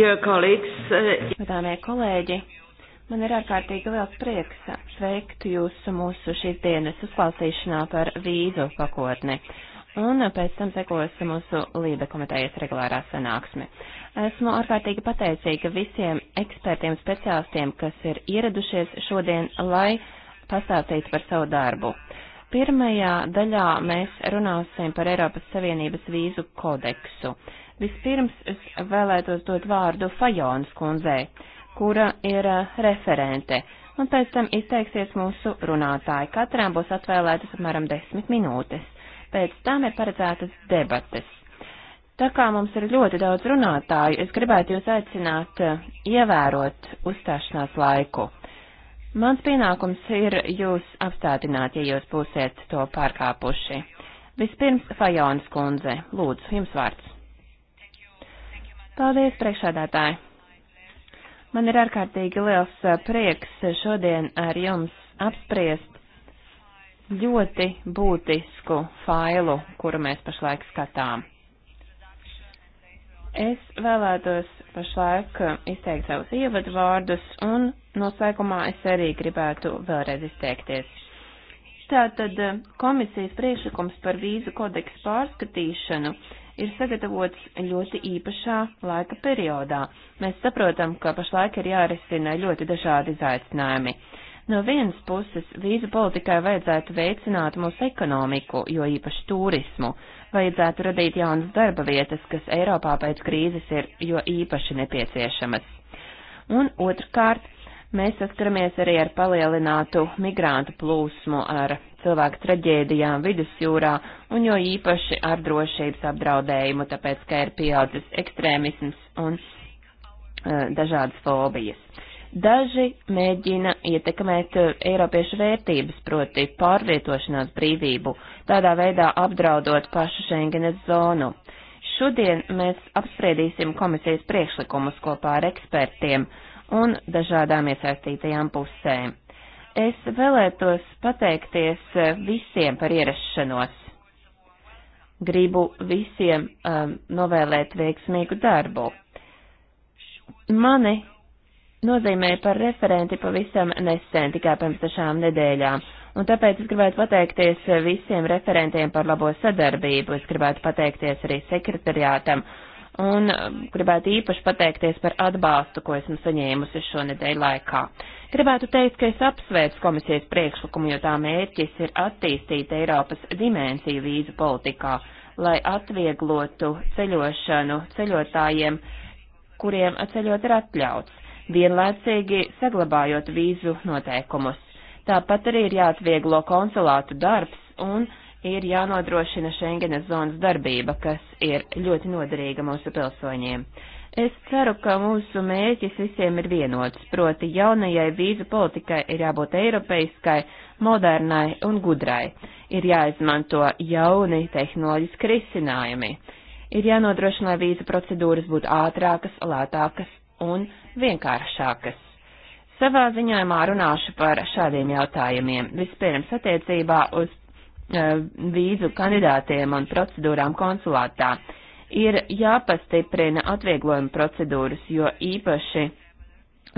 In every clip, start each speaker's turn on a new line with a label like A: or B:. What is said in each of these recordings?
A: Godāmie uh, kolēģi, man ir ārkārtīgi liels prieks sveikt jūs mūsu šīs dienas uzklausīšanā par vīzu pakotni. Un pēc tam sekos mūsu Lībe komitejas regulārā sanāksme. Esmu ārkārtīgi pateicīga visiem ekspertiem, speciālistiem, kas ir ieradušies šodien, lai pastāstītu par savu darbu. Pirmajā daļā mēs runāsim par Eiropas Savienības vīzu kodeksu. Vispirms es vēlētos dot vārdu Fajonas kundzei, kura ir eh, referente, un pēc tam izteiksies mūsu runātāji. Katram būs atvēlētas apmēram desmit minūtes. Pēc tam ir paredzētas debates. Tā kā mums ir ļoti daudz runātāju, es gribētu jūs aicināt eh, ievērot uzstāšanās laiku. Mans pienākums ir jūs apstādināt, ja jūs būsiet to pārkāpuši. Vispirms Fajonas kundze, lūdzu, jums vārds. Paldies, priekšādātāji! Man ir ārkārtīgi liels prieks šodien ar jums apspriest ļoti būtisku failu, kuru mēs pašlaik skatām. Es vēlētos pašlaik izteikt savus ievadu vārdus, un noslēgumā es arī gribētu vēlreiz izteikties. Tātad komisijas priekšlikums par vīzu kodeksu pārskatīšanu uh, ir sagatavots ļoti īpašā laika periodā. Mēs saprotam, ka pašlaik ir jārisina ļoti dažādi izaicinājumi. No vienas puses, vīzu politikai vajadzētu veicināt mūsu ekonomiku, jo īpaši turismu, vajadzētu radīt jaunas darba vietas, kas Eiropā pēc krīzes ir jo īpaši nepieciešamas. Un otrkārt, mēs saskaramies arī ar palielinātu migrantu plūsmu, ar cilvēku traģēdijām vidusjūrā un jo īpaši ar drošības apdraudējumu, tāpēc, ka ir pieaudzis ekstrēmisms un uh, dažādas fobijas. Daži mēģina ietekmēt eh, Eiropiešu vērtības, proti pārvietošanās brīvību, tādā veidā apdraudot pašu Schengenes zonu. Šodien mēs apspriedīsim komisijas priekšlikumus kopā ar ekspertiem un dažādām iesaistītajām pusēm. Es vēlētos pateikties eh, visiem par ierašanos. Gribu visiem um, novēlēt veiksmīgu darbu. Mani nozīmēja par referenti pavisam nesen, tikai pirms dažām nedēļām, un tāpēc es gribētu pateikties eh, visiem referentiem par labo sadarbību. Es gribētu pateikties arī sekretariātam un um, gribētu īpaši pateikties par atbalstu, ko esmu saņēmusi šonedēļ laikā. Gribētu teikt, ka es apsvērtu komisijas priekšlikumu, jo tā mērķis ir attīstīt Eiropas dimensiju vīzu politikā, lai atvieglotu ceļošanu ceļotājiem, kuriem ceļot ir atļauts, vienlaicīgi saglabājot vīzu noteikumus. Tāpat arī ir jāatvieglo konsulātu darbs un ir jānodrošina Schengenes zonas darbība, kas ir ļoti noderīga mūsu pilsoņiem. Es ceru, ka mūsu mērķis visiem ir vienots, proti jaunajai vīzu politikai ir jābūt eiropeiskai, modernai un gudrai, ir jāizmanto jauni tehnoloģiski risinājumi, ir jānodrošina, lai vīzu procedūras būtu ātrākas, lētākas un vienkāršākas. Savā ziņojumā runāšu par šādiem jautājumiem. Vispirms attiecībā uz Eh, vīzu kandidātiem un procedūrām konsulātā. Ir jāpastiprina atvieglojuma procedūras, jo īpaši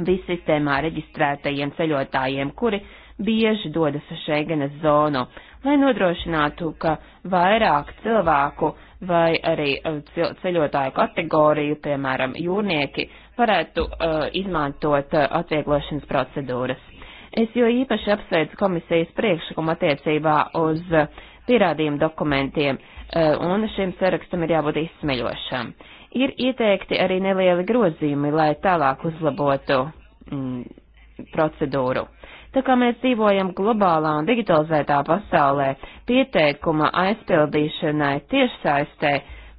A: vissistēmā reģistrētajiem ceļotājiem, kuri bieži dodas uz Šeigenes zonu, lai nodrošinātu, ka vairāk cilvēku vai arī eh, ceļotāju kategoriju, piemēram, jūrnieki, varētu uh, izmantot uh, atvieglošanas procedūras. Es jo īpaši apsveicu komisijas priekšlikumu attiecībā uz pierādījumu dokumentiem, eh, un šim sarakstam ir jābūt izsmeļošam. Ir ieteikti arī nelieli grozījumi, lai tālāk uzlabotu mm, procedūru. Tā kā mēs dzīvojam globālā un digitalizētā pasaulē, pieteikuma aizpildīšanai tiešsaistē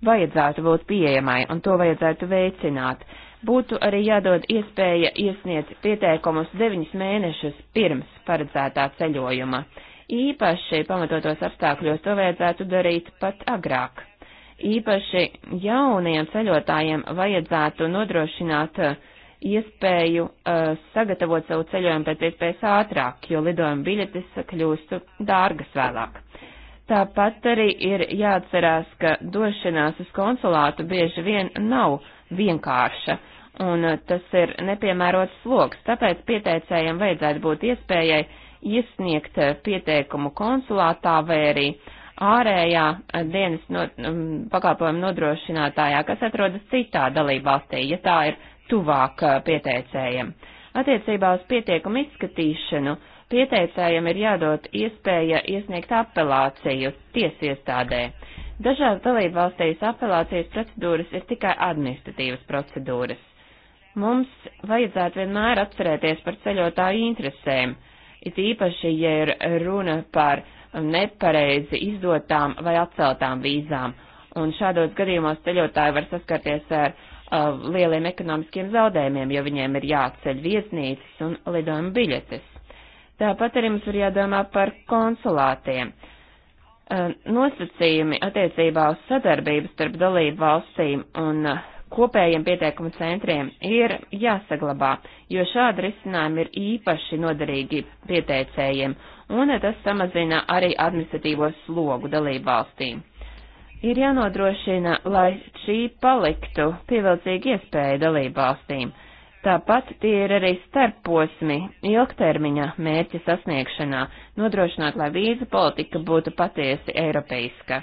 A: vajadzētu būt pieejamai, un to vajadzētu veicināt būtu arī jādod iespēja iesniegt pieteikumus deviņus mēnešus pirms paredzētā ceļojuma. Īpaši pamatotos apstākļos to vajadzētu darīt pat agrāk. Īpaši jauniem ceļotājiem vajadzētu nodrošināt uh, iespēju uh, sagatavot savu ceļojumu pēc iespējas ātrāk, jo lidojuma biļetes kļūst dārgas vēlāk. Tāpat arī ir jāatcerās, ka došanās uz konsulātu bieži vien nav vienkārša. Uh, un uh, tas ir nepiemērots sloks, tāpēc pieteicējiem vajadzētu būt iespējai iesniegt uh, pieteikumu konsulātā vai arī ārējā uh, dienas no, um, pakalpojumu nodrošinātājā, kas atrodas citā dalībvalstī, ja tā ir tuvāk pieteicējiem. Attiecībā uz pieteikumu izskatīšanu pieteicējiem ir jādod iespēja iesniegt apelāciju tiesiestādē. Dažās dalībvalstīs apelācijas procedūras ir tikai administratīvas procedūras. Mums vajadzētu vienmēr atcerēties par ceļotāju interesēm, it īpaši, ja ir runa par nepareizi izdotām vai atceltām vīzām, un šādos gadījumos ceļotāji var saskarties ar uh, lieliem ekonomiskiem zaudējumiem, jo viņiem ir jāatceļ viesnīcas un lidojuma biļetes. Tāpat arī mums ir jādomā par konsulātiem. Uh, nosacījumi attiecībā uz sadarbību starp dalību valstīm un uh, kopējiem pieteikumu centriem ir jāsaglabā, jo šādi risinājumi ir īpaši noderīgi pieteicējiem, un tas samazina arī administratīvo slogu dalību valstīm. Ir jānodrošina, lai šī paliktu pievilcīga iespēja dalību valstīm, Tāpat tie ir arī starposmi ilgtermiņa mērķa sasniegšanā, nodrošinot, lai vīza politika būtu patiesi eiropeiska.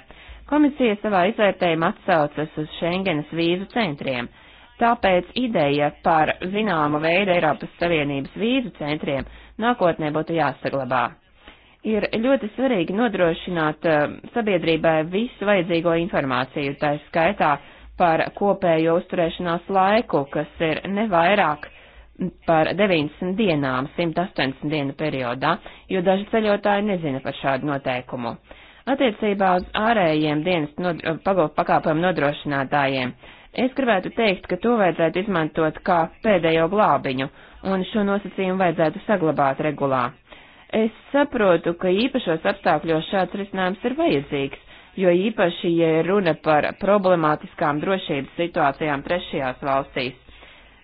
A: Komisija savā izvērtējumā atsaucas uz Schengenas vīzu centriem, tāpēc ideja par zināmu veidu Eiropas Savienības vīzu centriem nākotnē būtu jāsaglabā. Ir ļoti svarīgi nodrošināt eh, sabiedrībai visu vajadzīgo informāciju, tā skaitā par kopējo uzturēšanās laiku, kas ir nevairāk par 90 dienām 180 dienu periodā, jo daži ceļotāji nezina par šādu noteikumu. Attiecībā uz ārējiem dienas nod pakāpojumu nodrošinātājiem es gribētu teikt, ka to vajadzētu izmantot kā pēdējo glābiņu, un šo nosacījumu vajadzētu saglabāt regulā. Es saprotu, ka īpašos apstākļos šāds risinājums ir vajadzīgs, jo īpaši, ja runa par problemātiskām drošības situācijām trešajās valstīs.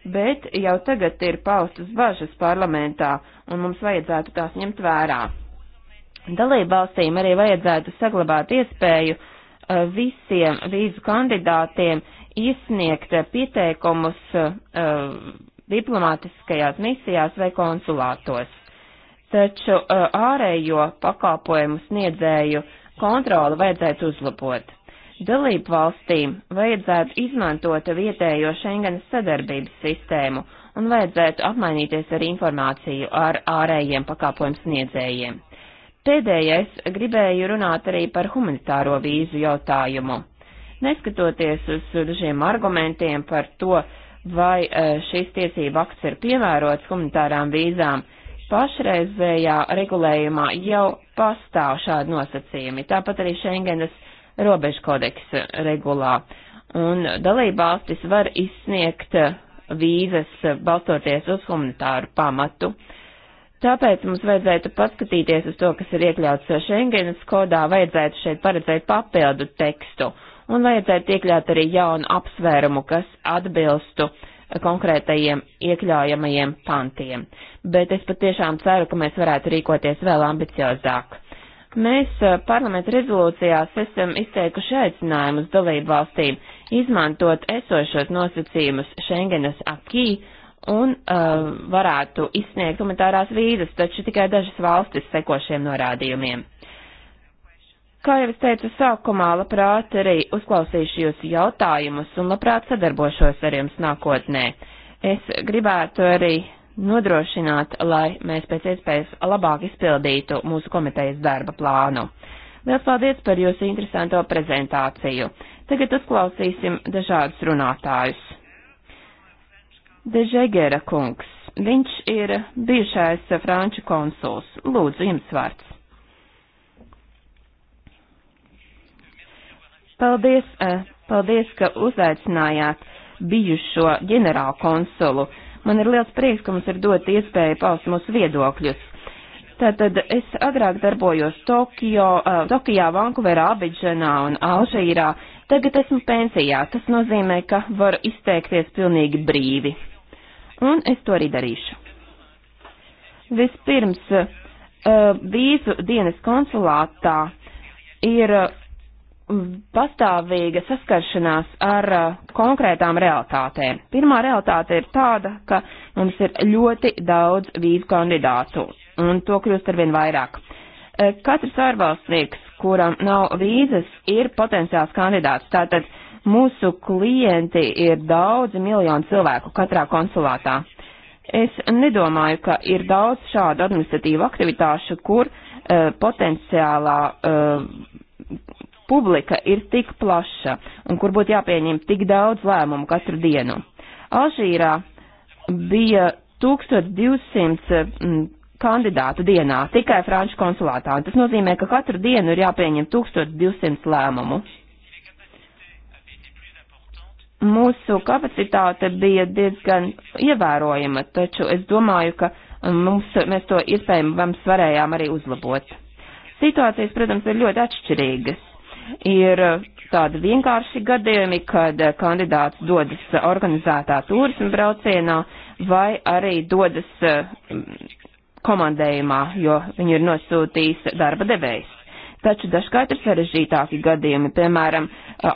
A: Bet jau tagad ir paustas bažas parlamentā, un mums vajadzētu tās ņemt vērā. Dalībvalstīm arī vajadzētu saglabāt iespēju eh, visiem vīzu kandidātiem iesniegt pieteikumus uh, diplomātiskajās misijās vai konsulātos. Taču uh, ārējo pakalpojumu sniedzēju uh, kontroli vajadzētu uzlabot. Dalību valstīm vajadzētu izmantot vietējo Schengenas sadarbības sistēmu un vajadzētu apmainīties ar informāciju ar ārējiem pakāpojumu sniedzējiem. Pēdējais gribēju runāt arī par humanitāro vīzu jautājumu. Neskatoties uz dažiem argumentiem par to, vai e, šis tiesība akts ir piemērots humanitārām vīzām, pašreizējā regulējumā jau pastāv šādi nosacījumi. Tāpat arī Schengenas robežu kodeks regulā. Un dalībvalstis var izsniegt vīzas balstoties uz humanitāru pamatu. Tāpēc mums vajadzētu paskatīties uz to, kas ir iekļauts Schengenas kodā, vajadzētu šeit paredzēt papildu tekstu un vajadzētu iekļaut arī jaunu apsvērumu, kas atbilstu uh, konkrētajiem iekļaujamajiem pantiem. Bet es patiešām ceru, ka mēs varētu rīkoties vēl ambiciozāk. Mēs eh, parlamenta rezolūcijās esam izteikuši aicinājumus dalību valstīm izmantot esošos nosacījumus Schengenas akī un uh, varētu izsniegt humanitārās vīzas, taču tikai dažas valstis seko šiem norādījumiem. Kā jau es teicu sākumā, labprāt arī uzklausīšu jūsu jautājumus un labprāt sadarbošos ar jums nākotnē. Es gribētu arī nodrošināt, lai mēs pēc iespējas labāk izpildītu mūsu komitejas darba plānu. Liels paldies par jūsu interesanto prezentāciju. Tagad uzklausīsim dažādus runātājus. Dežegera kungs. Viņš ir bijušais franču konsuls. Lūdzu, jums vārds. Paldies, eh, paldies, ka uzaicinājāt bijušo ģenerālu konsulu. Man ir liels prieks, ka mums ir dot iespēju paust mūsu viedokļus. Tātad es agrāk darbojos Tokio, uh, Tokijā, Vankuverā, Abidžanā un Alžīrā. Tagad esmu pensijā. Tas nozīmē, ka varu izteikties pilnīgi brīvi. Un es to arī darīšu. Vispirms, uh, vīzu dienas konsulātā ir pastāvīga saskaršanās ar uh, konkrētām realitātēm. Pirmā realitāte ir tāda, ka mums ir ļoti daudz vīzu kandidātu, un to kļūst arvien vairāk. Uh, katrs ārvalstnieks, kuram nav vīzas, ir potenciāls kandidāts. Tātad mūsu klienti ir daudzi miljoni cilvēku katrā konsulātā. Es nedomāju, ka ir daudz šādu administratīvu aktivitāšu, kur uh, potenciālā uh, publika ir tik plaša un kur būtu jāpieņem tik daudz lēmumu katru dienu. Alžīrā bija 1200 mm, kandidātu dienā tikai Franču konsulātā, un tas nozīmē, ka katru dienu ir jāpieņem 1200 lēmumu. Mūsu kapacitāte bija diezgan ievērojama, taču es domāju, ka mm, mums, mēs to iespējams varējām arī uzlabot. Situācijas, protams, ir ļoti atšķirīgas. Ir tādi vienkārši gadījumi, kad kandidāts dodas organizētā turismu braucienā vai arī dodas komandējumā, jo viņu ir nosūtījis darba devējs. Taču dažkārt ir sarežģītāki gadījumi, piemēram,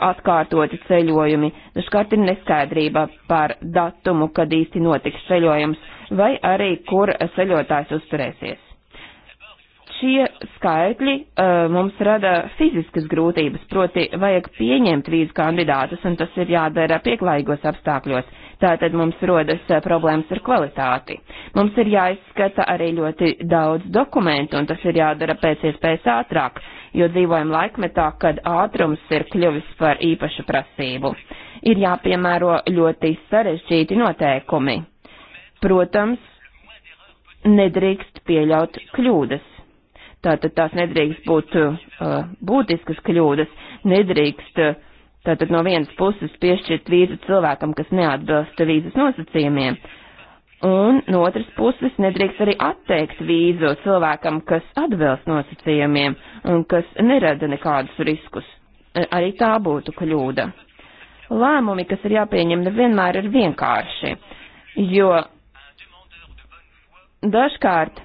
A: atkārtoti ceļojumi, dažkārt ir neskaidrība par datumu, kad īsti notiks ceļojums, vai arī kur ceļotājs uzturēsies. Šie skaitļi uh, mums rada fiziskas grūtības, proti vajag pieņemt vīzu kandidātus, un tas ir jādara pieklājīgos apstākļos. Tātad mums rodas uh, problēmas ar kvalitāti. Mums ir jāizskata arī ļoti daudz dokumentu, un tas ir jādara pēc iespējas ātrāk, jo dzīvojam laikmetā, kad ātrums ir kļuvis par īpašu prasību. Ir jāpiemēro ļoti sarežģīti noteikumi. Protams, nedrīkst pieļaut kļūdas. Tātad tās nedrīkst būt uh, būtiskas kļūdas, nedrīkst uh, tātad no vienas puses piešķirt vīzu cilvēkam, kas neatbilst vīzas nosacījumiem, un no otras puses nedrīkst arī atteikt vīzu cilvēkam, kas atbilst nosacījumiem un kas nerada nekādus riskus. Uh, arī tā būtu kļūda. Lēmumi, kas ir jāpieņem, nevienmēr ir vienkārši, jo dažkārt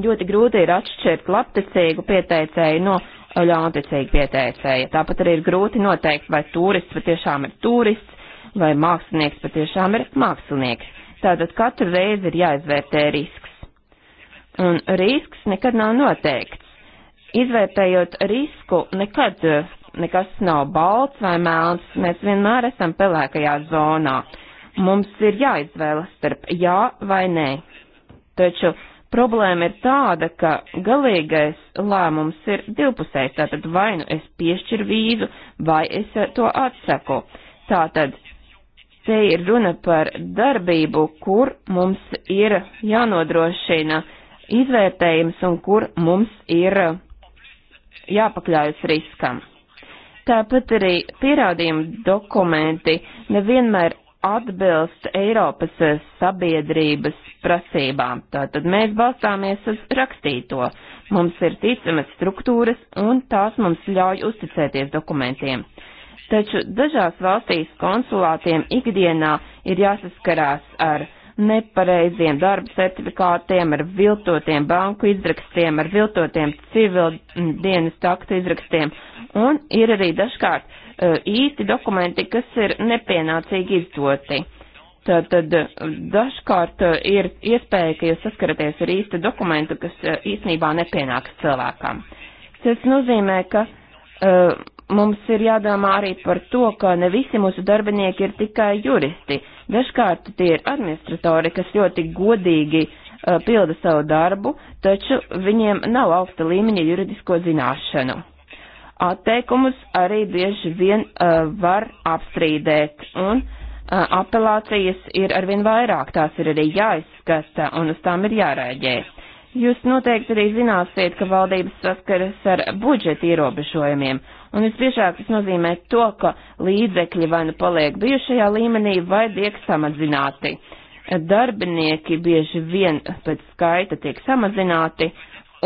A: ļoti grūti ir atšķirt labticīgu pieteicēju no eh, ļaunticīgu pieteicēju. Tāpat arī ir grūti noteikt, vai turists patiešām ir turists, vai mākslinieks patiešām ir mākslinieks. Tātad katru reizi ir jāizvērtē risks. Un risks nekad nav noteikts. Izvērtējot risku, nekad eh, nekas nav balts vai melns, mēs vienmēr esam pelēkajā zonā. Mums ir jāizvēlas starp jā vai nē. Taču Problēma ir tāda, ka galīgais lēmums ir divpusējs, tātad vai nu es piešķiru vīzu, vai es eh, to atsaku. Tātad te ir runa par darbību, kur mums ir jānodrošina izvērtējums un kur mums ir eh, jāpakļaujas riskam. Tāpat arī pierādījuma dokumenti nevienmēr atbilst Eiropas eh, sabiedrības prasībām. Tātad mēs balstāmies uz rakstīto. Mums ir ticamas struktūras un tās mums ļauj uzticēties dokumentiem. Taču dažās valstīs konsulātiem ikdienā ir jāsaskarās ar nepareiziem darba certifikātiem, ar viltotiem banku izrakstiem, ar viltotiem civil dienas taktu izrakstiem, un ir arī dažkārt Eh, īsti dokumenti, kas ir nepienācīgi izdoti. Tad, tad eh, dažkārt eh, ir iespēja, ka jūs saskaraties ar īstu dokumentu, kas īsnībā nepienāks cilvēkam. Tas nozīmē, ka uh, mums ir jādomā arī par to, ka ne visi mūsu darbinieki ir tikai juristi. Dažkārt tie ir administratori, kas ļoti godīgi uh, pilda savu darbu, taču viņiem nav augsta līmeņa juridisko zināšanu atteikumus arī bieži vien uh, var apstrīdēt, un uh, apelācijas ir arvien vairāk, tās ir arī jāizskata, un uz tām ir jārēģē. Jūs noteikti arī zināsiet, ka valdības saskaras ar budžeta ierobežojumiem, un visbiežāk tas nozīmē to, ka līdzekļi vai nu paliek bijušajā līmenī, vai tiek samazināti. Darbinieki bieži vien pēc skaita tiek samazināti,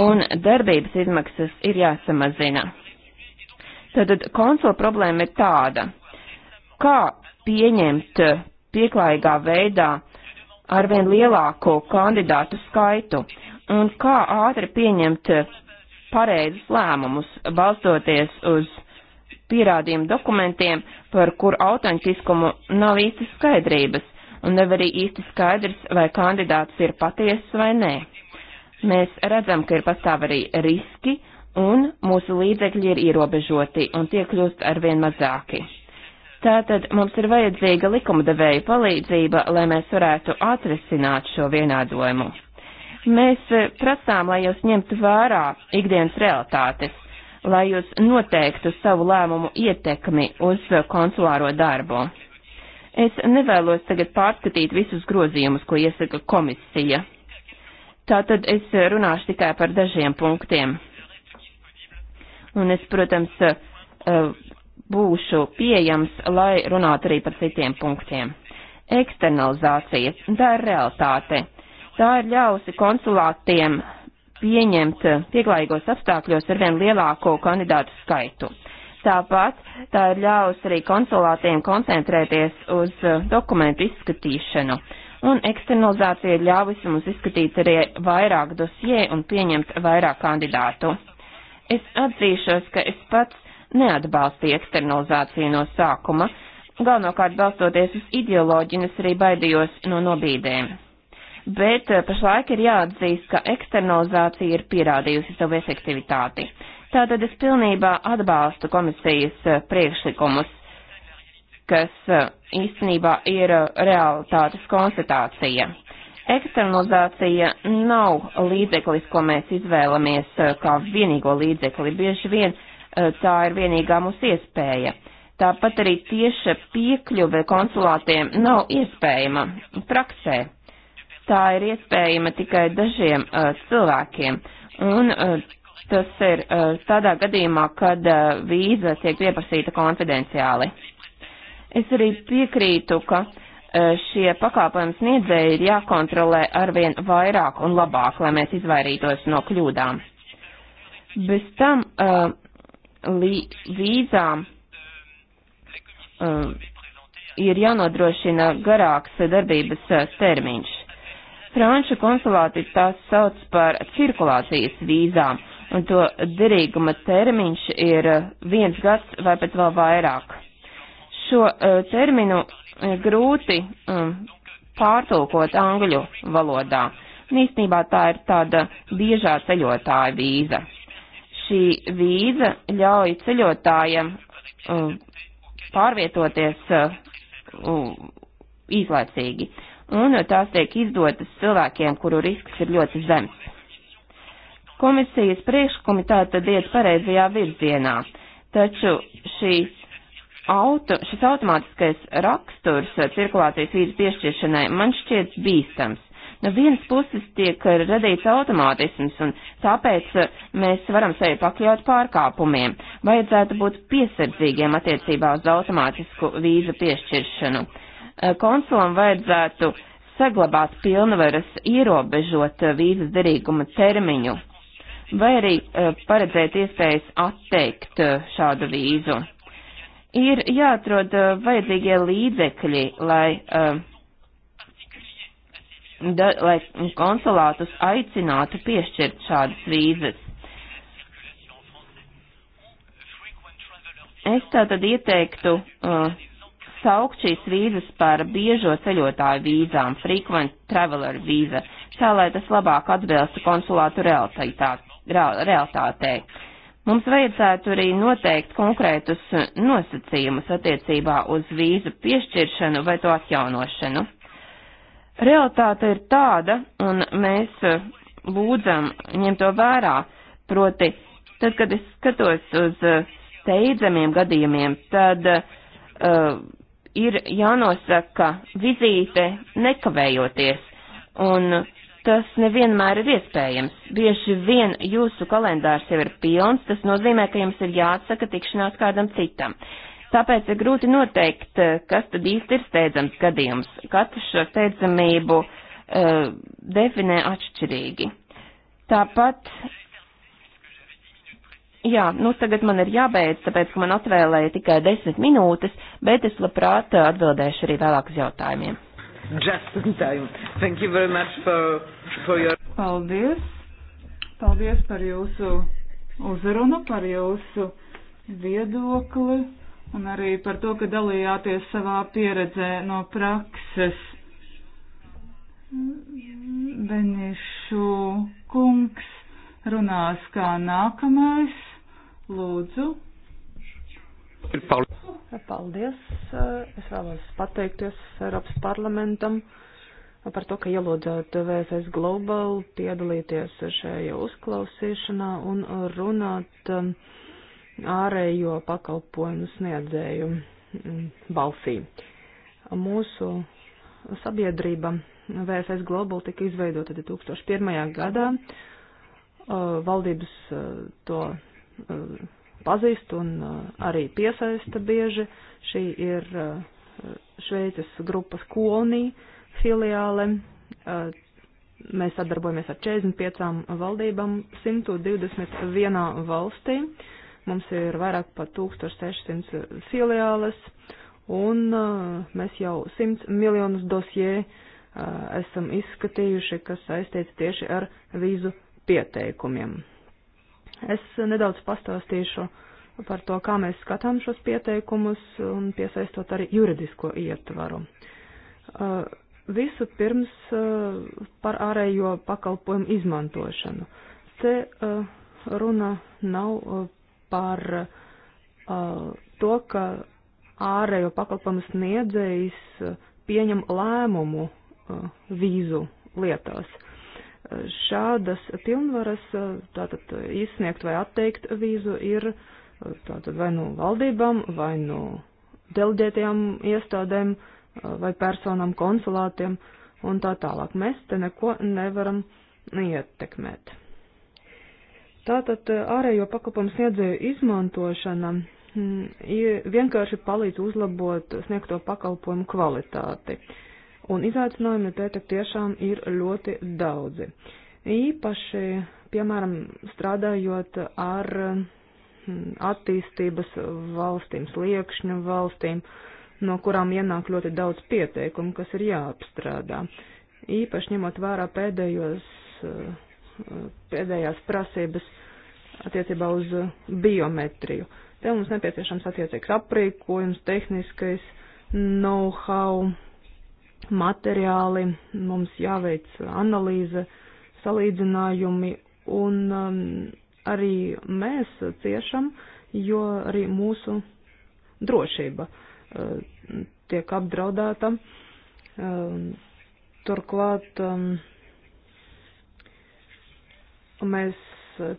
A: un darbības izmaksas ir jāsamazina. Tātad konsola problēma ir tāda, kā pieņemt pieklājīgā veidā arvien lielāko kandidātu skaitu un kā ātri pieņemt pareizus lēmumus, balstoties uz pierādījumu dokumentiem, par kur autentiskumu nav īsti skaidrības, un nav arī īsti skaidrs, vai kandidāts ir patiesas vai nē. Mēs redzam, ka ir pastāv arī riski, un mūsu līdzekļi ir ierobežoti un tie kļūst arvien mazāki. Tātad mums ir vajadzīga likumdevēja palīdzība, lai mēs varētu atrisināt šo vienādojumu. Mēs eh, prasām, lai jūs ņemtu vērā ikdienas realitātes, lai jūs noteiktu savu lēmumu ietekmi uz konsulāro darbu. Es nevēlos tagad pārskatīt visus grozījumus, ko iesaka komisija. Tātad es runāšu tikai par dažiem punktiem. Un es, protams, eh, eh, būšu pieejams, lai runātu arī par citiem punktiem. Eksternalizācija. Tā ir realitāte. Tā ir ļausi konsulātiem pieņemt eh, pieklājīgos apstākļos ar vien lielāko kandidātu skaitu. Tāpat tā ir ļausi arī konsulātiem koncentrēties uz dokumentu izskatīšanu. Un eksternalizācija ir ļāvusi mums izskatīt arī vairāk dosie un pieņemt vairāk kandidātu. Es atzīšos, ka es pats neatbalstīju eksternalizāciju no sākuma, galvenokārt balstoties uz ideoloģiju, un es arī baidījos no nobīdēm. Bet eh, pašlaik ir jāatzīst, ka eksternalizācija ir pierādījusi savu efektivitāti. Tātad es pilnībā atbalstu komisijas eh, priekšlikumus, kas eh, īstenībā ir realitātes konstatācija. Eksternalizācija nav līdzeklis, ko mēs izvēlamies eh, kā vienīgo līdzekli. Bieži vien eh, tā ir vienīgā mūsu iespēja. Tāpat arī tieša piekļuve konsulātiem nav iespējama praksē. Tā ir iespējama tikai dažiem uh, cilvēkiem. Un uh, tas ir uh, tādā gadījumā, kad uh, vīza tiek pieprasīta konfidenciāli. Es arī piekrītu, ka uh, Eh, šie pakāpojums sniedzēji ir jākontrolē arvien vairāk un labāk, lai mēs izvairītos no kļūdām. Bez tam uh, vīzām uh, ir jānodrošina garāks darbības uh, termiņš. Franču konsulāti tās sauc par cirkulācijas vīzām, un to derīguma termiņš ir viens gads vai pat vēl vairāk šo uh, terminu uh, grūti um, pārtulkot angļu valodā. Un īstenībā tā ir tāda biežā ceļotāja vīza. Šī vīza ļauj ceļotājiem uh, pārvietoties uh, uh, īslaicīgi, un tās tiek izdotas cilvēkiem, kuru risks ir ļoti zems. Komisijas priekšlikumi tātad iet pareizajā virzienā, taču šīs auto, šis automātiskais raksturs eh, cirkulācijas vīzu piešķiršanai man šķiet bīstams. No vienas puses tiek eh, radīts automātisms, un tāpēc eh, mēs varam sevi pakļaut pārkāpumiem. Vajadzētu būt piesardzīgiem attiecībā uz automātisku vīzu piešķiršanu. Konsulam vajadzētu saglabāt pilnvaras ierobežot vīzas derīguma termiņu, vai arī paredzēt iespējas atteikt šādu vīzu. Ir jāatrod uh, vajadzīgie līdzekļi, lai, uh, da, lai konsulātus aicinātu piešķirt šādas vīzes. Es tātad ieteiktu uh, saukt šīs vīzas par biežo ceļotāju vīzām, frequent traveler vīza, tā lai tas labāk atbilstu konsulātu realitātei. Mums vajadzētu arī noteikt konkrētus nosacījumus attiecībā uz vīzu piešķiršanu vai to atjaunošanu. Realtāte ir tāda, un mēs lūdzam ņemt to vērā, proti, tad, kad es skatos uz steidzamiem gadījumiem, tad uh, ir jānosaka vizīte nekavējoties, un tas nevienmēr ir iespējams. Bieži vien jūsu kalendārs jau ir pilns, tas nozīmē, ka jums ir jāatsaka tikšanās kādam citam. Tāpēc ir grūti noteikt, eh, kas tad īsti ir steidzams gadījums. Katrs šo steidzamību uh, definē atšķirīgi. Tāpat, jā, nu tagad man ir jābeidz, tāpēc, ka man atvēlēja tikai desmit minūtes, bet es labprāt eh, atbildēšu arī vēlāk uz jautājumiem. Just in time.
B: Thank you very much for, for your.
A: Paldies.
B: Paldies
C: par jūsu uzrunu, par jūsu viedokli un arī par to, ka dalījāties savā pieredzē no prakses. Benišu kungs runās kā nākamais. Lūdzu.
D: Paldies. Es vēlos pateikties Eiropas parlamentam par to, ka ielūdzāt VSS Global piedalīties šajā uzklausīšanā un runāt um, ārējo pakalpojumu sniedzēju um, balsī. Mūsu sabiedrība VSS Global tika izveidota 2001. gadā. Uh, valdības uh, to uh, pazīst un uh, arī piesaista bieži. Šī ir uh, Šveices grupas kolonija filiāle. Uh, mēs sadarbojamies ar 45 valdībām 121 valstī. Mums ir vairāk par 1600 filiāles un mēs jau 100 miljonus dosie esam izskatījuši, kas saistīts tieši ar vīzu pieteikumiem. Es nedaudz pastāstīšu par to, kā mēs skatām šos pieteikumus un piesaistot arī juridisko ietvaru. Uh, visu pirms uh, par ārējo pakalpojumu izmantošanu. Te uh, runa nav par to, ka ārējo pakalpojumu sniedzējs pieņem lēmumu vīzu lietās. Šādas pilnvaras tātad izsniegt vai atteikt vīzu ir tātad vai nu valdībām, vai nu delģētajām iestādēm, vai personām, konsulātiem un tā tālāk. Mēs te neko nevaram ietekmēt. Tātad ārējo pakalpojumu sniedzēju izmantošana mm, vienkārši palīdz uzlabot sniegto pakalpojumu kvalitāti. Uh, un izaicinājumi te tiešām ir ļoti daudzi. Īpaši, piemēram, strādājot ar hm, attīstības valstīm, sliekšņu valstīm, no kurām ienāk ļoti daudz pieteikumu, kas ir jāapstrādā. Īpaši ņemot vērā pēdējos, hm, pēdējās prasības attiecībā uz biometriju. Te mums nepieciešams attiecīgs aprīkojums, tehniskais know-how materiāli, mums jāveic analīze, salīdzinājumi, un um, arī mēs ciešam, jo arī mūsu drošība uh, tiek apdraudēta. Uh, turklāt um, mēs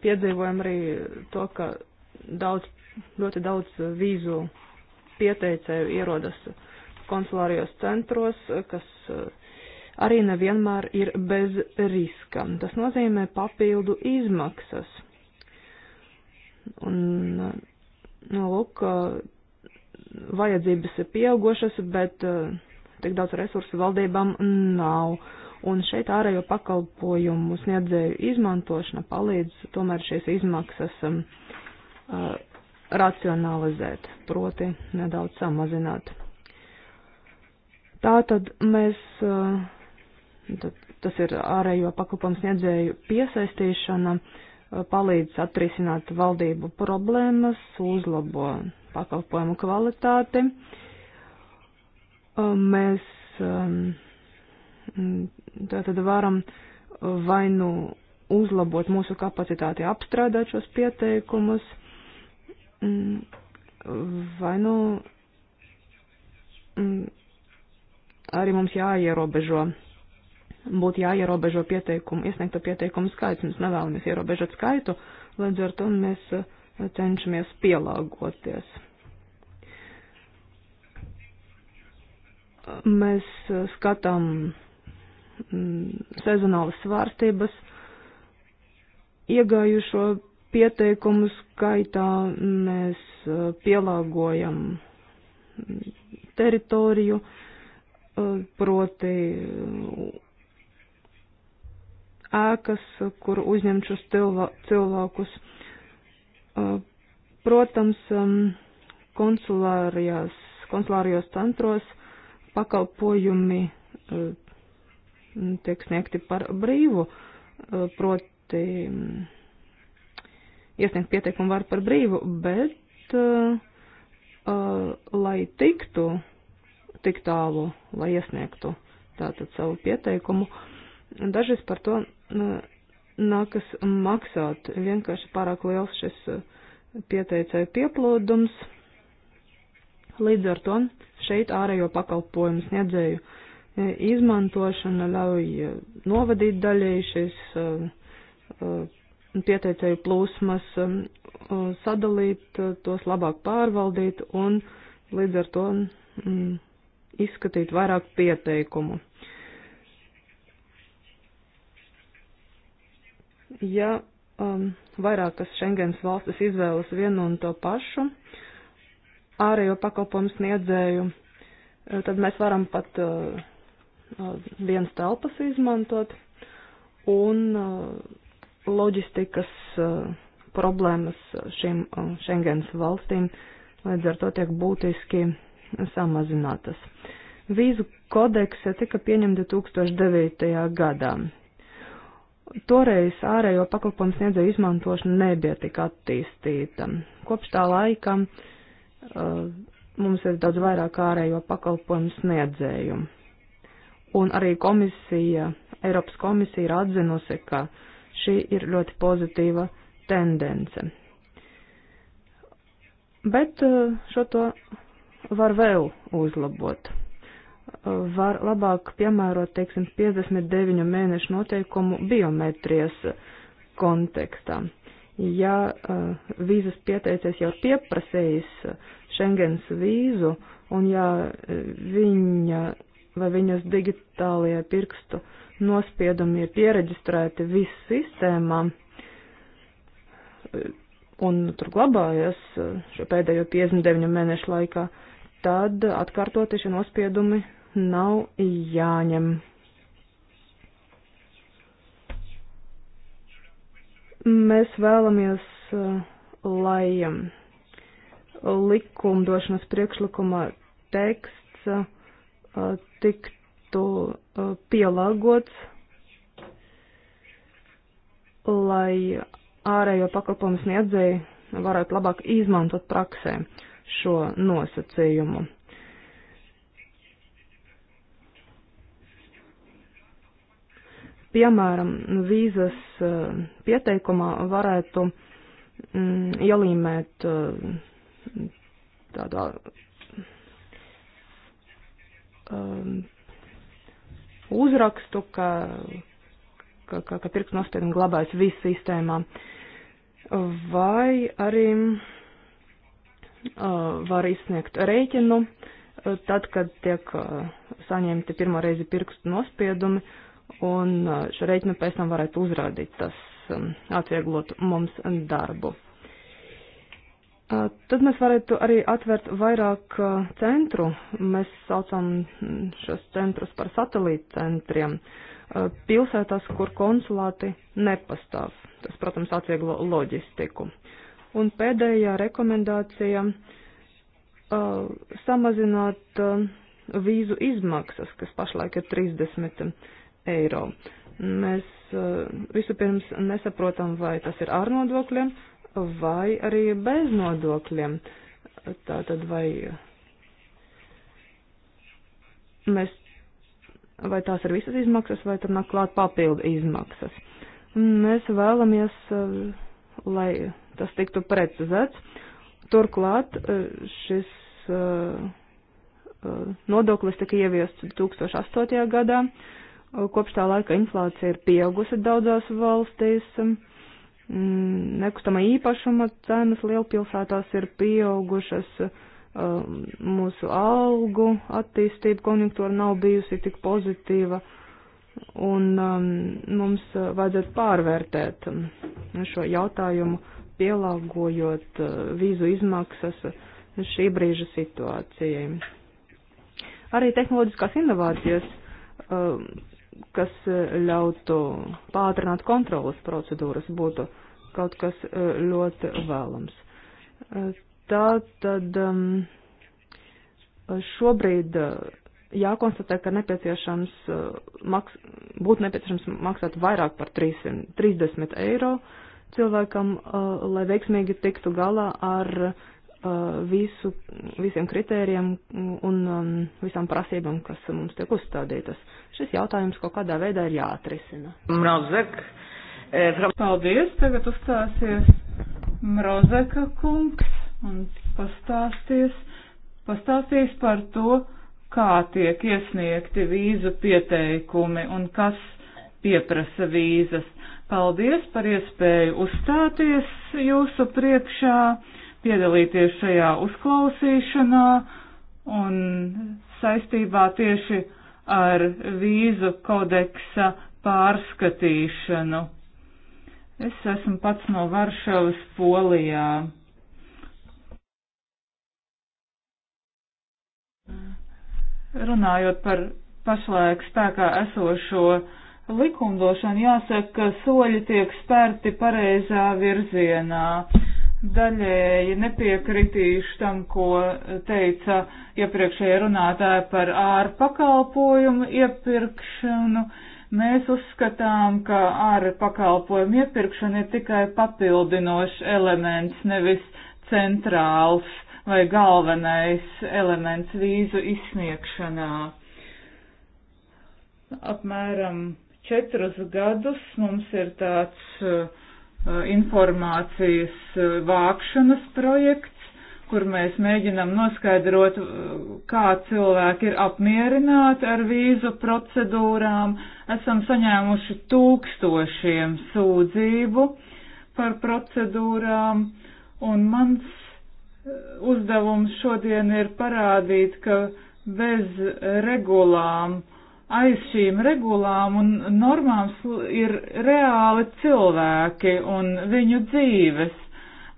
D: piedzīvojam arī to, ka daudz, ļoti daudz vīzu pieteicēju ierodas uh, konsulārijos centros, kas eh, arī nevienmēr ir bez riska. Tas nozīmē papildu izmaksas. Un, eh, nu, lūk, eh, vajadzības ir pieaugušas, bet tik daudz resursu valdībām nav. Un šeit ārējo pakalpojumu sniedzēju izmantošana palīdz tomēr šīs izmaksas uh, racionalizēt, proti nedaudz samazināt. Tā tad mēs, tad, tas ir ārējo pakalpojumu sniedzēju piesaistīšana, palīdz atrisināt valdību problēmas, uzlabo pakalpojumu kvalitāti. Mēs tātad varam vai nu uzlabot mūsu kapacitāti apstrādāt šos pieteikumus, vai nu arī mums jāierobežo, būtu jāierobežo pieteikumu, iesniegto pieteikumu skaits, mēs nevēlamies ierobežot skaitu, līdz ar to mēs eh, cenšamies pielāgoties. Mēs eh, skatām mm, sezonālas svārstības, iegājušo pieteikumu skaitā mēs eh, pielāgojam mm, teritoriju, uh, proti ēkas, kur uzņemšus cilvēkus. Protams, um, konsulārijos centros pakalpojumi tiek sniegti par brīvu, proti um, iesniegt pieteikumu var par brīvu, bet, lai tiktu tik tālu, lai iesniegtu tātad savu pieteikumu. Dažreiz par to nu, nākas maksāt. Vienkārši pārāk liels šis eh, pieteicēju pieplūdums. Līdz ar to šeit ārējo pakalpojumu sniedzēju eh, izmantošana ļauj eh, novadīt daļai šīs pieteicēju plūsmas, sadalīt tos labāk pārvaldīt un līdz ar to mm, izskatīt vairāk pieteikumu. Ja um, vairākas Schengens valstis izvēlas vienu un to pašu ārējo pakalpojumu sniedzēju, eh, tad mēs varam pat uh, vienas telpas izmantot un uh, loģistikas uh, problēmas šīm Schengens valstīm līdz ar to tiek būtiski samazinātas. Vīzu kodekse tika pieņemta 2009. gadā. Toreiz ārējo pakalpojumu sniedzēju izmantošana nebija tik attīstīta. Kopš tā laika uh, mums ir daudz vairāk ārējo pakalpojumu sniedzēju. Un arī komisija, Eiropas komisija ir atzinusi, ka šī ir ļoti pozitīva tendence. Bet uh, šo to var vēl uzlabot. Var labāk piemērot, teiksim, 59 mēnešu noteikumu biometrijas kontekstā. Ja uh, vīzas pieteicies jau pieprasējis Schengens vīzu un ja eh, viņa vai viņas digitālajie pirkstu nospiedumi ir piereģistrēti viss sistēmā, eh, un tur glabājas šo pēdējo 59 mēnešu laikā, tad atkārtoti šie nospiedumi nav jāņem. Mēs vēlamies, lai um, likumdošanas priekšlikuma teksts uh, tiktu uh, pielāgots, lai ārējo pakalpojumu sniedzēji varētu labāk izmantot praksē. Uh, šo nosacījumu. Piemēram, vīzas uh, pieteikumā varētu mm, ielīmēt uh, tādā um, uzrakstu, ka, ka, ka, ka pirkstu nospiedumi glabājas visu sistēmā. Vai arī var izsniegt rēķinu, tad, kad tiek saņemti pirmo reizi pirkstu nospiedumi, un šo rēķinu pēc tam varētu uzrādīt, tas atvieglot mums darbu. Tad mēs varētu arī atvērt vairāk centru. Mēs saucam šos centrus par satelītcentriem pilsētās, kur konsulāti nepastāv. Tas, protams, atvieglo loģistiku. Uh, Un pēdējā rekomendācija uh, - samazināt uh, vīzu izmaksas, kas pašlaik ir 30 eiro. Mēs uh, vispirms nesaprotam, vai tas ir ar nodokļiem vai arī bez nodokļiem. Tātad vai mēs, vai tās ir visas izmaksas, vai tam nāk klāt papildu izmaksas. Mēs vēlamies, uh, lai tas tiktu precizēts. Turklāt e, šis e, e, nodoklis tika ieviests 2008. gadā. Kopš tā laika inflācija ir pieaugusi daudzās valstīs. Nekustamā īpašuma cenas lielpilsētās ir pieaugušas. Mūsu algu attīstība konjunktūra nav bijusi tik pozitīva. Un um, mums vajadzētu pārvērtēt šo jautājumu pielāgojot uh, vīzu izmaksas šī brīža situācijai. Arī tehnoloģiskās inovācijas, um, kas ļautu pātrināt kontrolas procedūras, būtu kaut kas uh, ļoti vēlams. Uh, tā tad um, šobrīd jākonstatē, ka nepieciešams, maks, būtu nepieciešams maksāt vairāk par 300, 30 eiro, cilvēkam, uh, lai veiksmīgi tiktu galā ar uh, visu, visiem kritērijiem un um, visām prasībām, kas mums tiek uzstādītas. Šis jautājums kaut kādā veidā ir jāatrisina.
C: Mrazek, e, paldies, tagad uzstāsies Mrazeka kungs
D: un pastāsties,
C: pastāstīs par to, kā tiek iesniegti vīzu pieteikumi un kas pieprasa vīzas Paldies par iespēju uzstāties jūsu priekšā, piedalīties šajā uzklausīšanā un saistībā tieši ar vīzu kodeksa pārskatīšanu. Es esmu pats no Varšavas polijā. Runājot par pašlaik spēkā esošo likumdošana, jāsaka, ka soļi tiek spērti pareizā virzienā. Daļēji nepiekritīšu tam, ko teica iepriekšējā runātāja par ārpakalpojumu iepirkšanu. Mēs uzskatām, ka ārpakalpojumu iepirkšana ir tikai papildinošs elements, nevis centrāls vai galvenais elements vīzu izsniegšanā. Apmēram Četrus gadus mums ir tāds uh, informācijas uh, vākšanas projekts, kur mēs mēģinam noskaidrot, uh, kā cilvēki ir apmierināti ar vīzu procedūrām. Esam saņēmuši tūkstošiem sūdzību par procedūrām, un mans uh, uzdevums šodien ir parādīt, ka bez regulām aiz šīm regulām un normām ir reāli cilvēki un viņu dzīves.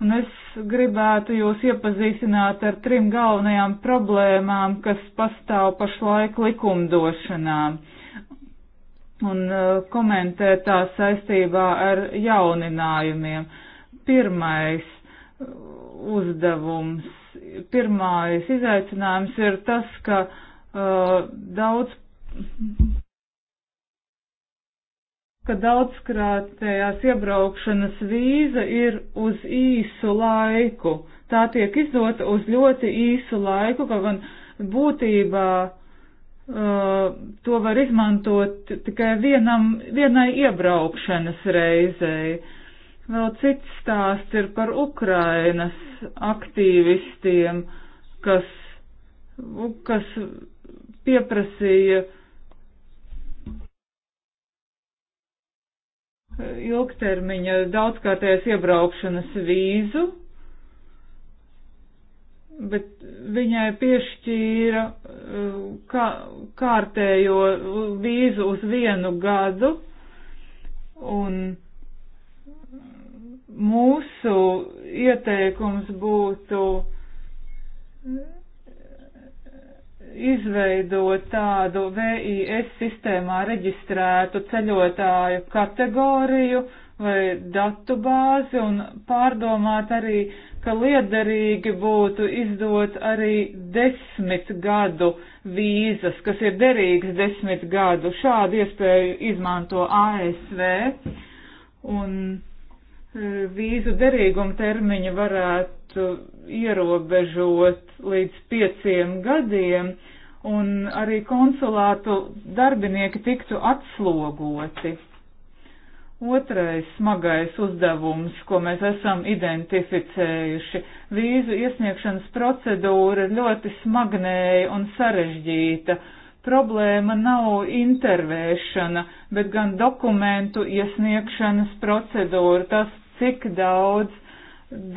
C: Un es gribētu jūs iepazīstināt ar trim galvenajām problēmām, kas pastāv pašlaik likumdošanā un e, komentēt tā saistībā ar jauninājumiem. Pirmais e, uzdevums, pirmais izaicinājums ir tas, ka uh, daudz ka daudzkrātējās iebraukšanas vīza ir uz īsu laiku. Tā tiek izdota uz ļoti īsu laiku, kaut gan būtībā uh, to var izmantot tikai vienam, vienai iebraukšanas reizei. Vēl cits stāsts ir par Ukrainas aktīvistiem, kas, kas pieprasīja ilgtermiņa daudzkārtējas iebraukšanas vīzu, bet viņai piešķīra uh, kā, kārtējo vīzu uz vienu gadu, un mūsu ieteikums būtu izveidot tādu VIS sistēmā reģistrētu ceļotāju kategoriju vai datu bāzi un pārdomāt arī, ka liederīgi būtu izdot arī desmit gadu vīzas, kas ir derīgas desmit gadu. Šādu iespēju izmanto ASV. Un vīzu derīguma termiņu varētu ierobežot līdz pieciem gadiem, un arī konsulātu darbinieki tiktu atslogoti. Otrais smagais uzdevums, ko mēs esam identificējuši, vīzu iesniegšanas procedūra ir ļoti smagnēja un sarežģīta. Problēma nav intervēšana, bet gan dokumentu iesniegšanas procedūra, tas cik daudz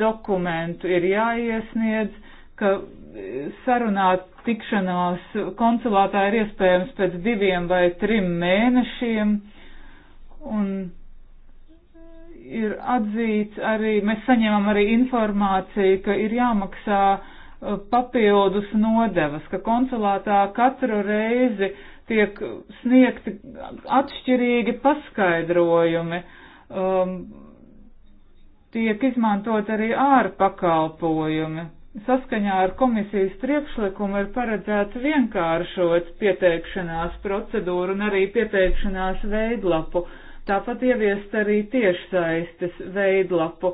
C: dokumentu ir jāiesniedz, ka sarunāt tikšanās konsulātā ir iespējams pēc diviem vai trim mēnešiem. Un ir atzīts arī, mēs saņemam arī informāciju, ka ir jāmaksā uh, papildus nodevas, ka konsulātā katru reizi tiek sniegti atšķirīgi paskaidrojumi. Um, tiek izmantot arī ārpakalpojumi. Saskaņā ar komisijas priekšlikumu ir paredzēts vienkāršot pieteikšanās procedūru un arī pieteikšanās veidlapu, tāpat ieviest arī tiešsaistes veidlapu.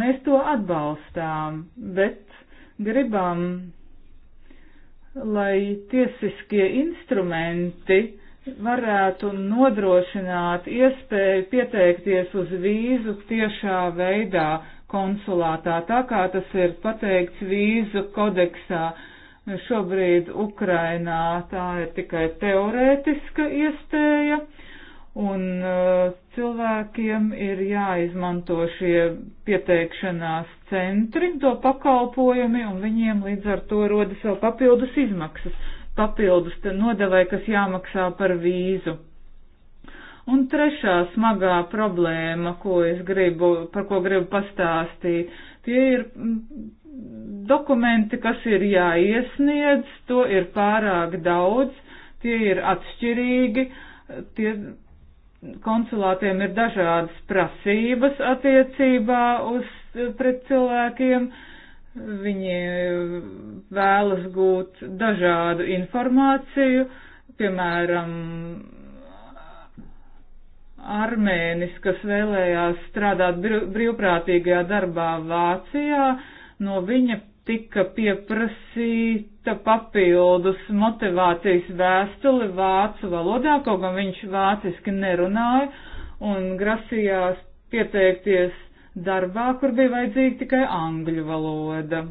C: Mēs to atbalstām, bet gribam, lai tiesiskie instrumenti varētu nodrošināt iespēju pieteikties uz vīzu tiešā veidā konsulātā, tā kā tas ir pateikts vīzu kodeksā. Šobrīd Ukrainā tā ir tikai teorētiska iespēja, un uh, cilvēkiem ir jāizmanto šie pieteikšanās centri, to pakalpojumi, un viņiem līdz ar to rodas vēl papildus izmaksas papildus nodevai, kas jāmaksā par vīzu. Un trešā smagā problēma, ko es gribu, par ko gribu pastāstīt, tie ir mm, dokumenti, kas ir jāiesniedz, to ir pārāk daudz, tie ir atšķirīgi, tie konsulātiem ir dažādas prasības attiecībā uz pret cilvēkiem, uh, Viņi eh, vēlas gūt dažādu informāciju, piemēram, armēnis, kas vēlējās strādāt brīvprātīgajā darbā Vācijā, no viņa tika pieprasīta papildus motivācijas vēstuli vācu valodā, kaut gan viņš vāciski nerunāja un grasījās pieteikties darbā, kur bija vajadzīga tikai angļu valoda.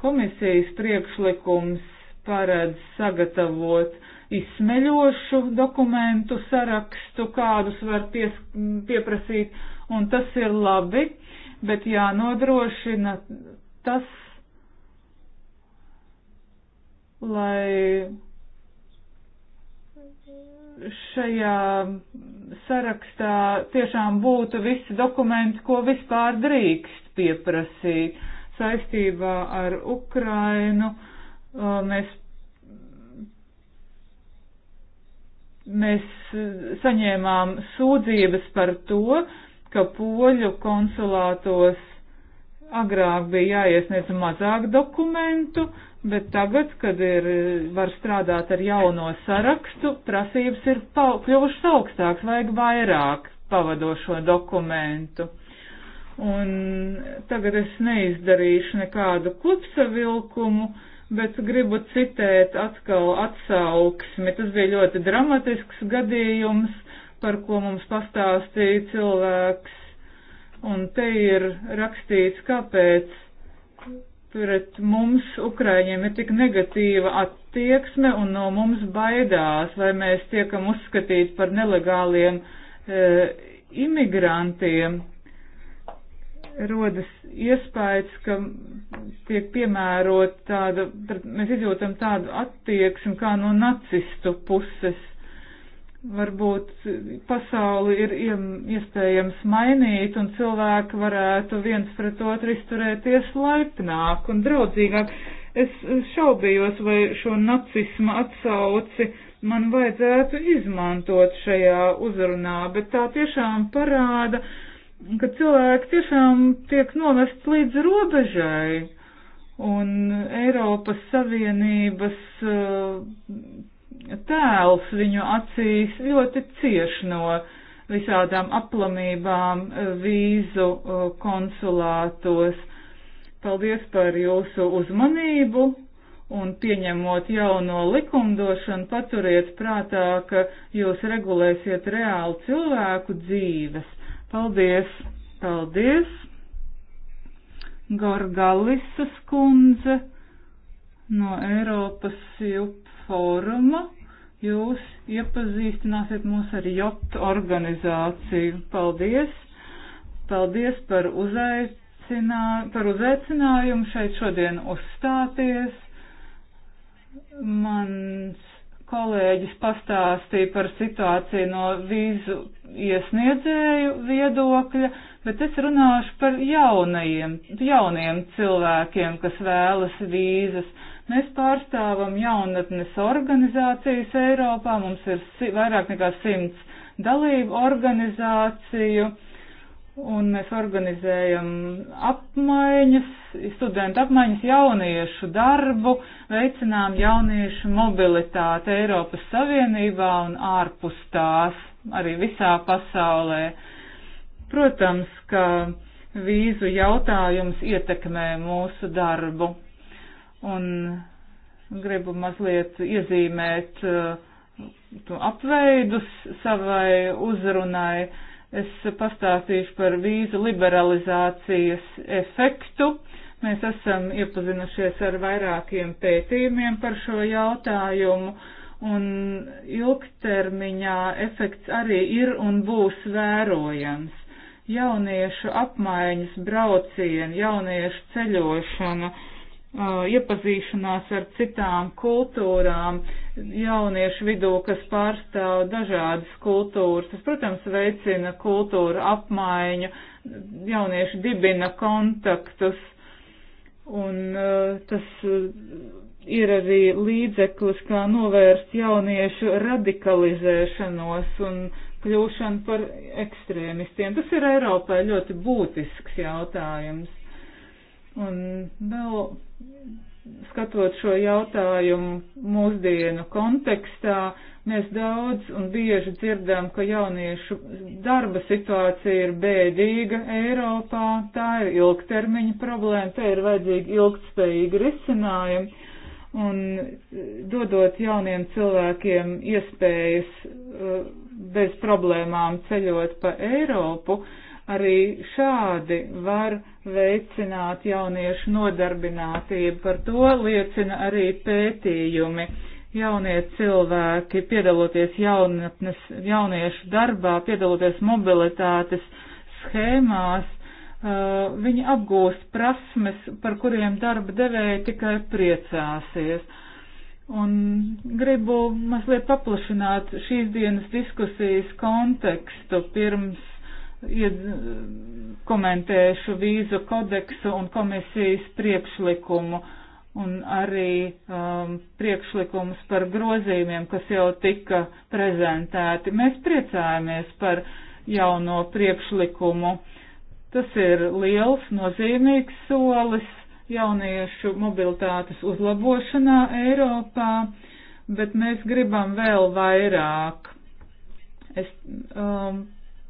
C: Komisijas priekšlikums paredz sagatavot izsmeļošu dokumentu sarakstu, kādus var pies, pieprasīt, un tas ir labi, bet jānodrošina tas, lai šajā sarakstā tiešām būtu visi dokumenti, ko vispār drīkst pieprasīt saistībā ar Ukrainu. Uh, mēs, mēs saņēmām sūdzības par to, ka poļu konsulātos agrāk bija jāiesniedz mazāk dokumentu, Bet tagad, kad ir, var strādāt ar jauno sarakstu, prasības ir kļuvušas augstākas, vajag vairāk pavadošo dokumentu. Un tagad es neizdarīšu nekādu klipsa vilkumu, bet gribu citēt atkal atsauksmi. Tas bija ļoti dramatisks gadījums, par ko mums pastāstīja cilvēks. Un te ir rakstīts, kāpēc pret mums Ukraiņiem ir tik negatīva attieksme un no mums baidās, vai mēs tiekam uzskatīti par nelegāliem e, imigrantiem. Rodas iespējas, ka tiek piemērot tāda, mēs izjūtam tādu attieksmi kā no nacistu puses varbūt pasauli ir iespējams mainīt un cilvēki varētu viens pret otru izturēties laipnāk un draudzīgāk. Es šaubījos, vai šo nacisma atsauci man vajadzētu izmantot šajā uzrunā, bet tā tiešām parāda, ka cilvēki tiešām tiek novest līdz robežai un Eiropas Savienības uh, tēls viņu acīs ļoti cieš no visādām aplamībām vīzu uh, konsulātos. Paldies par jūsu uzmanību un pieņemot jauno likumdošanu, paturiet prātā, ka jūs regulēsiet reāli cilvēku dzīves. Paldies! Paldies! Gorgalisas kundze no Eiropas jup fóruma jūs iepazīstināsiet mūs ar JOT organizāciju. Paldies! Paldies par, uzaicinā, par uzaicinājumu šeit šodien uzstāties. Mans kolēģis pastāstīja par situāciju no vīzu iesniedzēju viedokļa, bet es runāšu par jaunajiem, jauniem cilvēkiem, kas vēlas vīzas Mēs pārstāvam jaunatnes organizācijas Eiropā, mums ir vairāk nekā simts dalību organizāciju, un mēs organizējam apmaiņas, studentu apmaiņas jauniešu darbu, veicinām jauniešu mobilitāti Eiropas Savienībā un ārpus tās, arī visā pasaulē. Protams, ka vīzu jautājums ietekmē mūsu darbu un gribu mazliet iezīmēt uh, apveidus savai uzrunai. Es pastāstīšu par vīzu liberalizācijas efektu. Mēs esam iepazinušies ar vairākiem pētījumiem par šo jautājumu, un ilgtermiņā efekts arī ir un būs vērojams. Jauniešu apmaiņas braucieni, jauniešu ceļošana, uh, Uh, iepazīšanās ar citām kultūrām jauniešu vidū, kas pārstāv dažādas kultūras. Tas, protams, veicina kultūru apmaiņu, jaunieši dibina kontaktus, un uh, tas uh, ir arī līdzeklis, kā novērst jauniešu radikalizēšanos un kļūšanu par ekstrēmistiem. Tas ir Eiropai ļoti būtisks jautājums. Un vēl skatot šo jautājumu mūsdienu kontekstā, mēs daudz un bieži dzirdam, ka jauniešu darba situācija ir bēdīga Eiropā, tā ir ilgtermiņa problēma, te ir vajadzīgi ilgtspējīgi risinājumi. Un dodot jauniem cilvēkiem iespējas uh, bez problēmām ceļot pa Eiropu, uh, Arī šādi var veicināt jauniešu nodarbinātību. Par to liecina arī pētījumi. Jaunie cilvēki, piedaloties jaunatnes, jauniešu darbā, piedaloties mobilitātes schēmās, uh, viņi apgūst prasmes, par kuriem darba devēja tikai priecāsies. Un gribu mazliet paplašināt šīs dienas diskusijas kontekstu pirms ja komentēšu vīzu kodeksu un komisijas priekšlikumu un arī um, priekšlikumus par grozījumiem, kas jau tika prezentēti. Mēs priecājamies par jauno priekšlikumu. Tas ir liels, nozīmīgs solis jauniešu mobilitātes uzlabošanā Eiropā, bet mēs gribam vēl vairāk. Es um,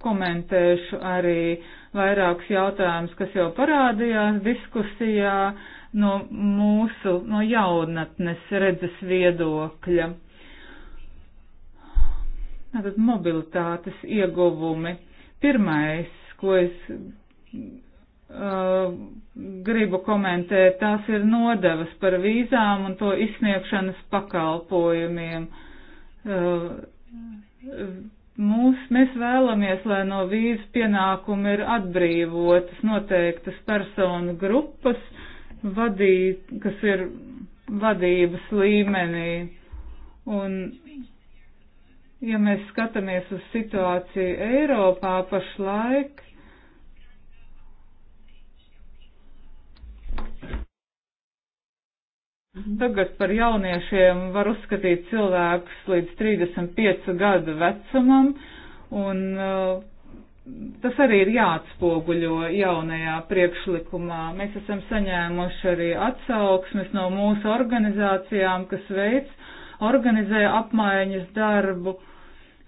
C: komentēšu arī vairākus jautājumus, kas jau parādījās diskusijā no mūsu, no jaunatnes redzes viedokļa. Tātad mobilitātes ieguvumi. Pirmais, ko es uh, gribu komentēt, tās ir nodevas par vīzām un to izsniegšanas pakalpojumiem. Uh, Mūs, mēs vēlamies, lai no vīzu pienākuma ir atbrīvotas noteiktas personu grupas, vadīt, kas ir vadības līmenī. Un, ja mēs skatāmies uz situāciju Eiropā pašlaik, Mhm. Tagad par jauniešiem var uzskatīt cilvēkus līdz 35 gadu vecumam, un uh, tas arī ir jāatspoguļo jaunajā priekšlikumā. Mēs esam saņēmuši arī atsauksmes no mūsu organizācijām, kas veids, organizē apmaiņas darbu,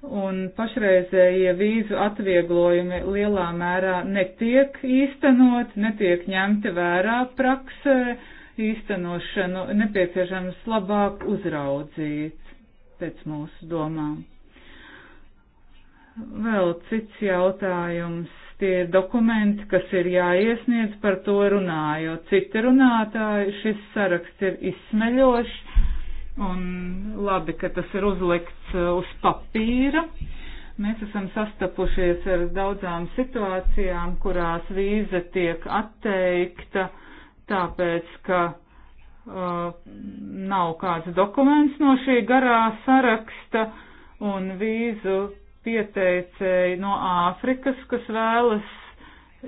C: un pašreizējie vīzu atvieglojumi lielā mērā netiek īstenot, netiek ņemti vērā praksē īstenošanu nepieciešams labāk uzraudzīt pēc mūsu domām. Vēl cits jautājums. Tie ir dokumenti, kas ir jāiesniedz par to runājot. Citi runātāji šis saraksts ir izsmeļošs un labi, ka tas ir uzlikts uh, uz papīra. Mēs esam sastapušies ar daudzām situācijām, kurās vīza tiek atteikta tāpēc, ka uh, nav kāds dokuments no šī garā saraksta un vīzu pieteicēji no Āfrikas, kas vēlas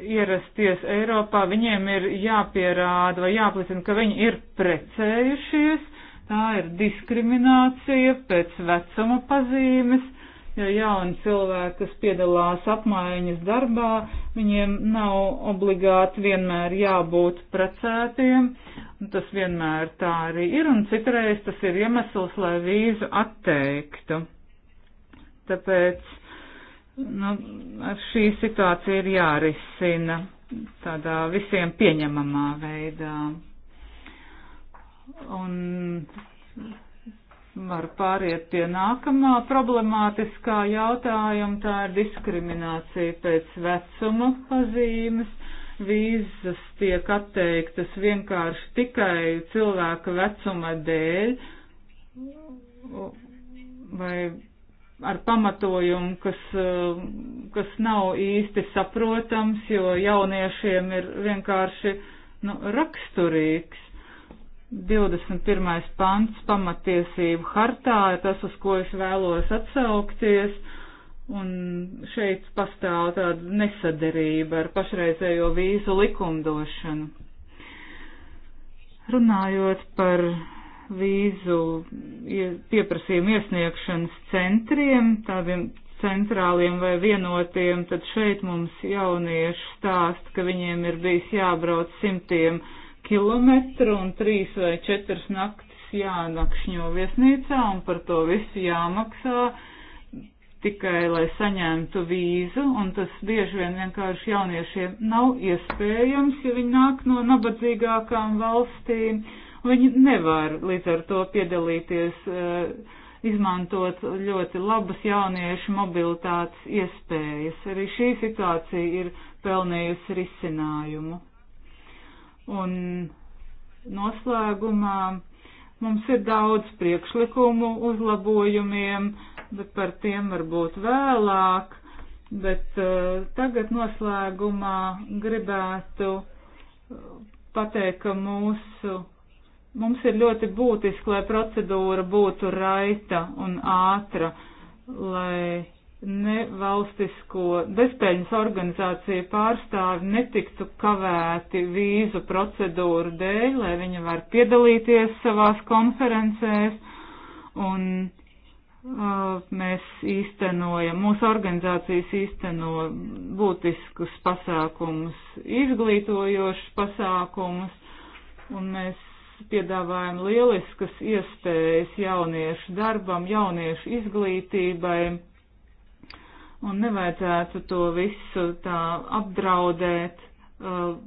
C: ierasties Eiropā, viņiem ir jāpierāda vai jāplicina, ka viņi ir precējušies, tā ir diskriminācija pēc vecuma pazīmes jo jauni cilvēki, kas piedalās apmaiņas darbā, viņiem nav obligāti vienmēr jābūt precētiem. Tas vienmēr tā arī ir, un citreiz tas ir iemesls, lai vīzu atteiktu. Tāpēc nu, šī situācija ir jārisina tādā visiem pieņemamā veidā. Un Var pāriet pie nākamā problemātiskā jautājuma, tā ir diskriminācija pēc vecuma pazīmes. Vīzas tiek atteiktas vienkārši tikai cilvēka vecuma dēļ vai ar pamatojumu, kas, kas nav īsti saprotams, jo jauniešiem ir vienkārši nu, raksturīgs 21. pants pamatiesību hartā ir tas, uz ko es vēlos atsaukties, un šeit pastāv tāda nesaderība ar pašreizējo vīzu likumdošanu. Runājot par vīzu pieprasījumu iesniegšanas centriem, tādiem centrāliem vai vienotiem, tad šeit mums jaunieši stāst, ka viņiem ir bijis jābrauc simtiem kilometru un trīs vai četras naktis jānakšņo viesnīcā un par to visu jāmaksā tikai lai saņemtu vīzu, un tas bieži vien vienkārši jauniešiem nav iespējams, jo viņi nāk no nabadzīgākām valstīm. Viņi nevar līdz ar to piedalīties, eh, izmantot ļoti labas jauniešu mobilitātes iespējas. Arī šī situācija ir pelnījusi risinājumu. Un noslēgumā mums ir daudz priekšlikumu uzlabojumiem, bet par tiem varbūt vēlāk. Bet uh, tagad noslēgumā gribētu eh, pateikt, ka mūsu, mums ir ļoti būtiski, lai procedūra būtu raita un ātra, lai nevalstisko bezpēļņas organizāciju pārstāvi netiktu kavēti vīzu procedūru dēļ, lai viņi var piedalīties savās konferencēs. Un uh, mēs īstenojam, mūsu organizācijas īsteno būtiskus pasākumus, izglītojošus pasākumus, un mēs piedāvājam lieliskas iespējas jauniešu darbam, jauniešu izglītībai un nevajadzētu to visu tā apdraudēt uh,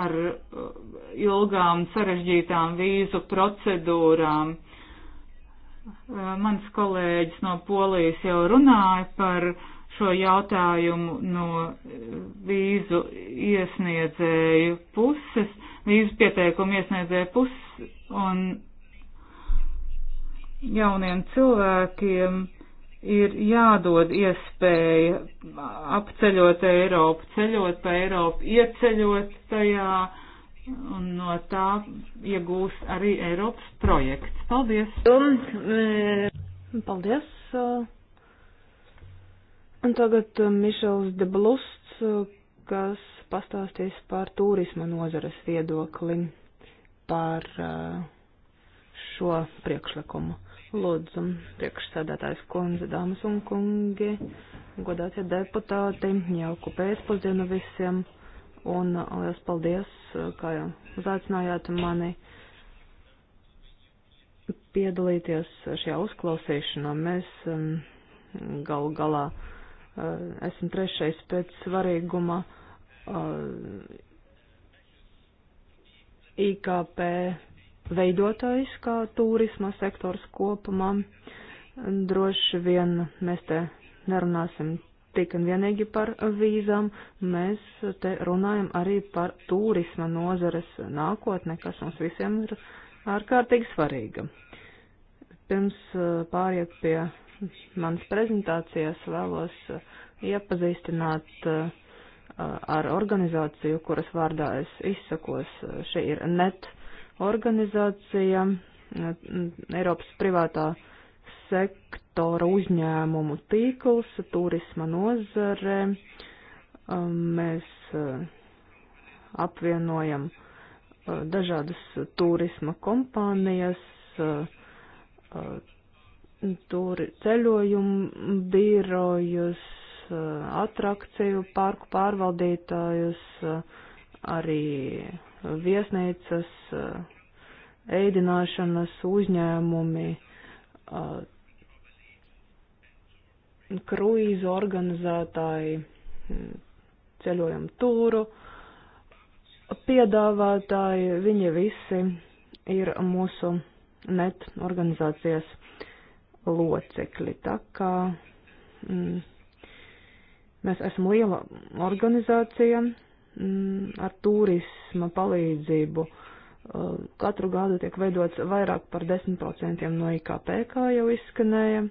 C: ar uh, ilgām sarežģītām vīzu procedūrām. Uh, mans kolēģis no Polijas jau runāja par šo jautājumu no uh, vīzu iesniedzēju puses, vīzu pieteikumu iesniedzēju puses, un jauniem cilvēkiem ir jādod iespēja apceļot Eiropu, ceļot pa Eiropu, ieceļot tajā un no tā iegūs arī Eiropas projekts.
D: Paldies! Paldies! Un tagad Mišels de Blusts, kas pastāstīs par turisma nozares viedokli par uh, šo priekšlikumu. Lūdzu, priekšsēdētājs kundze, dāmas un kungi, godātie deputāti, jauku pēcpusdienu visiem un liels paldies, kā jau uzaicinājāt mani piedalīties šajā uzklausīšanā. Mēs um, galu galā uh, esam trešais pēc svarīguma uh, IKP veidotājs kā turisma sektors kopumā. Droši vien mēs te nerunāsim tik un vienīgi par vīzām, mēs te runājam arī par turisma nozares nākotne, kas mums visiem ir ārkārtīgi svarīga. Pirms eh, pāriet pie manas prezentācijas vēlos eh, iepazīstināt eh, ar organizāciju, kuras vārdā es izsakos. Šī ir NET organizācija, Eiropas privātā sektora uzņēmumu tīkls, turisma nozare. Um, mēs uh, apvienojam uh, dažādas turisma kompānijas, uh, turi, ceļojumu birojus, atrakciju parku pārvaldītājus, arī viesnīcas, eh, ēdināšanas uzņēmumi, eh, kruīzu organizētāji, hm, ceļojumu tūru piedāvātāji, viņi visi ir mūsu net organizācijas locekļi. Tā kā mm, mēs esam liela organizācija, Mm, ar turisma palīdzību. Uh, katru gadu tiek veidots vairāk par 10% no IKP, kā jau izskanēja.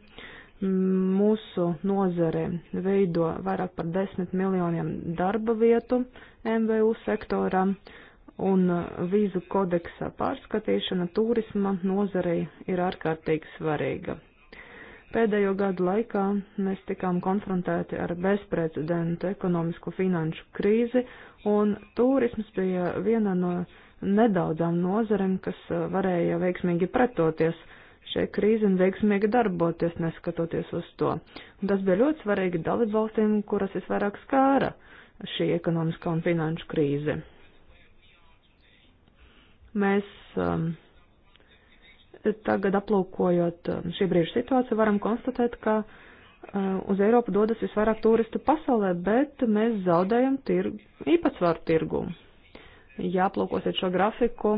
D: Mūsu nozare veido vairāk par 10 miljoniem darba vietu MVU sektorā, un uh, vīzu kodeksa pārskatīšana turisma nozarei ir ārkārtīgi svarīga. Pēdējo gadu laikā mēs tikām konfrontēti ar bezprecedenta ekonomisko finanšu krīzi, un turisms bija viena no nedaudzām nozarēm, kas uh, varēja veiksmīgi pretoties šai krīzi un veiksmīgi darboties, neskatoties uz to. Un tas bija ļoti svarīgi dalībvalstīm, kuras visvairāk skāra šī ekonomiskā un finanšu krīze. Mēs um, tagad aplūkojot um, šī brīža situāciju, varam konstatēt, ka uh, uz Eiropu dodas visvairāk turistu pasaulē, bet mēs zaudējam tirgu, īpatsvaru tirgu. Ja aplūkosiet šo grafiku,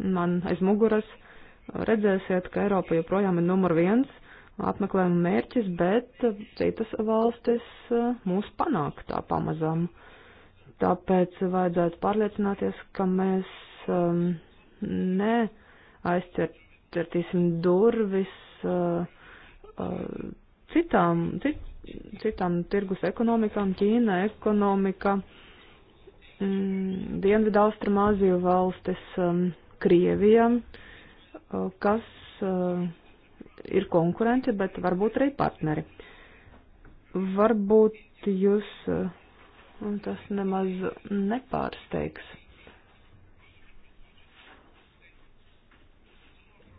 D: man aiz muguras uh, redzēsiet, ka Eiropa joprojām ir numur viens apmeklējuma mērķis, bet uh, citas valstis mūs panāk tā pamazām. Tāpēc vajadzētu pārliecināties, ka mēs um, ne aizcert atvērtīsim durvis uh, uh, citām, cit, citām tirgus ekonomikām, Ķīna ekonomika, mm, Dienvidu Austrumāziju valstis, um, Krievija, uh, kas uh, ir konkurenti, bet varbūt arī partneri. Varbūt jūs uh, tas nemaz nepārsteigs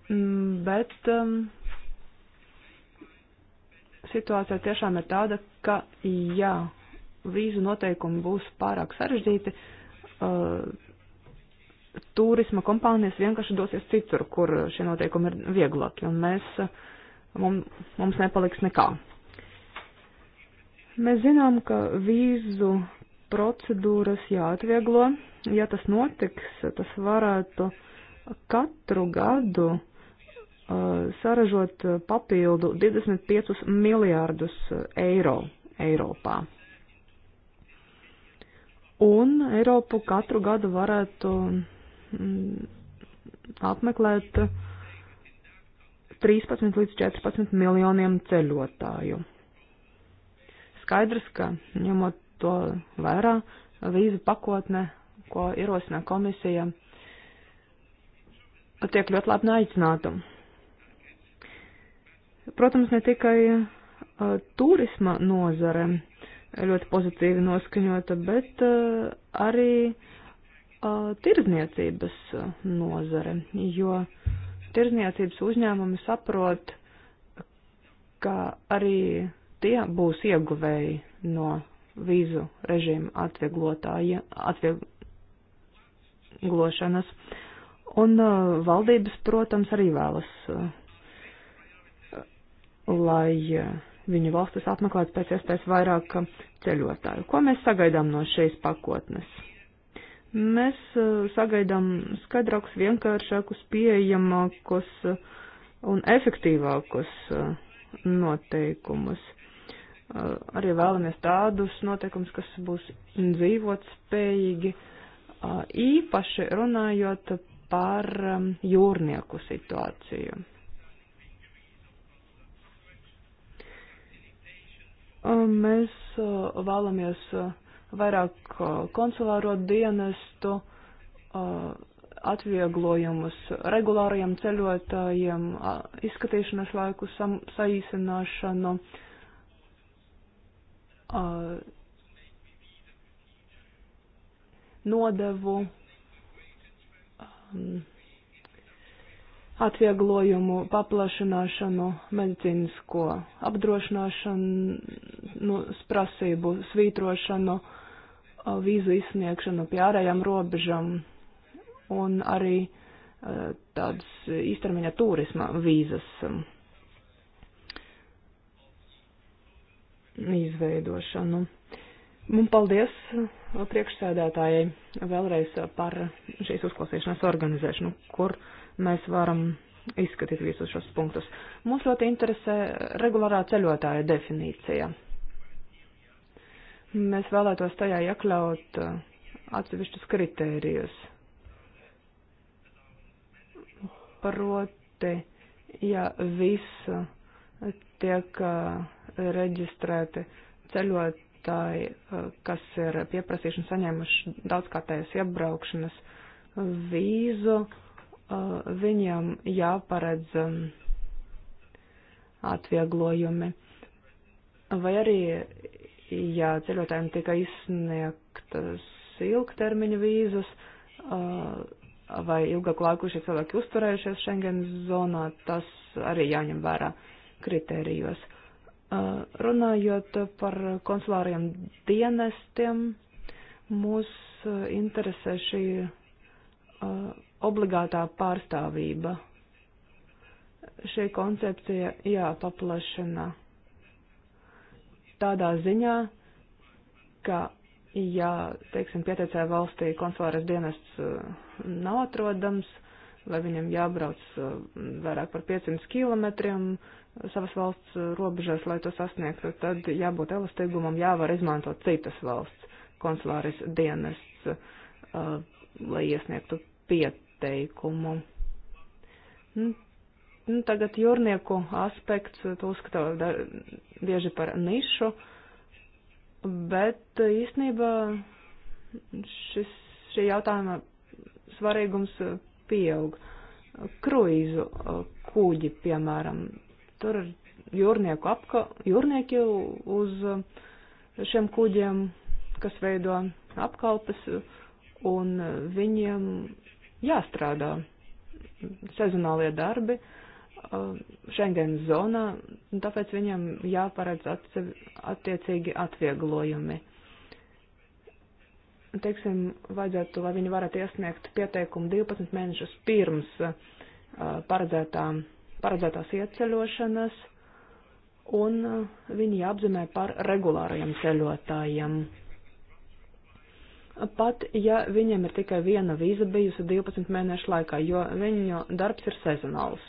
D: Mm, bet um, situācija tiešām ir tāda, ka jā, vīzu noteikumi būs pārāk sarežģīti. Uh, turisma kompānijas vienkārši dosies citur, kur šie noteikumi ir vieglāki, un mēs, uh, mums, mums nepaliks nekā. Mēs zinām, ka vīzu procedūras jāatvieglo. Ja tas notiks, tas varētu katru gadu uh, Uh, saražot uh, papildu 25 miljārdus uh, eiro Eiropā. Un Eiropu katru gadu varētu mm, apmeklēt 13 līdz 14 miljoniem ceļotāju. Skaidrs, ka ņemot to vērā, vīzu pakotne, ko ierosina komisija, tiek ļoti labi aicināta Protams, ne tikai uh, turisma nozare ļoti pozitīvi noskaņota, bet uh, arī uh, tirzniecības uh, nozare, jo tirzniecības uzņēmumi saprot, ka arī tie būs ieguvēji no vīzu režīmu atvieglotāja, atvieglošanas. Un uh, valdības, protams, arī vēlas uh, lai eh, viņu valstis apmeklētu pēc iespējas vairāk eh, ceļotāju. Ko mēs sagaidām no šīs pakotnes? Mēs eh, sagaidām skaidrākus, vienkāršākus, pieejamākus un efektīvākus noteikumus. Arī vēlamies tādus noteikumus, kas būs dzīvot spējīgi, īpaši runājot par jūrnieku situāciju. Mēs uh, vēlamies uh, vairāk uh, konsulāro dienestu, atvieglojumus regulāriem ceļotājiem, izskatīšanas laiku saīsināšanu, nodevu. Um, atvieglojumu, paplašināšanu, medicīnisko apdrošināšanu, prasību svītrošanu, vīzu izsniegšanu pie ārējām robežām un arī tādas īstermiņa turisma vīzas izveidošanu. Un paldies priekšsēdētājai vēlreiz par šīs uzklausīšanas organizēšanu, kur mēs varam izskatīt visus šos punktus. Mums ļoti interesē regulārā ceļotāja definīcija. Mēs vēlētos tajā iekļaut uh, atsevišķus kritērijus. Proti, ja viss uh, tiek uh, reģistrēti ceļotāji, kas ir pieprasījuši un saņēmuši daudzkārtējas iebraukšanas vīzu, Uh, viņam jāparedz um, atvieglojumi. Vai arī, ja ceļotājiem tika izsniegtas ilgtermiņa vīzas, uh, vai ilgāk laiku šie cilvēki uzturējušies Schengen zonā, tas arī jāņem vērā kritērijos. Uh, runājot par konsulāriem dienestiem, mūs interesē šī obligātā pārstāvība. Šī koncepcija jāpaplašina tādā ziņā, ka, ja, teiksim, pieteicē valstī konsulāras dienests uh, nav atrodams, vai viņam jābrauc uh, vairāk par 500 kilometriem savas valsts uh, robežās, lai to sasniegtu, tad jābūt elastīgumam, jāvar izmantot citas valsts konsulāris dienests, lai iesniegtu pieteikumu teikumu. Nu, nu, tagad jūrnieku aspekts, to uzskata bieži par nišu, bet īstenībā šis, šī jautājuma svarīgums pieaug. Kruīzu kūģi, piemēram, tur ir jūrnieku apka, jūrnieki uz šiem kuģiem, kas veido apkalpes, un viņiem jāstrādā. Sezonālie darbi um, Schengen zonā, tāpēc viņam jāparedz attiecīgi atvieglojumi. Teiksim, vajadzētu, lai viņi varētu iesniegt pieteikumu 12 mēnešus pirms uh, paredzētā, paredzētās ieceļošanas, un uh, viņi jāapzīmē par regulārajiem ceļotājiem pat ja viņiem ir tikai viena vīza bijusi 12 mēnešu laikā, jo viņu darbs ir sezonāls.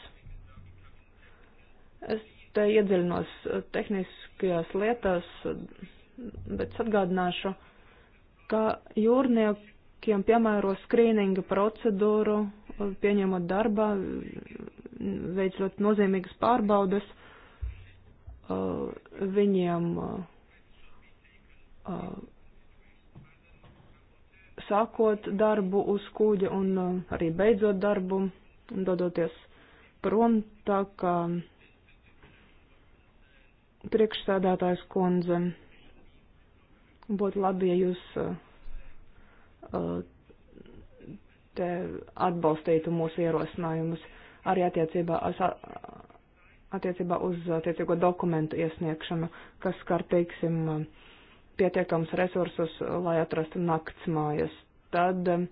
D: Es te iedziļinos tehniskajās lietās, bet atgādināšu, ka jūrniekiem piemēro skrīninga procedūru, pieņemot darbā, veic ļoti nozīmīgas pārbaudes, uh, viņiem uh, uh, sākot darbu uz kuģa un uh, arī beidzot darbu un dodoties prom, tā kā priekšsēdētājs kundze būtu labi, ja jūs uh, uh te atbalstītu mūsu ierosinājumus arī attiecībā, attiecībā uz attiecīgo dokumentu iesniegšanu, kas skar, teiksim, uh, pietiekams resursus, lai atrastu naktsmājas. Tad um,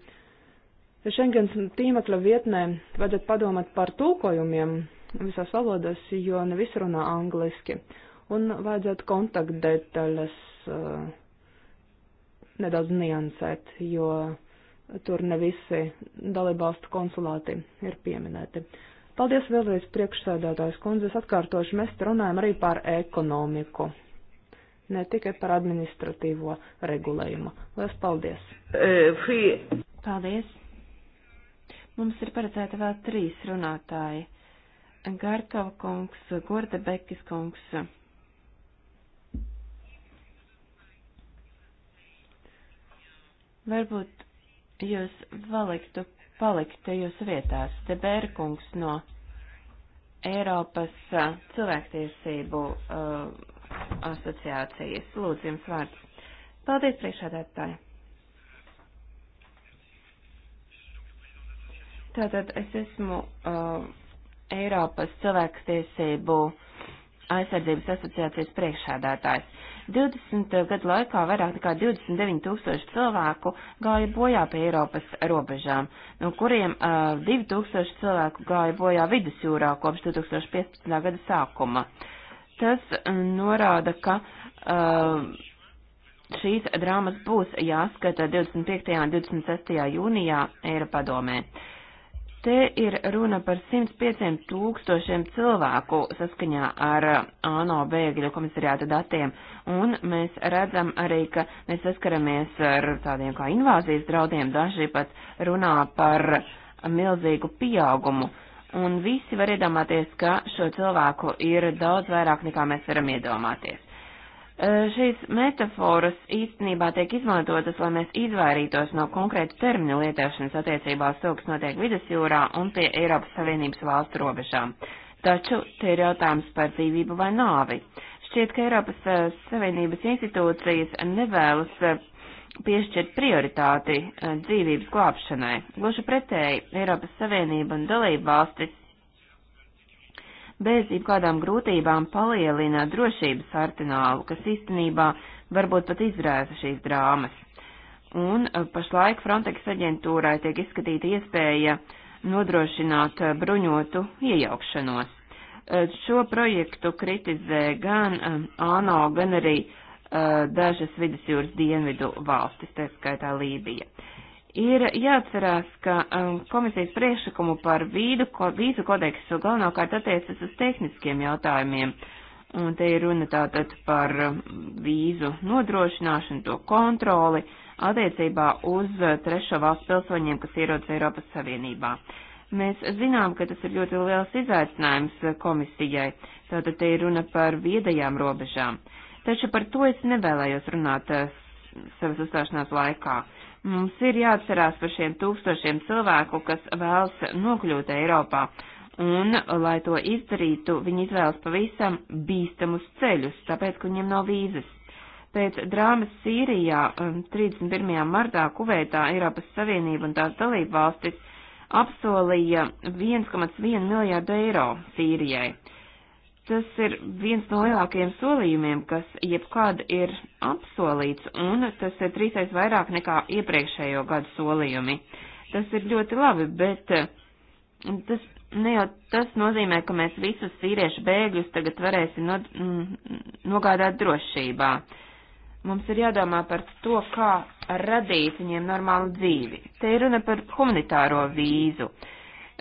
D: Schengens tīmekļa vietnē vajadzētu padomāt par tulkojumiem visās valodās, jo ne visi runā angliski. Un vajadzētu kontaktdetaļas uh, nedaudz niansēt, jo tur ne visi dalībvalstu konsulāti ir pieminēti. Paldies vēlreiz priekšsēdētājs kundzes atkārtošu, mēs runājam arī par ekonomiku ne tikai par administratīvo regulējumu. Lielas paldies!
B: E,
A: paldies! Mums ir paredzēta vēl trīs runātāji. Garkava kungs, Gordebekis kungs. Varbūt jūs paliktu, paliktu jūs vietās, te bērkungs no Eiropas uh, cilvēktiesību uh, asociācijas. Lūdzu, jums vārds. Paldies, priekšādātāji. Tātad es esmu uh, Eiropas cilvēktiesību aizsardzības asociācijas priekšādātājs. 20 gadu laikā vairāk nekā 29 tūkstoši cilvēku gāja bojā pie Eiropas robežām, no kuriem uh, 2 tūkstoši cilvēku gāja bojā vidusjūrā kopš 2015. gada sākuma. Uh, Tas eh, norāda, ka uh, šīs drāmas būs jāskata 25. un 26. jūnijā Eiropadomē. Te ir runa par 105 tūkstošiem cilvēku saskaņā ar eh, ANO bēgļu komisariāta datiem, un mēs redzam arī, ka mēs saskaramies ar tādiem kā invāzijas draudiem, daži pat runā par milzīgu pieaugumu. Uh, un visi var iedomāties, ka šo cilvēku ir daudz vairāk nekā mēs varam iedomāties. E, šīs metaforas īstenībā tiek izmantotas, lai mēs izvairītos no konkrētu terminu lietošanas attiecībā uz to, kas notiek vidusjūrā un pie Eiropas Savienības valstu robežām. Taču te ir jautājums par dzīvību vai nāvi. Šķiet, ka Eiropas e, Savienības institūcijas nevēlas e, piešķirt prioritāti eh, dzīvības glābšanai. Gluži pretēji, Eiropas Savienība un dalība valstis bez jebkādām grūtībām palielina drošības arsenālu, kas īstenībā varbūt pat izrāza šīs drāmas. Un eh, pašlaik Frontex aģentūrai tiek izskatīta iespēja nodrošināt eh, bruņotu iejaukšanos. Šo projektu kritizē gan ANO, gan arī uh, Uh, dažas vidusjūras dienvidu valstis, tā skaitā Lībija. Ir jāatcerās, ka um, komisijas priekšlikumu par vīdu, ko, vīzu kodeksu galvenokārt attiecas uz tehniskiem jautājumiem. Un te ir runa tātad par um, vīzu nodrošināšanu, to kontroli attiecībā uz uh, trešo valstu pilsoņiem, kas ierodas Eiropas Savienībā. Mēs zinām, ka tas ir ļoti liels izaicinājums uh, komisijai, tātad te ir runa par viedajām robežām. Uh, taču par to es nevēlējos runāt eh, savas uzstāšanās laikā. Mums ir jāatcerās par šiem tūkstošiem cilvēku, kas vēlas nokļūt Eiropā, un, lai to izdarītu, viņi izvēlas pavisam bīstamus ceļus, tāpēc, ka viņiem nav vīzes. Pēc drāmas Sīrijā 31. Um, martā Kuveitā Eiropas Savienība un tās dalība valstis apsolīja 1,1 miljārdu eiro Sīrijai. Tas ir viens no lielākajiem solījumiem, kas jebkad ir apsolīts, un tas ir trīsreiz vairāk nekā iepriekšējo gadu solījumi. Tas ir ļoti labi, bet eh, tas, ne jau tas nozīmē, ka mēs visus sīriešu bēgļus tagad varēsim no, mm, nogādāt drošībā. Mums ir jādomā par to, kā radīt viņiem normālu dzīvi. Te ir runa par humanitāro vīzu.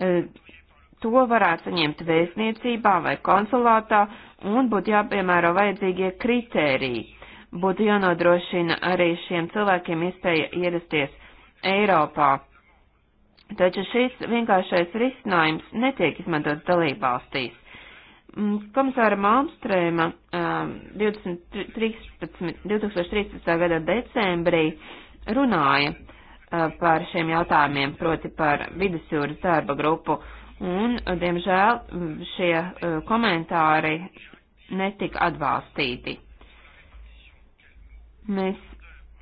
A: Uh, to varētu saņemt vēstniecībā vai konsulātā un būtu jāpiemēro vajadzīgie kritēriji. Būtu jānodrošina arī šiem cilvēkiem iespēja ierasties Eiropā. Taču šis vienkāršais risinājums netiek izmantots dalībvalstīs. Mm, komisāra Malmstrēma 2013, um, 2013. gada decembrī runāja uh, par šiem jautājumiem, proti par vidusjūras darba grupu, un, diemžēl, šie uh, komentāri netika atbalstīti. Mēs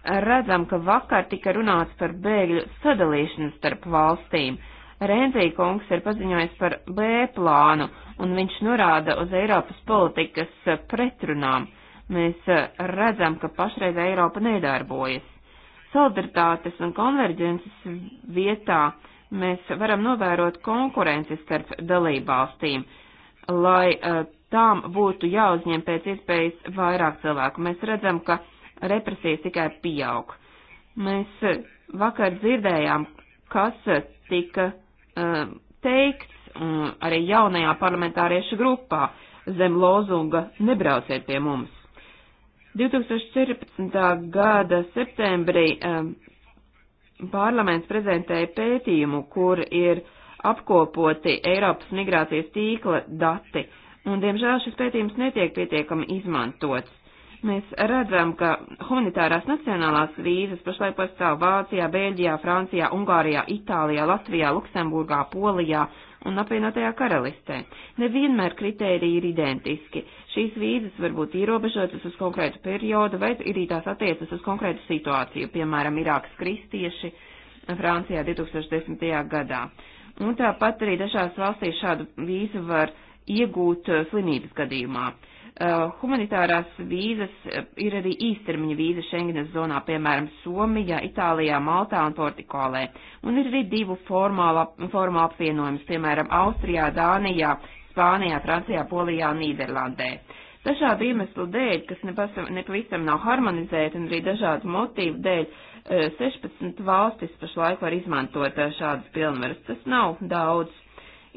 A: redzam, ka vakar tika runāts par bēgļu sadalīšanu starp valstīm. Renzī kungs ir paziņojis par B plānu, un viņš norāda uz Eiropas politikas pretrunām. Mēs e, redzam, ka pašreiz Eiropa nedarbojas. Solidaritātes un konverģences vietā uh, mēs varam novērot konkurenci starp dalībvalstīm, lai uh, tām būtu jāuzņem pēc iespējas vairāk cilvēku. Mēs redzam, ka represijas tikai pieaug. Mēs eh, vakar dzirdējām, kas tika uh, teikts um, arī jaunajā parlamentāriešu grupā zem lozunga Nebrauciet pie mums. 2014. gada septembrī um, parlaments prezentēja pētījumu, kur ir apkopoti Eiropas migrācijas tīkla dati, un diemžēl šis pētījums netiek pietiekami izmantots. Mēs redzam, ka humanitārās nacionālās vīzas pašlaik pastāv Vācijā, Bēļģijā, Francijā, Ungārijā, Itālijā, Latvijā, Luksemburgā, Polijā, un apvienotajā karalistē. Nevienmēr kritēriji ir identiski. Šīs vīzas var būt ierobežotas uz konkrētu periodu, vai arī tās attiecas uz konkrētu situāciju, piemēram, Irākas kristieši Francijā 2010. gadā. Un tāpat arī dažās valstīs šādu vīzu var iegūt slimības gadījumā. Uh, Uh, humanitārās vīzas uh, ir arī īstermiņa vīza Schengenas zonā, piemēram, Somijā, Itālijā, Maltā un Portikolē. Un ir arī divu formālu formāl apvienojums, piemēram, Austrijā, Dānijā, Spānijā, Francijā, Polijā un Nīderlandē. Dažādu iemeslu dēļ, kas nepavisam nav harmonizēti un arī dažādu motīvu dēļ, 16 uh, valstis pašlaik var izmantot šādas pilnvaras. Tas nav daudz.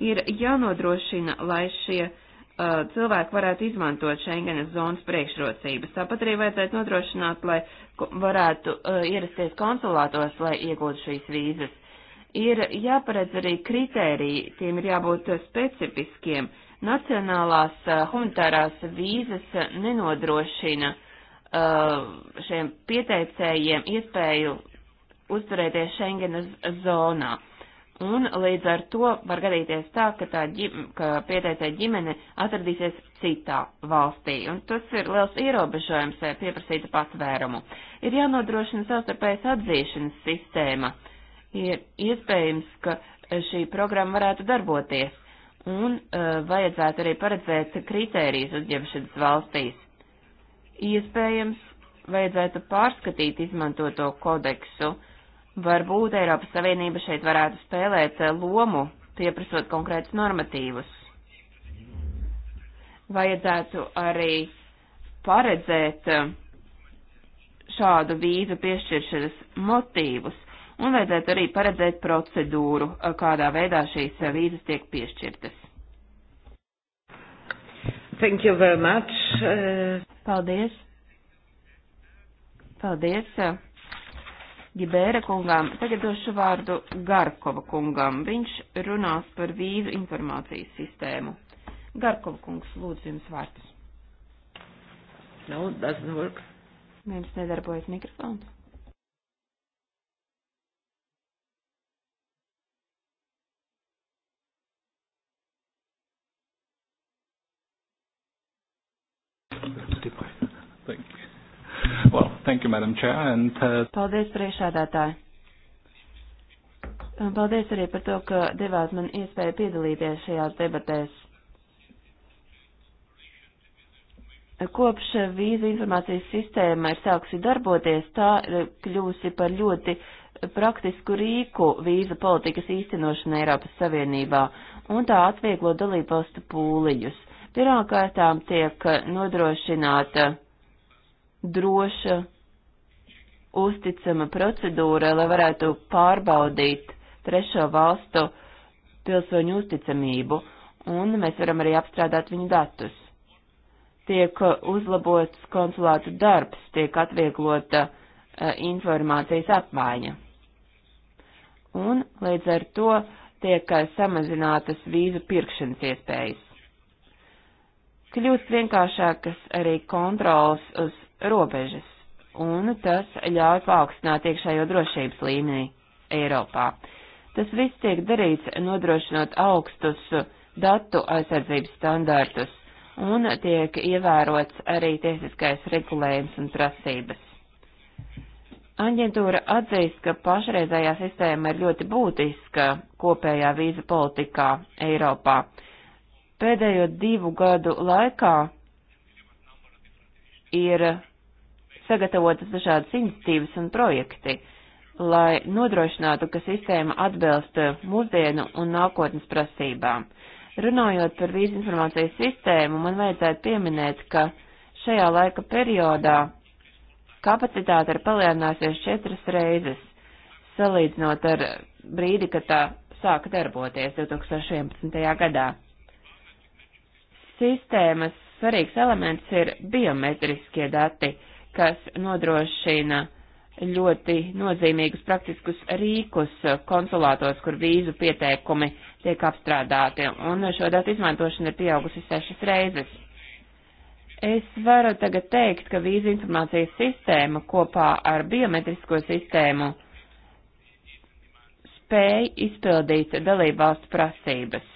A: Ir jānodrošina, lai šie uh, Uh, cilvēki varētu izmantot Schengenas zonas priekšrocības. Tāpat arī vajadzētu nodrošināt, lai varētu uh, ierasties konsulātos, lai iegūtu šīs vīzas. Ir jāparedz arī kritēriji, tiem ir jābūt specifiskiem. Nacionālās uh, humanitārās vīzas nenodrošina šiem pieteicējiem iespēju uzturēties Schengenas zonā. Un līdz ar to var gadīties tā, ka, tā ģim, ka pieteicē ģimene atradīsies citā valstī, un tas ir liels ierobežojums eh, pieprasīta patvērumu. Ir jānodrošina savstarpējas atzīšanas sistēma. Ir iespējams, ka eh, šī programma varētu darboties, un uh, vajadzētu arī paredzēt kritērijas uzņemšanas valstīs. Iespējams, vajadzētu pārskatīt izmantoto kodeksu. Uh, Varbūt Eiropas Savienība šeit varētu spēlēt eh, lomu, pieprasot konkrētus normatīvus. Vajadzētu arī paredzēt eh, šādu vīzu piešķiršanas motīvus, un vajadzētu arī paredzēt procedūru, eh, kādā veidā šīs vīzas tiek piešķirtas. Thank you very much. Uh, Paldies. Paldies. Gibēra kungām. Tagad došu vārdu Garkova kungam. Viņš runās par vīzu informācijas sistēmu. Garkova kungs, lūdzu jums vārds. No, doesn't
B: work. Mums nedarbojas mikrofons.
E: Well, thank you, Madam Chair, and, uh...
A: Paldies, priekšādātāji. Paldies arī par to, ka devāt man iespēju piedalīties šajās debatēs. Kopš vīza informācijas sistēma ir sākusi darboties, tā ir kļūsi par ļoti praktisku rīku vīza politikas īstenošana Eiropas Savienībā, un tā atvieglo dalībvalstu pūliņus. Pirmkārtām tiek nodrošināta droša, uzticama procedūra, lai varētu pārbaudīt trešo valstu pilsoņu uzticamību, un mēs varam arī apstrādāt viņu datus. Tiek uzlabots konsulātu darbs, tiek atvieglota uh, informācijas apmaiņa. Un līdz ar to tiek uh, samazinātas vīzu pirkšanas iespējas. Kļūst vienkāršākas arī kontrols uz robežas, un tas ļauj paaugstināt iekšējo drošības līmeni Eiropā. Tas viss tiek darīts nodrošinot augstus datu aizsardzības standārtus, un tiek ievērots arī tiesiskais regulējums un prasības. Aģentūra atzīst, ka pašreizējā sistēma ir ļoti būtiska kopējā vīza politikā Eiropā. Pēdējo divu gadu laikā ir sagatavotas dažādas iniciatīvas un projekti, lai nodrošinātu, ka sistēma atbilst mūsdienu un nākotnes prasībām. Runājot par vīzu informācijas sistēmu, man vajadzētu pieminēt, ka šajā laika periodā kapacitāte ir palielinājusies četras reizes, salīdzinot ar brīdi, kad tā sāka darboties 2011. gadā. Sistēmas svarīgs elements ir biometriskie dati, kas nodrošina ļoti nozīmīgus praktiskus rīkus konsulātos, kur vīzu pieteikumi tiek apstrādāti, un šo datu izmantošana ir pieaugusi sešas reizes. Es varu tagad teikt, ka vīzu informācijas sistēma kopā ar biometrisko sistēmu spēj izpildīt dalībvalstu prasības.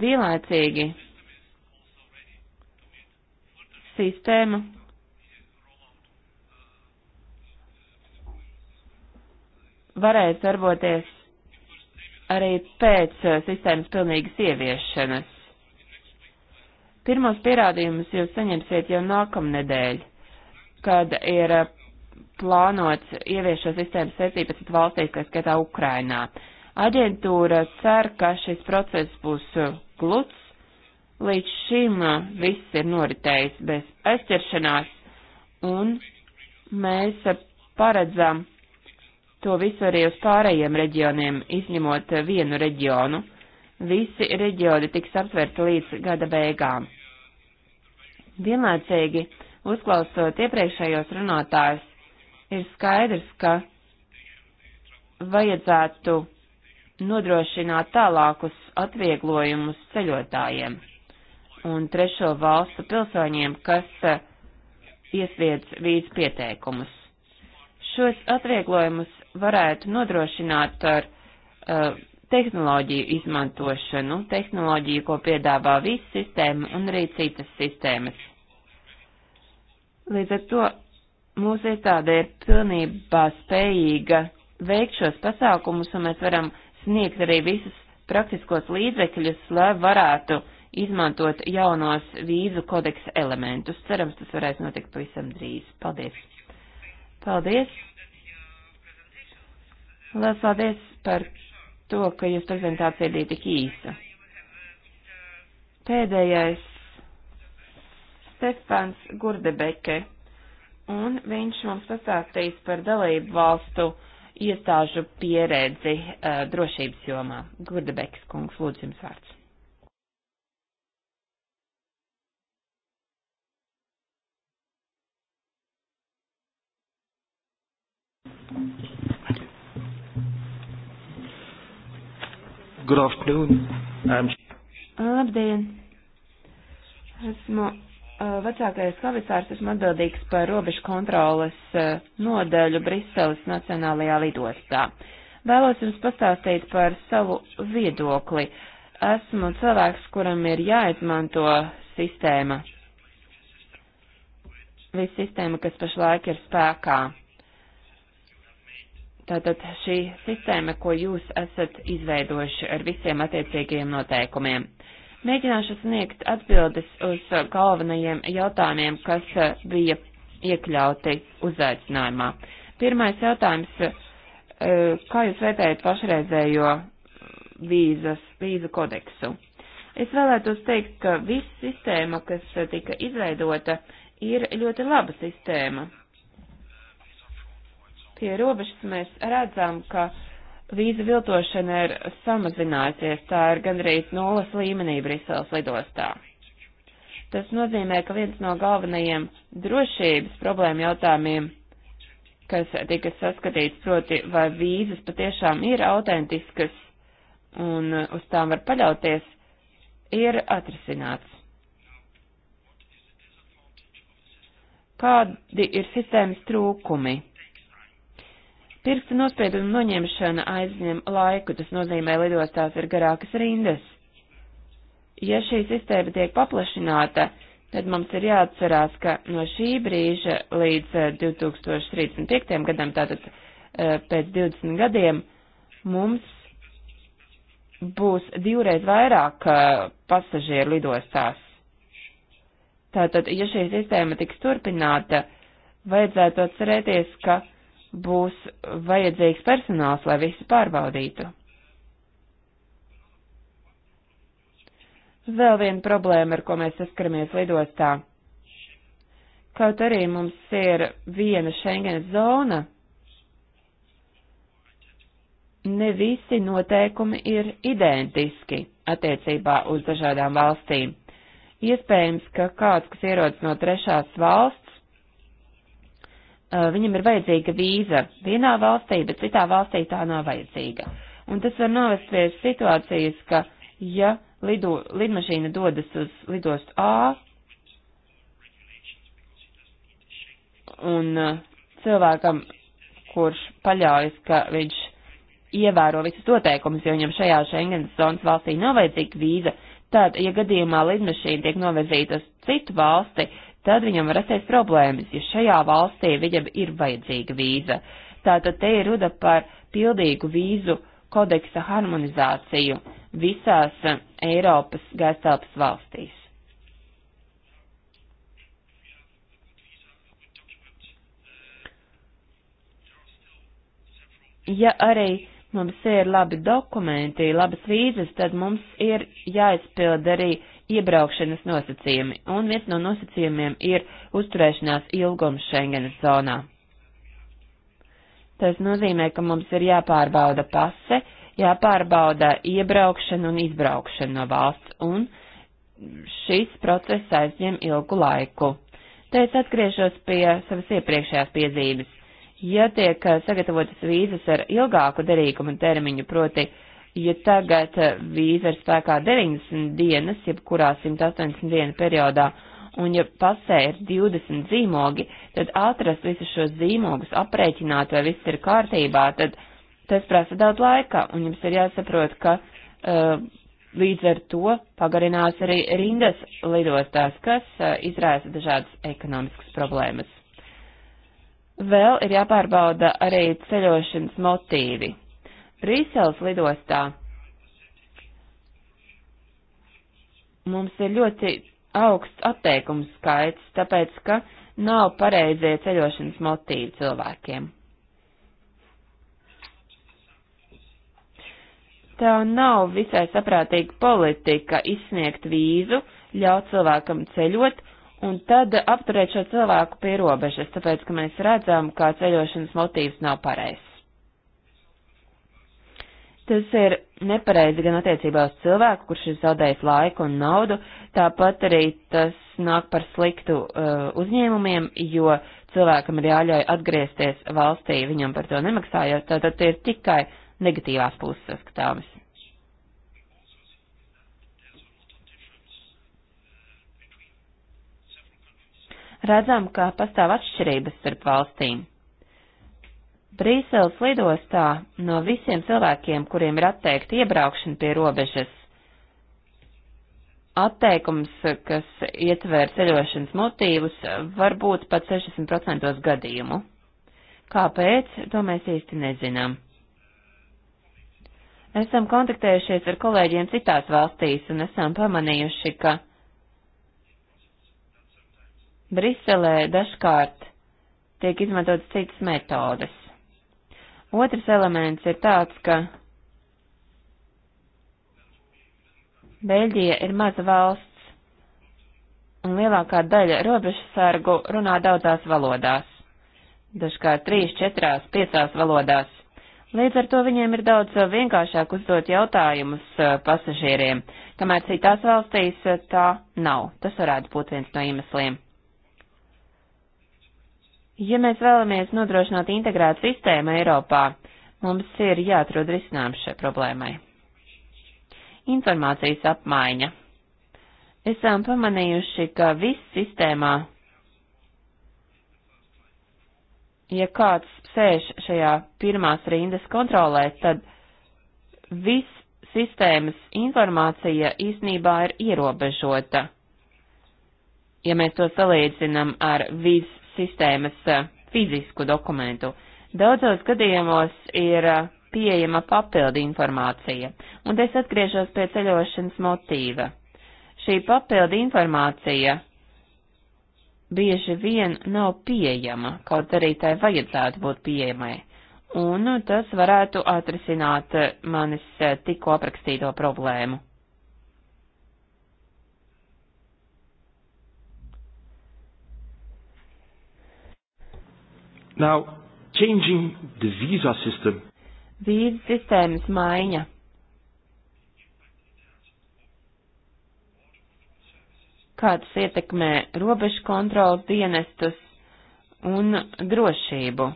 A: vienlaicīgi sistēma varēs darboties arī pēc eh, sistēmas pilnīgas ieviešanas. Pirmos pierādījumus jūs saņemsiet jau nākamnedēļ, kad ir eh, plānots ievies šo sistēmu 17 valstīs, kas skatā Ukrainā. Aģentūra cer, ka šis process būs uh, gluds. Līdz šim uh, viss ir noritējis bez aizķeršanās, un mēs uh, paredzam to visu arī uz pārējiem reģioniem, izņemot vienu reģionu. Visi reģioni tiks aptverti līdz gada beigām. Vienlaicīgi, uzklausot iepriekšējos runātājus, ir skaidrs, ka vajadzētu nodrošināt tālākus atvieglojumus ceļotājiem un trešo valstu pilsoņiem, kas eh, iesniedz vīzu pieteikumus. Šos atvieglojumus varētu nodrošināt ar uh, tehnoloģiju izmantošanu, tehnoloģiju, ko piedāvā visa sistēma un arī citas sistēmas. Līdz ar to mūsu iestāde ir pilnībā spējīga veikt šos pasākumus, un mēs varam sniegt arī visus praktiskos līdzekļus, lai varētu izmantot jaunos vīzu kodeksa elementus. Cerams, tas varēs notikt pavisam drīz. Paldies! Paldies! Lielas paldies par to, ka jūsu prezentācija bija tik īsa. Pēdējais Stefans Gurdebeke, un viņš mums pastāstīs par dalību valstu iestāžu pieredzi uh, drošības jomā. Gurdebekas kungs, lūdzu jums vārds.
E: Good afternoon. I'm...
A: Labdien! Esmu Uh, vecākais kavisārs esmu atbildīgs par robežu kontroles uh, nodeļu Briseles Nacionālajā lidostā. Vēlos jums pastāstīt par savu viedokli. Esmu cilvēks, kuram ir jāizmanto sistēma. Viss sistēma, kas pašlaik ir spēkā. Tātad šī sistēma, ko jūs esat izveidojuši ar visiem attiecīgajiem noteikumiem. Uh, Mēģināšu sniegt atbildes uz uh, galvenajiem jautājumiem, kas uh, bija iekļauti uzaicinājumā. Pirmais jautājums, uh, kā jūs vērtējat pašreizējo vīzas, vīzu kodeksu? Es vēlētos teikt, ka viss sistēma, kas tika izveidota, ir ļoti laba sistēma. Pie robežas mēs redzam, ka uh, vīzu viltošana ir samazinājusies, tā ir gandrīz nulles līmenī Briseles lidostā. Tas nozīmē, ka viens no galvenajiem drošības problēma jautājumiem, kas tika saskatīts, proti, vai vīzas patiešām ir autentiskas un uz tām var paļauties, ir atrisināts. Kādi ir sistēmas trūkumi? Pirksta nospiedumu noņemšana aizņem laiku, tas nozīmē lidostās ir garākas rindas. Ja šī sistēma tiek paplašināta, tad mums ir jāatcerās, ka no šī brīža līdz 2035. Eh, gadam, tātad eh, pēc 20 gadiem, mums būs divreiz vairāk eh, pasažieru lidostās. Tātad, ja šī sistēma tiks turpināta, vajadzētu atcerēties, ka būs vajadzīgs personāls, lai visi pārbaudītu. Vēl viena problēma, ar ko mēs saskaramies lidostā. Kaut arī mums ir viena Schengen zona, ne visi noteikumi ir identiski attiecībā uz dažādām valstīm. Iespējams, ka kāds, kas ierodas no trešās valsts, Eh, viņam ir vajadzīga vīza vienā valstī, bet citā valstī tā nav vajadzīga. Un tas var novest pie situācijas, ka ja lido, lidmašīna dodas uz lidostu A un eh, cilvēkam, kurš paļaujas, ka viņš ievēro visus noteikumus, jo viņam šajā Schengenas zonas valstī nav vajadzīga vīza, tad, ja gadījumā lidmašīna tiek novirzīta uz citu valsti, tad viņam var rasties problēmas, ja šajā valstī viņam ir vajadzīga vīza. Tātad te ir runa par pildīgu vīzu kodeksa harmonizāciju visās eh, Eiropas gaistāpas valstīs. Ja arī mums ir labi dokumenti, labas vīzas, tad mums ir jāizpild arī uh, iebraukšanas nosacījumi, un viens no nosacījumiem ir uzturēšanās ilgums Schengenas zonā. Tas nozīmē, ka mums ir jāpārbauda pase, jāpārbauda iebraukšana un izbraukšana no valsts, un šis process aizņem ilgu laiku. Te es atgriežos pie savas iepriekšējās piezīmes. Ja tiek eh, sagatavotas vīzas ar ilgāku derīgumu termiņu, proti Ja tagad vīza ir spēkā 90 dienas, jebkurā 180 dienu periodā, un ja pasē ir 20 zīmogi, tad atrast visus šos zīmogus, aprēķināt, vai viss ir kārtībā, tad tas prasa daudz laika, un jums ir jāsaprot, ka uh, līdz ar to pagarinās arī rindas lidostās, kas uh, izraisa dažādas ekonomiskas problēmas. Vēl ir jāpārbauda arī ceļošanas motīvi. Brīseles lidostā mums ir ļoti augsts atteikumu skaits, tāpēc, ka nav pareizie ceļošanas motīvi cilvēkiem. Tā nav visai saprātīga politika izsniegt vīzu, ļaut cilvēkam ceļot un tad apturēt šo cilvēku pie robežas, tāpēc, ka mēs redzam, kā ceļošanas motīvs nav pareizs. Tas ir nepareizi gan attiecībā uz cilvēku, kurš ir zaudējis laiku un naudu, tāpat arī tas nāk par sliktu uh, uzņēmumiem, jo cilvēkam ir jāļauj atgriezties valstī, viņam par to nemaksājot, tātad tie ir tikai negatīvās puses saskatāmas. Redzam, ka pastāv atšķirības starp valstīm. Brīseles lidostā no visiem cilvēkiem, kuriem ir atteikta iebraukšana pie robežas, atteikums, kas ietver ceļošanas motīvus, var būt pat 60% gadījumu. Kāpēc, to mēs īsti nezinām. Esam kontaktējušies ar kolēģiem citās valstīs un esam pamanījuši, ka Briselē dažkārt tiek izmantotas citas metodes. Otrs elements ir tāds, ka Beļģija ir maza valsts, un lielākā daļa robežsargu runā daudzās valodās, dažkārt trīs, četrās, piecās valodās. Līdz ar to viņiem ir daudz vienkāršāk uzdot jautājumus eh, pasažieriem, kamēr citās valstīs eh, tā nav. Tas varētu būt viens no iemesliem. Ja mēs vēlamies nodrošināt integrētu sistēmu Eiropā, mums ir jāatrod risinājums šai problēmai. Informācijas apmaiņa. Esam pamanījuši, ka viss sistēmā, ja kāds sēž šajā pirmās rindas kontrolē, tad viss sistēmas informācija īsnībā ir ierobežota. Ja mēs to salīdzinām ar viss sistēmas eh, fizisku dokumentu. Daudzos gadījumos ir eh, pieejama papildi informācija, un es atgriežos pie ceļošanas motīva. Šī papildi informācija bieži vien nav pieejama, kaut arī tai vajadzētu būt pieejamai, un tas varētu atrisināt eh, manis tikko aprakstīto problēmu.
E: Now, changing the visa system.
A: Vīzu sistēmas maiņa. Kā tas ietekmē robežu kontrolas dienestus un drošību?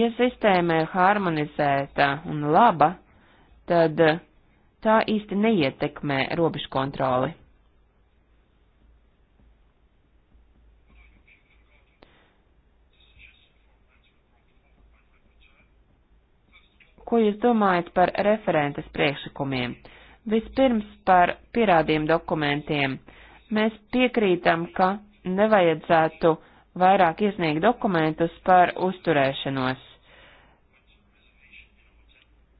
A: Ja sistēma ir harmonizēta un laba, tad tā īsti neietekmē robežu kontroli. ko jūs domājat par referentes priekšlikumiem? Vispirms par pierādījumu dokumentiem. Mēs piekrītam, ka nevajadzētu vairāk iesniegt dokumentus par uzturēšanos.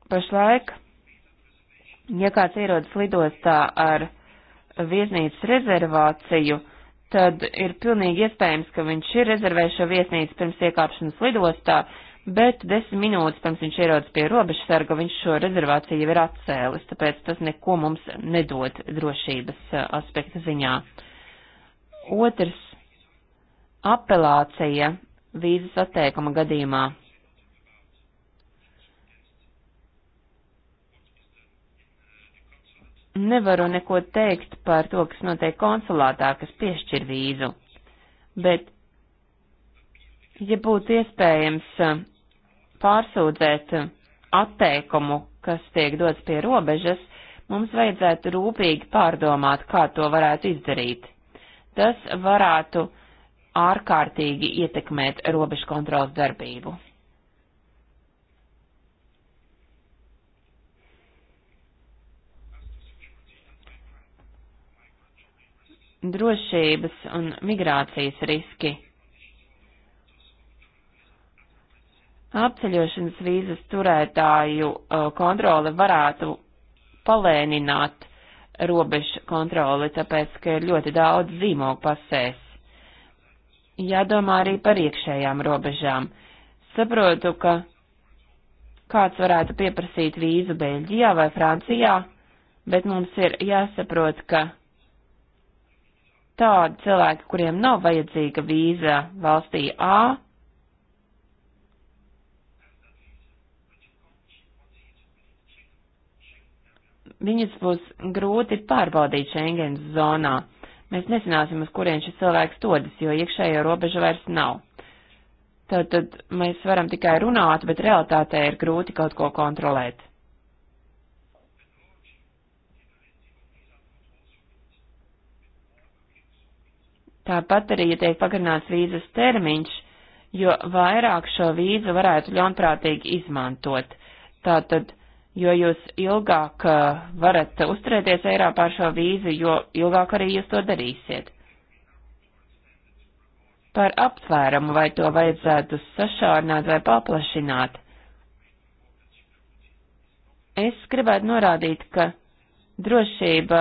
A: Pašlaik, ja kāds ierodas lidostā ar viesnīcas rezervāciju, tad ir pilnīgi iespējams, ka viņš ir rezervējis šo viesnīcu pirms iekāpšanas lidostā, uh, bet desmit minūtes pirms viņš ierodas pie robežsarga, viņš šo rezervāciju jau ir atcēlis, tāpēc tas neko mums nedod drošības eh, aspekta ziņā. Otrs - apelācija vīzas atteikuma gadījumā. Nevaru neko teikt par to, kas notiek konsulātā, kas piešķir vīzu, bet, ja būtu iespējams pārsūdzēt atteikumu, kas tiek dots pie robežas, mums vajadzētu rūpīgi pārdomāt, kā to varētu izdarīt. Tas varētu ārkārtīgi ietekmēt robežu kontrolas darbību. drošības un migrācijas riski. apceļošanas vīzas turētāju uh, kontrole varētu palēnināt robežu kontroli, tāpēc, ka ir ļoti daudz zīmogu pasēs. Jādomā arī par iekšējām robežām. Saprotu, ka kāds varētu pieprasīt vīzu Beļģijā vai Francijā, bet mums ir jāsaprot, ka tādi cilvēki, kuriem nav vajadzīga vīza valstī A, viņus būs grūti pārbaudīt Schengens zonā. Mēs nezināsim, uz kurien šis cilvēks dodas, jo iekšējo robežu vairs nav. Tad, tad mēs varam tikai runāt, bet realitātē ir grūti kaut ko kontrolēt. Tāpat arī, ja tiek pagarināts vīzas termiņš, jo vairāk šo vīzu varētu ļaunprātīgi izmantot. Tātad jo jūs ilgāk eh, varat uzturēties Eiropā ar šo vīzu, jo ilgāk arī jūs to darīsiet. Par aptvērumu vai to vajadzētu sašārināt vai paplašināt. Es gribētu norādīt, ka drošība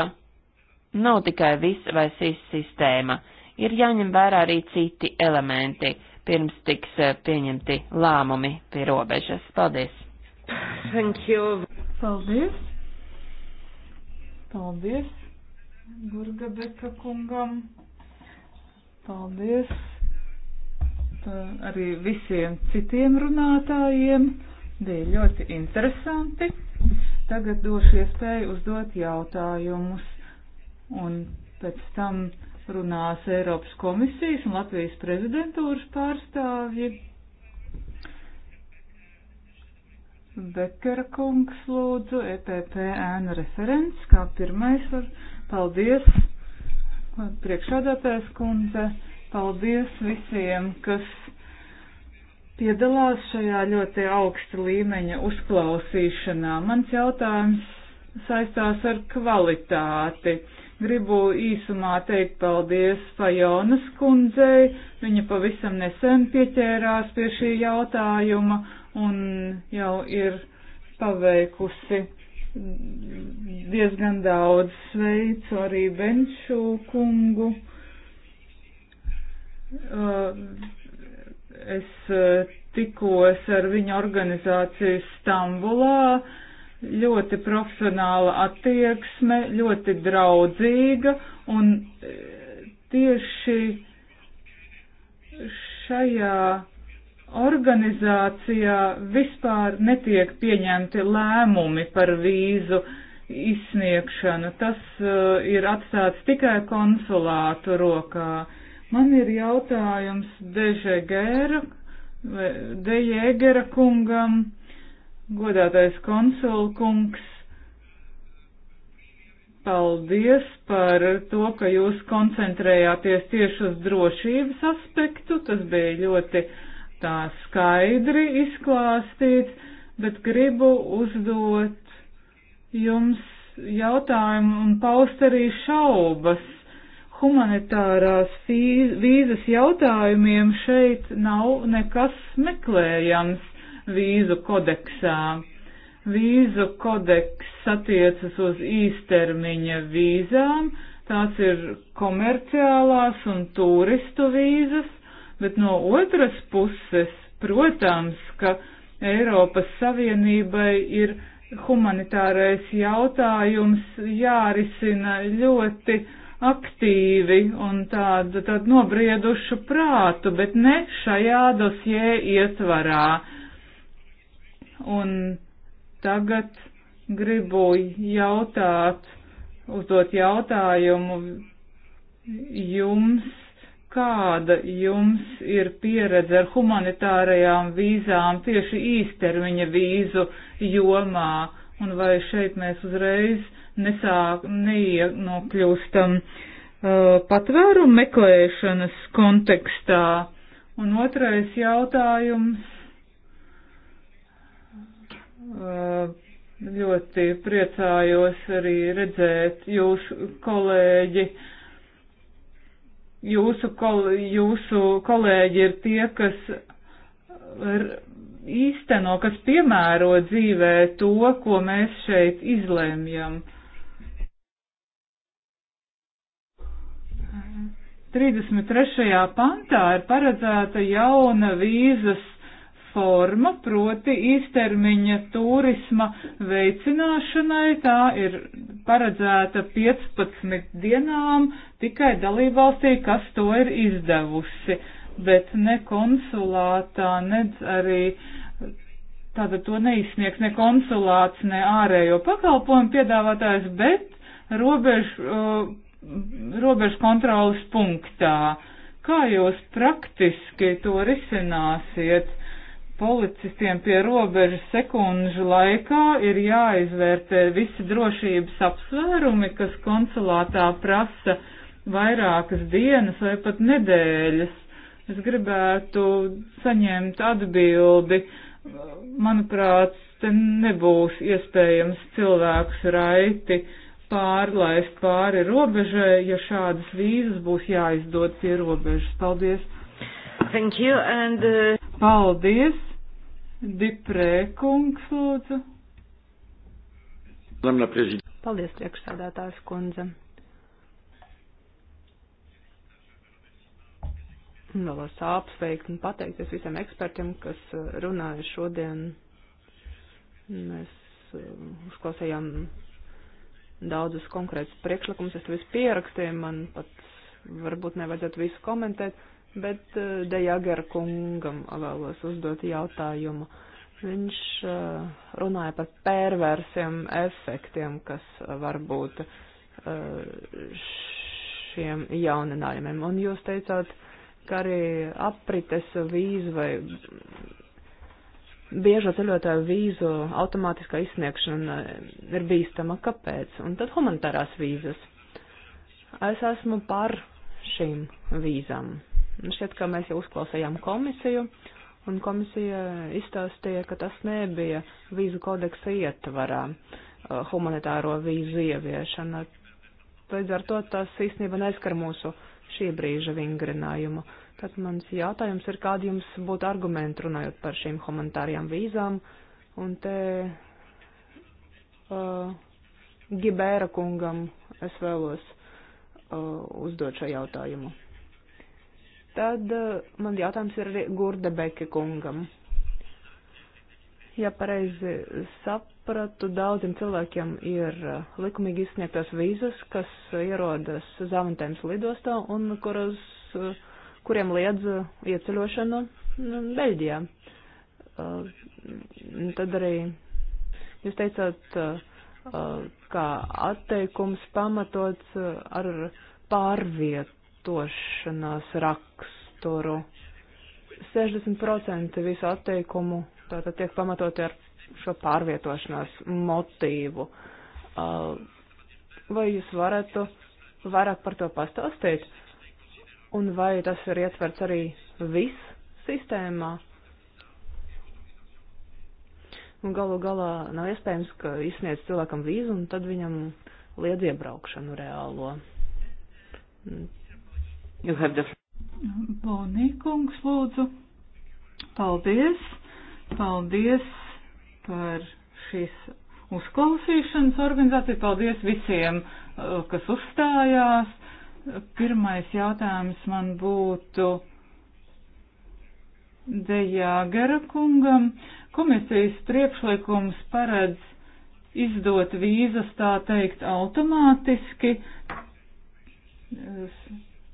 A: nav tikai viss vai sīs sistēma, ir jāņem vērā arī citi elementi, pirms tiks eh, pieņemti lēmumi pie robežas. Paldies!
B: Thank you. Paldies.
C: Paldies Burgabeka kungam. Paldies Tā arī visiem citiem runātājiem. Bija ļoti interesanti. Tagad došu iespēju uzdot jautājumus. Un pēc tam runās Eiropas komisijas un Latvijas prezidentūras pārstāvji. Bekera kungs lūdzu, EPPN referents, kā pirmais var. Paldies, priekšādātājs kundze, paldies visiem, kas piedalās šajā ļoti augsta līmeņa uzklausīšanā. Mans jautājums saistās ar kvalitāti. Gribu īsumā teikt paldies Fajonas kundzei. Viņa pavisam nesen pieķērās pie šī jautājuma un jau ir paveikusi diezgan daudz sveicu arī Benšu kungu. Uh, es uh, tikos ar viņu organizāciju Stambulā. Ļoti profesionāla attieksme, ļoti draudzīga un uh, tieši šajā organizācijā vispār netiek pieņemti lēmumi par vīzu izsniegšanu. Tas uh, ir atstāts tikai konsulātu rokā. Man ir jautājums Dežegēra vai Dejēgera kungam, godātais konsulkungs. Paldies par to, ka jūs koncentrējāties tieši uz drošības aspektu. Tas bija ļoti uh, tā skaidri izklāstīts, bet gribu uzdot jums jautājumu un paust arī šaubas. Humanitārās vīzas jautājumiem šeit nav nekas meklējams vīzu kodeksā. Vīzu kodeks attiecas uz īstermiņa vīzām, tās ir komerciālās un turistu vīzas, bet no otras puses, protams, ka Eiropas Savienībai ir humanitārais jautājums jārisina ļoti aktīvi un tādu, tādu nobriedušu prātu, bet ne šajā dosjē ietvarā. Un tagad gribu jautāt, uzdot jautājumu jums kāda jums ir pieredze ar humanitārajām vīzām tieši īstermiņa vīzu jomā, un vai šeit mēs uzreiz nesāk, neienokļūstam uh, patvērumu meklēšanas kontekstā? Un otrais jautājums. Uh, ļoti priecājos arī redzēt jūs kolēģi. Uh, jūsu, kol, jūsu kolēģi ir tie, kas īsteno, kas piemēro dzīvē to, ko mēs šeit izlēmjam. 33. pantā ir paredzēta jauna vīzas forma, proti īstermiņa turisma veicināšanai, tā ir paredzēta 15 dienām tikai dalībvalstī, kas to ir izdevusi, bet ne konsulātā, nedz arī tātad to neizsniegs ne konsulāts, ne ārējo pakalpojumu piedāvātājs, bet robežu, uh, robežu kontrolas punktā. Kā jūs praktiski to risināsiet? policistiem pie robežas sekundžu laikā ir jāizvērtē visi drošības apsvērumi, kas konsulātā prasa vairākas dienas vai pat nedēļas. Es gribētu saņemt atbildi. Manuprāt, te nebūs iespējams cilvēkus raiti pārlaist pāri robežai, ja šādas vīzas būs jāizdod pie robežas. Paldies! Thank you and. Uh... Paldies.
D: Diprē kungs lūdzu. Paldies, priekšsādātājs kundze. Vēlos apsveikt un pateikties visiem ekspertiem, kas uh, runāja šodien. Mēs uh, uzklausījām daudzus konkrētus priekšlikumus, es to visu pierakstīju, man pat varbūt nevajadzētu visu komentēt bet eh, Dejagera kungam vēlos uzdot jautājumu. Viņš eh, runāja par perversiem efektiem, kas var būt eh, šiem jauninājumiem. Un jūs teicāt, ka arī aprites vīzu vai biežo ceļotāju vīzu automātiskā izsniegšana ir bīstama. Kāpēc? Un tad humanitārās vīzas. Es esmu par šīm vīzām Nu, šķiet, ka mēs jau uzklausījām komisiju, un komisija izstāstīja, ka tas nebija vīzu kodeksa ietvarā uh, humanitāro vīzu ieviešana. Līdz ar to tas īstenībā neskar mūsu šī brīža vingrinājumu. Tad mans jautājums ir, kādi jums būtu argumenti runājot par šīm humanitārijām vīzām, un te uh, Gibēra kungam es vēlos uh, uzdot šo jautājumu. Tad eh, man jautājums ir arī Gurdebeke kungam. Ja pareizi sapratu, daudziem cilvēkiem ir eh, likumīgi izsniegtas vīzas, kas ierodas Zavantēmas lidostā un kuras, eh, kuriem liedz ieceļošanu
E: nu, Beļģijā.
D: Tad arī jūs teicāt, kā atteikums pamatots ar pārviet lietošanas raksturu. 60% visu atteikumu tātad tiek pamatoti ar šo pārvietošanās motīvu. Uh, vai jūs varētu vairāk par to pastāstīt? Un vai tas ir ietverts arī viss sistēmā? Un galu galā nav iespējams, ka izsniedz cilvēkam vīzu un tad viņam liedz iebraukšanu reālo. The... Bonīkungs, lūdzu. Paldies.
C: Paldies par šīs uzklausīšanas organizāciju. Paldies visiem, uh, kas uzstājās. Pirmais jautājums man būtu Dejāgera kungam. Komisijas priekšlikums paredz izdot vīzas tā teikt automātiski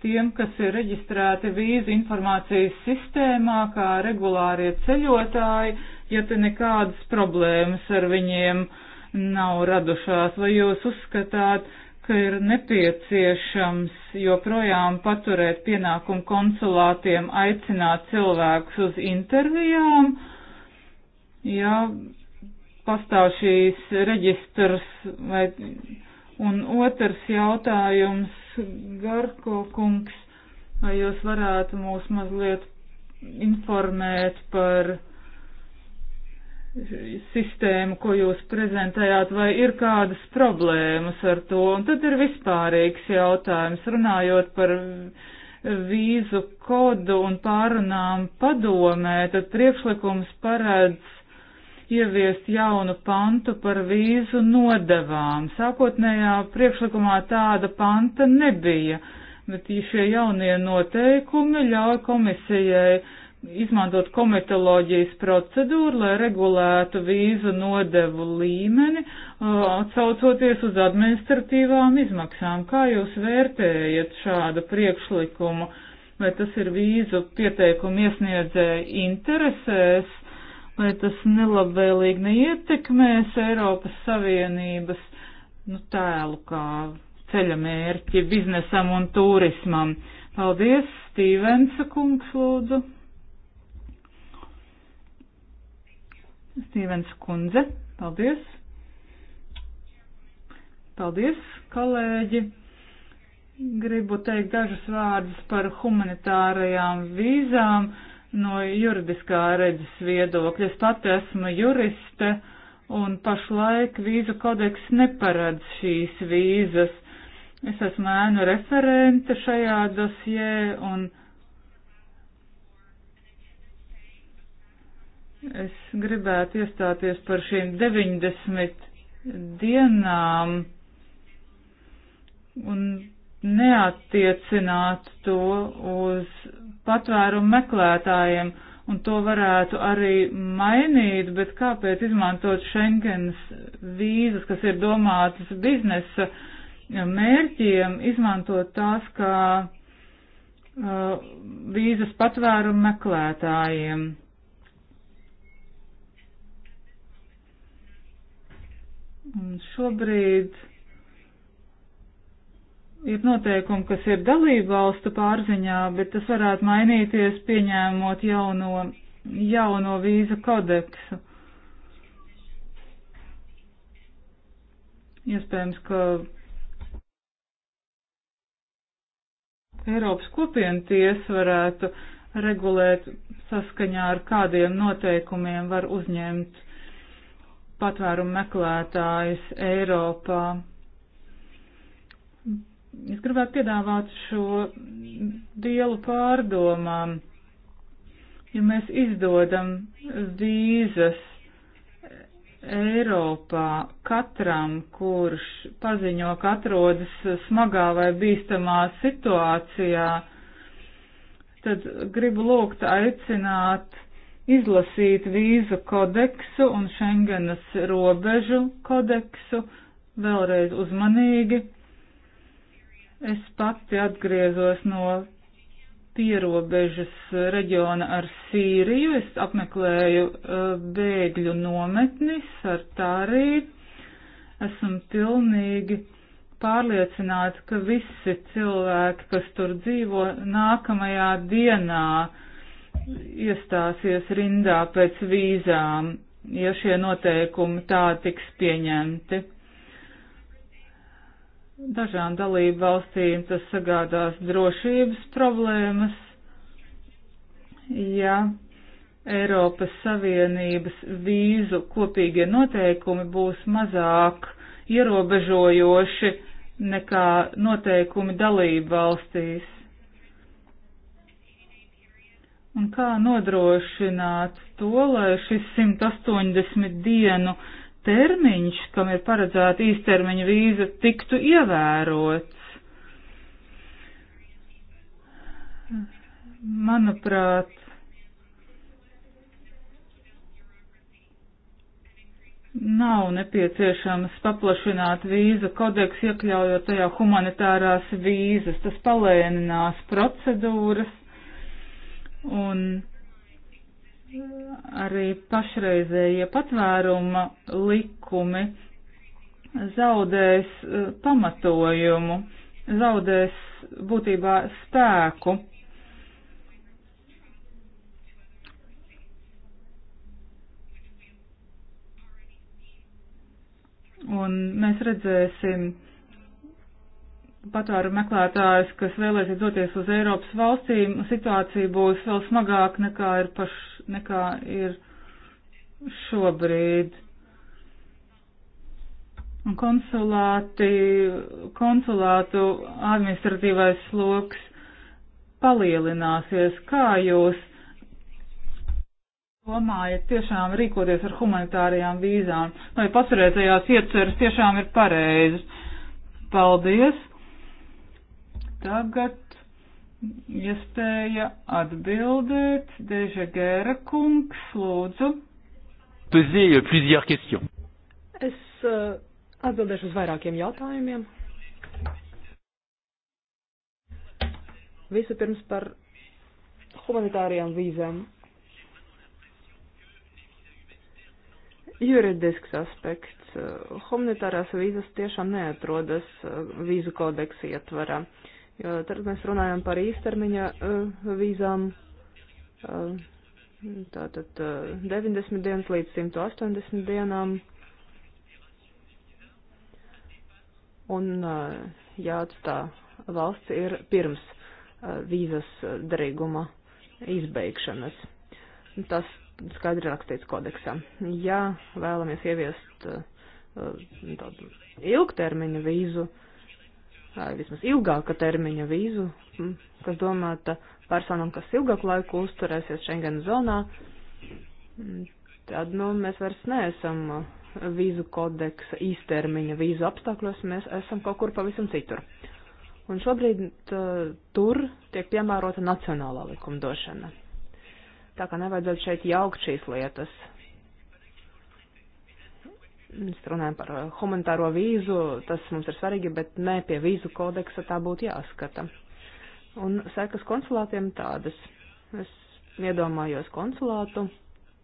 C: tiem, kas ir reģistrēti vīzu informācijas sistēmā, kā regulārie ceļotāji, ja te nekādas problēmas ar viņiem nav radušās, vai jūs uzskatāt, ka ir nepieciešams joprojām paturēt pienākumu konsulātiem aicināt cilvēkus uz intervijām, ja pastāv šīs reģistrs vai, un otrs jautājums, Garko kungs, vai jūs varētu mūs mazliet informēt par sistēmu, ko jūs prezentējāt, vai ir kādas problēmas ar to? Un tad ir vispārīgs jautājums, runājot par vīzu kodu un pārunām padomē, tad priekšlikums paredz ieviest jaunu pantu par vīzu nodevām. Sākotnējā priekšlikumā tāda panta nebija, bet šie jaunie noteikumi ļauj komisijai izmantot komitoloģijas procedūru, lai regulētu vīzu nodevu līmeni, uh, atsaucoties uz administratīvām izmaksām. Kā jūs vērtējat šādu priekšlikumu? Vai tas ir vīzu pieteikumu iesniedzēja interesēs? lai tas nelabvēlīgi neietekmēs Eiropas Savienības nu, tēlu kā ceļa mērķi biznesam un turismam. Paldies, Stīvensa kungs, lūdzu. Stīvensa kundze, paldies. Paldies, kolēģi. Gribu teikt dažus vārdus par humanitārajām vīzām no juridiskā redzes viedokļa. Es pati esmu juriste un pašlaik vīzu kodeks neparedz šīs vīzas. Es esmu ēnu referente šajā dosjē un es gribētu iestāties par šīm 90 dienām un neattiecināt to uz patvērumu meklētājiem, un to varētu arī mainīt, bet kāpēc izmantot Schengens vīzas, kas ir domātas biznesa mērķiem, izmantot tās kā uh, vīzas patvērumu meklētājiem? Un šobrīd ir noteikumi, kas ir dalība valstu pārziņā, bet tas varētu mainīties pieņēmot jauno, jauno vīza kodeksu. Iespējams, ka Eiropas kopienu tiesa varētu regulēt saskaņā ar kādiem noteikumiem var uzņemt patvērumu meklētājus Eiropā es gribētu piedāvāt šo dielu pārdomām. Ja mēs izdodam vīzas Eiropā katram, kurš paziņo, ka atrodas smagā vai bīstamā situācijā, tad gribu lūgt aicināt izlasīt vīzu kodeksu un Schengenas robežu kodeksu vēlreiz uzmanīgi Es pati atgriezos no pierobežas reģiona ar Sīriju. Es apmeklēju uh, bēgļu nometni Sartārī. Esmu pilnīgi pārliecināta, ka visi cilvēki, kas tur dzīvo, nākamajā dienā iestāsies rindā pēc vīzām, ja šie noteikumi tā tiks pieņemti. Dažām dalību valstīm tas sagādās drošības problēmas, ja Eiropas Savienības vīzu kopīgie noteikumi būs mazāk ierobežojoši nekā noteikumi dalību valstīs. Un kā nodrošināt to, lai šis 180 dienu termiņš, kam ir paredzēta īstermiņa vīza, tiktu ievērots. Manuprāt, nav nepieciešams paplašināt vīzu kodeksu, iekļaujot tajā humanitārās vīzas. Tas palēninās procedūras un arī pašreizējie patvēruma likumi zaudēs e, pamatojumu, zaudēs būtībā spēku. Un mēs redzēsim patvēru meklētājus, kas vēlēsies doties uz Eiropas valstīm, situācija būs vēl smagāka nekā ir paš, nekā ir šobrīd. Un konsulāti, konsulātu administratīvais sloks palielināsies. Kā jūs domājat tiešām rīkoties ar humanitārajām vīzām? Vai paturētajās ieceras tiešām ir pareizas? Paldies! Tagad iespēja atbildēt. Deža Gēra kungs, lūdzu.
E: Es
D: uh, atbildēšu uz vairākiem jautājumiem. Vispirms par humanitārajām vīzēm. Juridisks aspekts. Humanitārās vīzas tiešām neatrodas eh, vīzu kodeksa ietvarā. Uh, jo tad mēs runājam par īstermiņa eh, vīzām. Eh, tātad 90 eh, dienas līdz 180 dienām. Un jāatstā valsts ir pirms vīzas derīguma izbeigšanas. Tas skaidri rakstīts kodeksā. Ja vēlamies ieviest tādu ilgtermiņu vīzu, uh, vismaz ilgāka termiņa vīzu, kas domāta personam, kas ilgāku laiku uzturēsies Schengen zonā, tad, nu, mēs vairs neesam vīzu kodeksa īstermiņa vīzu apstākļos, mēs esam kaut kur pavisam citur. Un šobrīd tā, tur tiek piemērota nacionālā likumdošana. Tā kā nevajadzētu šeit jaukt šīs lietas, Mēs runājam par eh, humanitāro vīzu, tas mums ir svarīgi, bet ne pie vīzu kodeksa tā būtu jāskata. Un sekas konsulātiem tādas. Es iedomājos konsulātu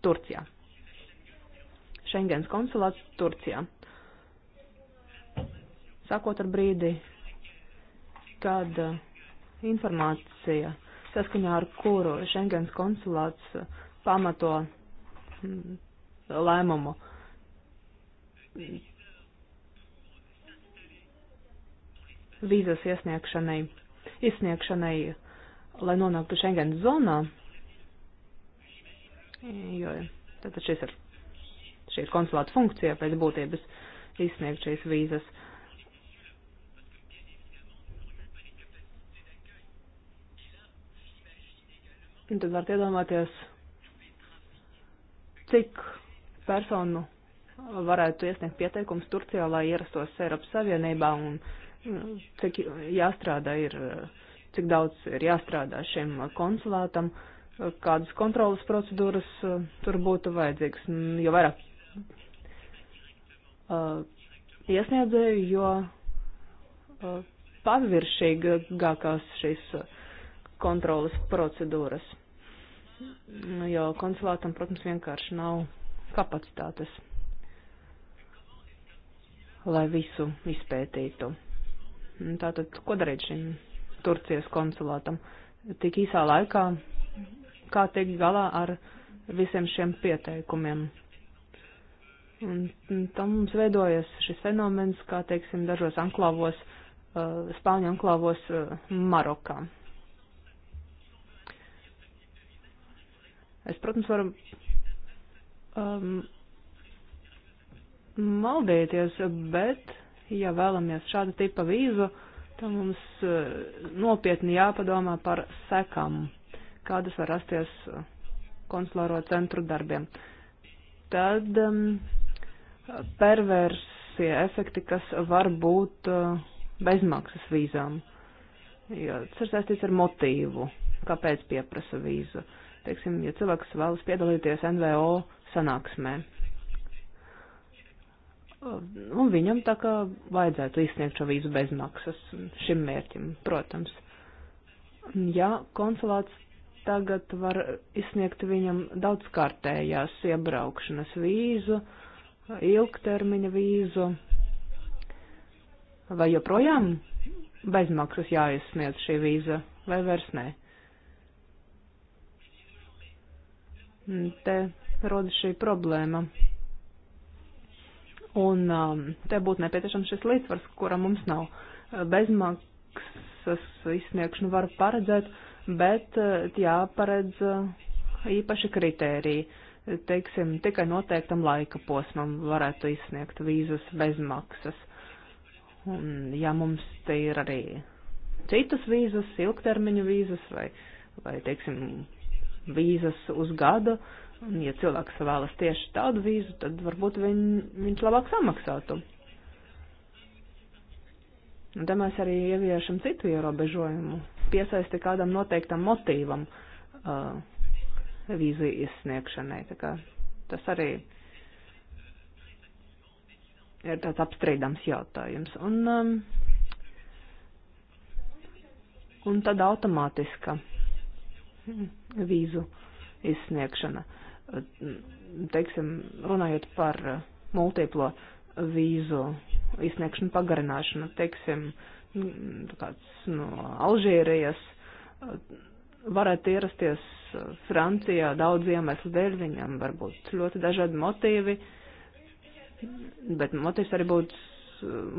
D: Turcijā. Šengens konsulāts Turcijā. Sākot ar brīdi, kad eh, informācija, saskaņā ar kuru Šengens konsulāts eh, pamato mm, lēmumu vīzas iesniegšanai, iesniegšanai, lai nonāktu Schengen zonā, jo tātad šis ir, šī ir konsulāta funkcija pēc būtības izsniegt šīs vīzas. Un tad varat iedomāties, cik personu varētu iesniegt pieteikums Turcijā, lai ierastos Eiropas Savienībā un mm, cik jāstrādā ir, cik daudz ir jāstrādā šim konsulātam, kādas kontrolas procedūras mm, tur būtu vajadzīgas, mm, jo vairāk iesniedzēju, jo paviršīgākās šīs kontrolas procedūras, jo konsulātam, protams, vienkārši nav kapacitātes lai visu izpētītu. Tātad, ko darīt šim Turcijas konsulātam? Tik īsā laikā, kā tiek galā ar visiem šiem pieteikumiem? Un, un tam mums veidojas šis fenomens, kā, teiksim, dažos anklāvos, uh, Spāņu anklāvos uh, Marokā. Es, protams, varu um, maldīties, bet, ja vēlamies šādu tipu vīzu, tad mums eh, nopietni jāpadomā par sekām, kādas var rasties eh, konsulāro centru darbiem. Tad um, perversie efekti, kas var būt uh, bezmaksas vīzām, jo tas ir saistīts ar motīvu, kāpēc pieprasa vīzu. Teiksim, ja cilvēks vēlas piedalīties NVO sanāksmē, Un viņam tā kā vajadzētu izsniegt šo vīzu bez maksas šim mērķim, protams. Ja konsulāts tagad var izsniegt viņam daudzkārtējās iebraukšanas vīzu, ilgtermiņa vīzu, vai joprojām bez maksas jāizsniedz šī vīza, vai vairs nē? Te rodas šī problēma Un um, te būtu nepieciešams šis līdzsvars, kura mums nav. Uh, bezmaksas izsniegšanu var paredzēt, bet uh, jāparedz uh, īpaši kritēriji. Teiksim, tikai noteiktam laika posmam varētu izsniegt vīzas bezmaksas. Un, ja mums te ir arī citas vīzas, ilgtermiņa vīzas vai, vai teiksim, vīzas uz gadu, uh, Un, ja cilvēks vēlas tieši tādu vīzu, tad varbūt viņ, viņš labāk samaksātu. Un te mēs arī ieviešam citu ierobežojumu, piesaisti kādam noteiktam motīvam uh, vīzu izsniegšanai. Tā kā tas arī ir tāds apstrīdams jautājums. Un, um, un tad automātiska vīzu izsniegšana teiksim, runājot par uh, multiplo vīzu izsniegšanu pagarināšanu, teiksim, mm, kāds no nu, Alžīrijas uh, varētu ierasties uh, Francijā daudz iemeslu dēļ, viņam var būt ļoti dažādi motīvi, bet motīvs arī būtu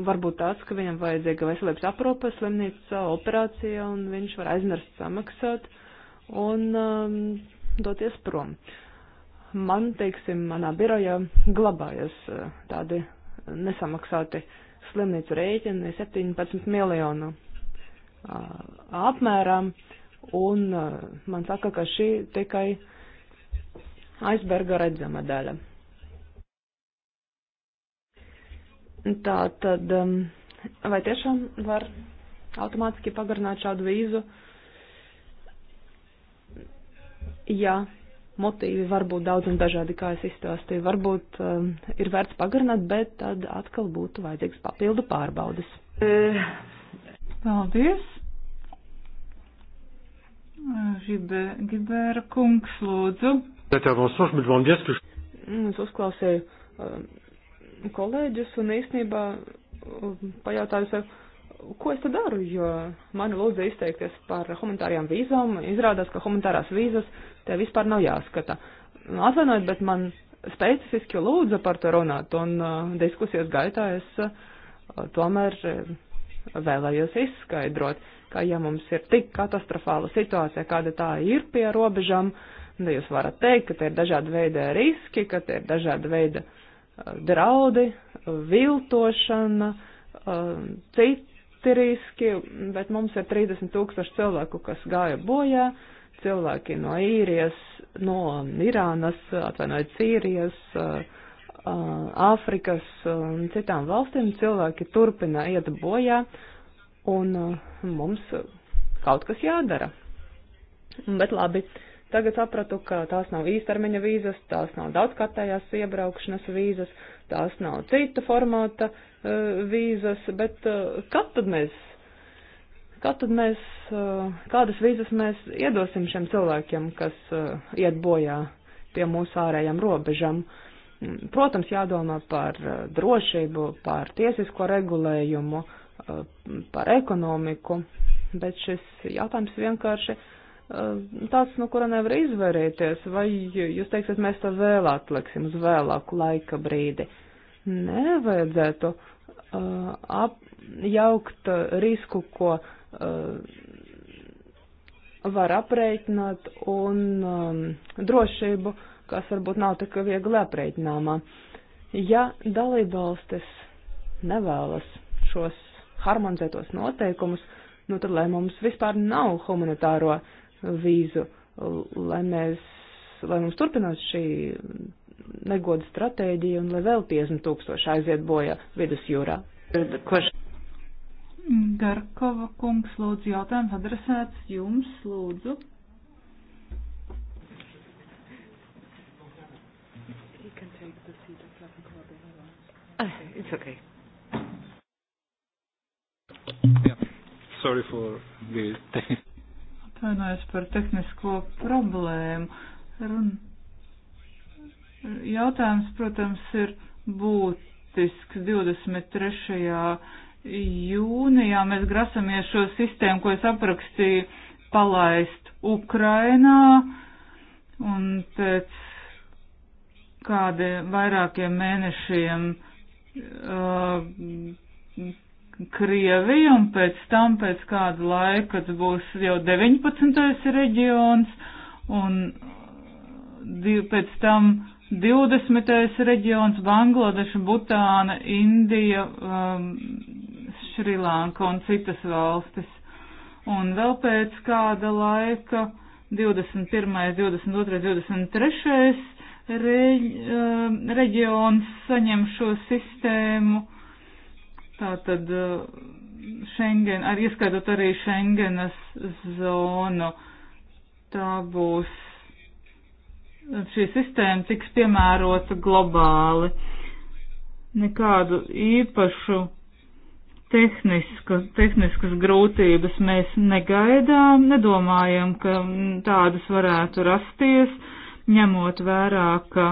D: varbūt tāds, ka viņam vajadzīga veselības aprūpe slimnīca, operācija, un viņš var aizmirst samaksāt un um, doties prom. Uh, man, teiksim, manā birojā glabājas e, tādi nesamaksāti slimnīcu rēķini 17 miljonu apmērā, un e, man saka, ka šī tikai aizberga redzama daļa. Tā tad, e, vai tiešām var automātiski pagarināt šādu vīzu? Jā. Ja motīvi var būt daudz un dažādi, kā es izstāstīju. Varbūt um, ir vērts pagarināt, bet tad atkal būtu vajadzīgs papildu pārbaudas. Paldies!
C: Žibe, Gibēra kungs, lūdzu.
E: Es
D: uzklausīju um, kolēģus un īstenībā um, pajautāju sev, ko es te daru, jo mani lūdza izteikties par humanitārajām vīzām, izrādās, ka humanitārās vīzas te vispār nav jāskata. Atvainojiet, bet man specifiski lūdza par to runāt, un uh, diskusijas gaitā es uh, tomēr uh, vēlējos izskaidrot, ka ja mums ir tik katastrofāla situācija, kāda tā ir pie robežām, tad jūs varat teikt, ka te ir dažādi veidi riski, ka te ir dažādi veidi uh, draudi, viltošana, uh, citi satiriski, bet mums ir 30 tūkstoši cilvēku, kas gāja bojā, cilvēki no īrijas, no Irānas, atvainojiet, Sīrijas, Āfrikas un citām valstīm, cilvēki turpina iet bojā, un mums kaut kas jādara. Bet labi, tagad sapratu, ka tās nav īstermiņa vīzas, tās nav daudzkārtējās iebraukšanas vīzas, tās nav cita formāta uh, vīzas, bet uh, kad tad mēs, kad tad mēs, uh, kādas vīzas mēs iedosim šiem cilvēkiem, kas uh, iet bojā pie mūsu ārējām robežām? Mm, protams, jādomā par uh, drošību, par tiesisko regulējumu, uh, par ekonomiku, bet šis jautājums vienkārši uh, Ehm, tāds, no kura nevar izvairīties, vai jūs teiksiet, mēs to vēl atliksim uz vēlāku laika brīdi. Nevajadzētu uh, apjaukt risku, ko uh, var aprēķināt, un um, drošību, kas varbūt nav tik viegli aprēķināmā. Ja dalībvalstis nevēlas šos harmonizētos noteikumus, nu tad lai mums vispār nav humanitāro uh, vīzu, lai mēs, lai mums turpinās šī negoda stratēģija un lai vēl 50 tūkstoši aiziet bojā vidusjūrā.
B: Koš.
C: Garkova kungs, lūdzu, jautājums adresēts jums, lūdzu.
D: Ah, it's
E: okay. Yeah. Sorry for the
C: atvainojos par tehnisko problēmu. Run... Jautājums, protams, ir būtisks 23. jūnijā. Mēs grasamies šo sistēmu, ko es aprakstīju, palaist Ukrainā un pēc kādiem vairākiem mēnešiem uh, Krieviju un pēc tam pēc kāda laika, kad būs jau 19. reģions un div, pēc tam 20. reģions Bangladeša, Butāna, Indija, um, Šrilanka un citas valstis. Un vēl pēc kāda laika 21., 22., 23. Reģ, um, reģions saņem šo sistēmu Tātad eh, Schengen, ar ieskaitot arī Schengenas zonu, tā būs, eh, šī sistēma tiks piemērota globāli. Nekādu īpašu tehnisku, tehniskas grūtības mēs negaidām, nedomājam, ka mm, tādas varētu rasties, ņemot vērā, ka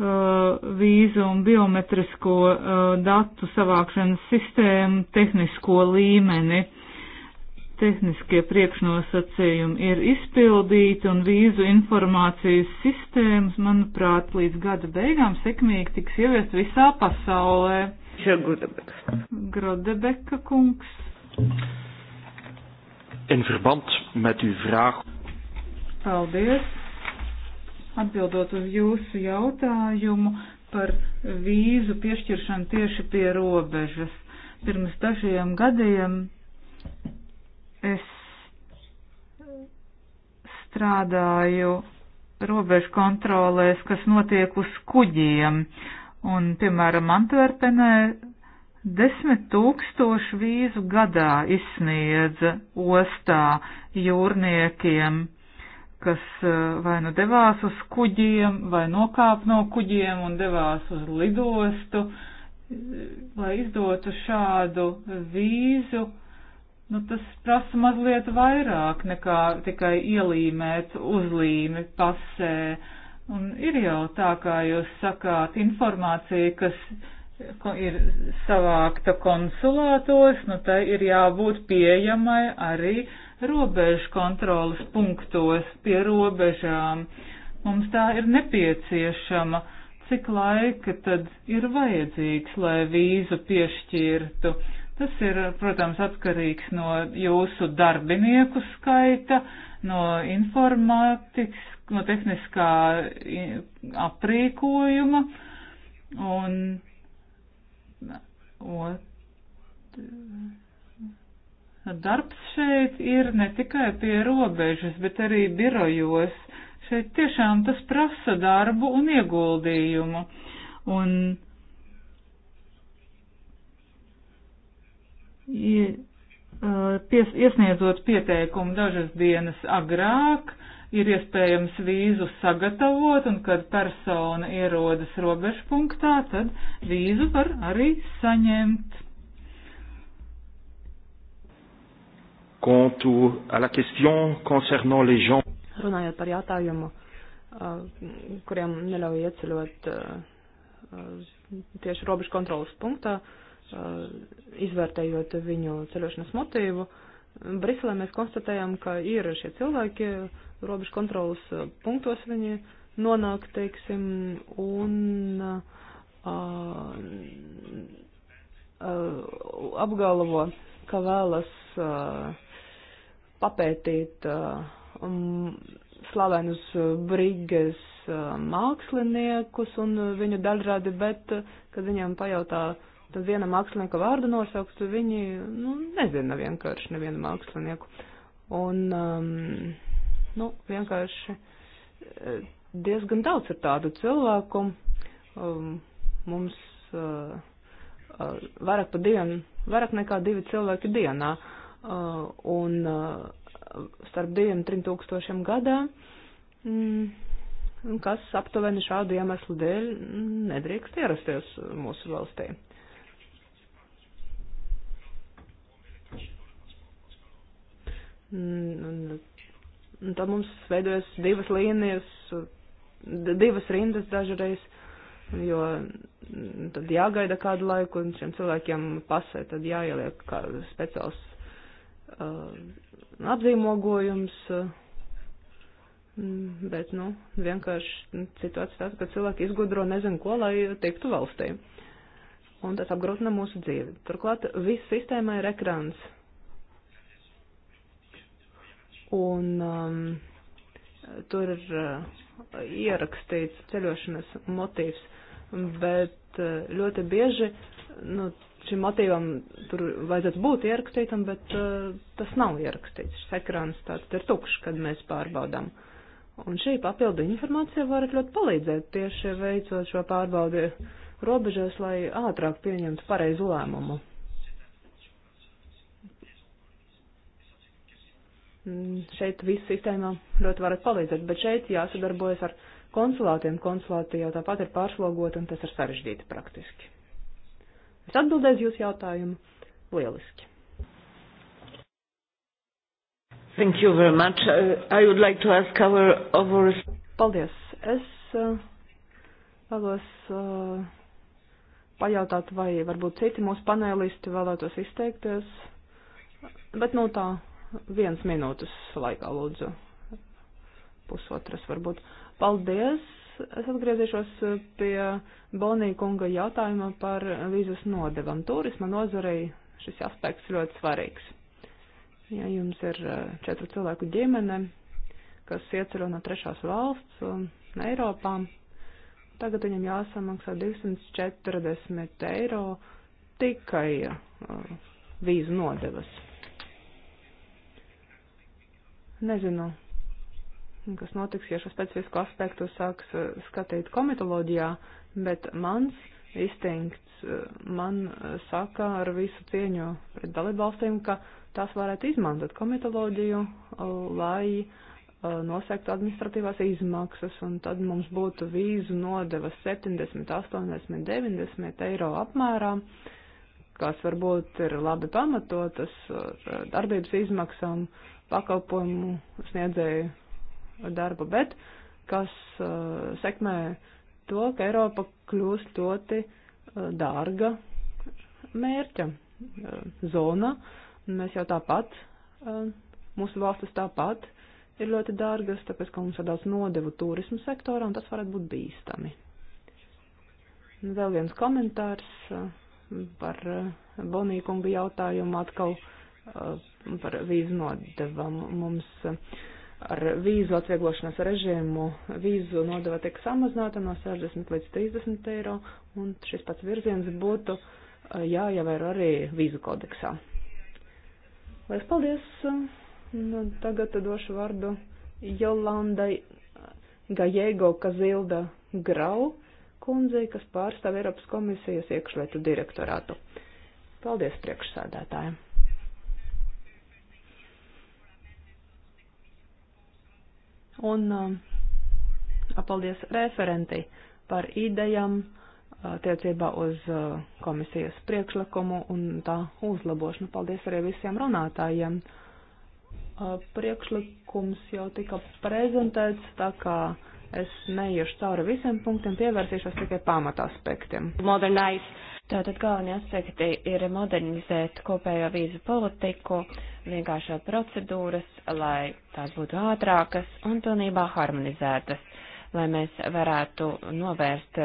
C: Uh, vīzu un biometrisko uh, datu savākšanas sistēmu tehnisko līmeni. Tehniskie priekšnosacījumi ir izpildīti un vīzu informācijas sistēmas, manuprāt, līdz gada beigām sekmīgi tiks ieviest visā pasaulē. Grodebeka kungs.
E: In verband met uw vraag.
C: Paldies Atbildot uz jūsu jautājumu par vīzu piešķiršanu tieši pie robežas. Pirms dažiem gadiem es strādāju robežu kontrolēs, kas notiek uz kuģiem. Un, piemēram, Antverpenē desmit tūkstošu vīzu gadā izsniedza ostā jūrniekiem kas eh, vai nu devās uz kuģiem, vai nokāp no kuģiem un devās uz lidostu, lai izdotu šādu vīzu. Nu, tas prasa mazliet vairāk nekā tikai ielīmēt uzlīmi pasē. Un ir jau tā, kā jūs sakāt, informācija, kas ir savākta konsulātos, nu tai ir jābūt pieejamai arī robežu kontrolas punktos pie robežām. Mums tā ir nepieciešama. Cik laika tad ir vajadzīgs, lai vīzu piešķirtu? Tas ir, protams, atkarīgs no jūsu darbinieku skaita, no informātikas, no tehniskā aprīkojuma un. Ot, Darbs šeit ir ne tikai pie robežas, bet arī birojos. Šeit tiešām tas prasa darbu un ieguldījumu. Un uh, pies, iesniedzot pieteikumu dažas dienas agrāk, ir iespējams vīzu sagatavot, un kad persona ierodas robežpunktā, tad vīzu var arī saņemt.
D: Runājot par jautājumu, kuriem neļauj ieceļot tieši robežu kontrolas punktā, izvērtējot viņu ceļošanas motīvu, Briselē mēs konstatējam, ka ir šie cilvēki robežu kontrolas punktos viņi nonāk, teiksim, un uh, uh, apgalvo, ka vēlas uh, papētīt uh, um, slavenus uh, brīges uh, māksliniekus un viņu dažādi, bet, kad viņiem pajautā tad viena mākslinieka vārdu nosaukt, viņi nu, nezina vienkārši nevienu mākslinieku. Un, um, nu, vienkārši diezgan daudz ir tādu cilvēku. Um, mums uh, uh, vairāk pa dienu, vairāk nekā divi cilvēki dienā. Uh, Uh, un uh, starp diviem, trim tūkstošiem gadā, mm, kas aptuveni šādu iemeslu dēļ nedrīkst ierasties mūsu valstī. Mm, un tad mums veidojas divas līnijas, divas rindas dažreiz, jo mm, tad jāgaida kādu laiku, un šiem cilvēkiem pasē tad jāieliek kā speciāls Uh, apzīmogojums, uh, mm, bet, nu, vienkārši situācija tāda, ka cilvēki izgudro nezinu ko, lai tiktu valstī. Un tas apgrūtina mūsu dzīvi. Turklāt viss sistēmai ir ekrāns. Un um, tur ir uh, ierakstīts ceļošanas motīvs, bet uh, ļoti bieži, nu, šim motīvam tur vajadzētu būt ierakstītam, bet uh, tas nav ierakstīts. Šis ekrāns tāds ir tukšs, kad mēs pārbaudām. Un šī papildu informācija var ļoti palīdzēt tieši veicot šo pārbaudi robežās, lai ātrāk pieņemtu pareizu lēmumu. Mm, šeit viss sistēmā ļoti varat palīdzēt, bet šeit jāsadarbojas ar konsulātiem. Konsulāti jau tāpat ir pārslogoti un
B: tas ir sarežģīti praktiski.
D: Es atbildēju jūsu jautājumu. Lieliski.
B: Thank you very much. Uh, I would like to ask our over. Paldies.
D: Es uh, vēlos uh, pajautāt, vai varbūt citi mūsu panelisti vēlētos izteikties. Bet nu tā, viens minūtes laikā lūdzu. Pusotras varbūt. Paldies es atgriezīšos eh, pie Bonija kunga jautājuma par vīzas nodevam. Turisma nozarei šis aspekts ļoti svarīgs. Ja jums ir eh, četru cilvēku ģimene, kas ieceļo no trešās valsts un Eiropā, tagad viņam jāsamaksā 240 eiro tikai uh, vīzu nodevas. Nezinu, kas notiks, ja šo specifisku aspektu sāks eh, skatīt komitoloģijā, bet mans instinkts eh, man eh, saka ar visu cieņu pret dalībvalstīm, ka tās varētu izmantot komitoloģiju, lai nosektu administratīvās izmaksas, un tad mums būtu vīzu nodevas 70, 80, 90 eiro apmērā, kas varbūt ir labi pamatotas darbības izmaksām pakalpojumu sniedzēju darbu, bet kas uh, sekmē to, ka Eiropa kļūst ļoti uh, dārga mērķa uh, zona. Mēs jau tāpat, uh, mūsu valstis tāpat ir ļoti dārgas, tāpēc, ka mums ir daudz nodevu turismu sektorā, un tas varētu būt bīstami. Vēl viens komentārs par Bonīkunga jautājumu atkal par vīzu nodevam. Mums uh, ar vīzu atvieglošanas režīmu vīzu nodeva tiek samazināta no 60 līdz 30 eiro, un šis pats virziens būtu eh, jāievēro arī vīzu kodeksā. Lielas paldies! Nu, tagad došu vārdu Jolandai Gajego Kazilda Grau kundzei, kas pārstāv Eiropas komisijas iekšlietu direktorātu. Paldies priekšsādātājiem! Un um, paldies referentei par idejām uh, attiecībā uz uh, komisijas priekšlikumu un tā uzlabošanu. Paldies arī visiem runātājiem. Uh, priekšlikums jau tika prezentēts, tā kā es neiešu cauri visiem punktiem, pievērsīšos tikai pamataspektiem.
A: Modernize Tātad galvenie aspekti ir modernizēt kopējo vīzu politiku, vienkāršot procedūras, lai tās būtu ātrākas un pilnībā harmonizētas, lai mēs varētu novērst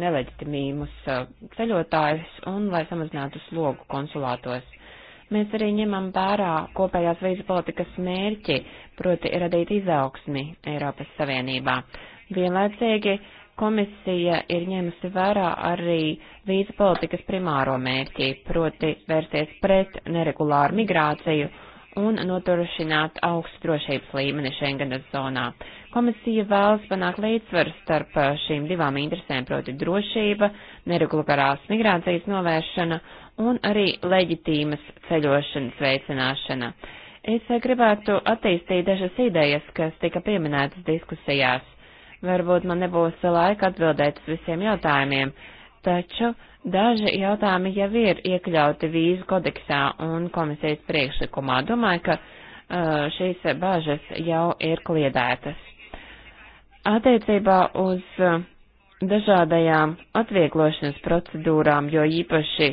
A: neleģitimīmus uh, ceļotājus un lai samazinātu slogu konsulātos. Mēs arī ņemam vērā kopējās vīzu politikas mērķi, proti radīt izaugsmi Eiropas Savienībā. Vienlaicīgi komisija ir ņēmusi vērā arī vīza politikas primāro mērķi, proti vērsties pret neregulāru migrāciju un nodrošināt augstu drošības līmeni Schengenas zonā. Komisija vēlas panākt līdzsvaru starp šīm divām interesēm, proti drošība, neregulārās migrācijas novēršana un arī leģitīmas ceļošanas veicināšana. Es gribētu attīstīt dažas idejas, kas tika pieminētas diskusijās. Varbūt man nebūs laika atbildēt uz visiem jautājumiem, taču daži jautājumi jau ir iekļauti vīzu kodeksā un komisijas priekšlikumā. Domāju, ka uh, šīs bāžas jau ir kliedētas. Attiecībā uz uh, dažādajām atvieglošanas procedūrām, jo īpaši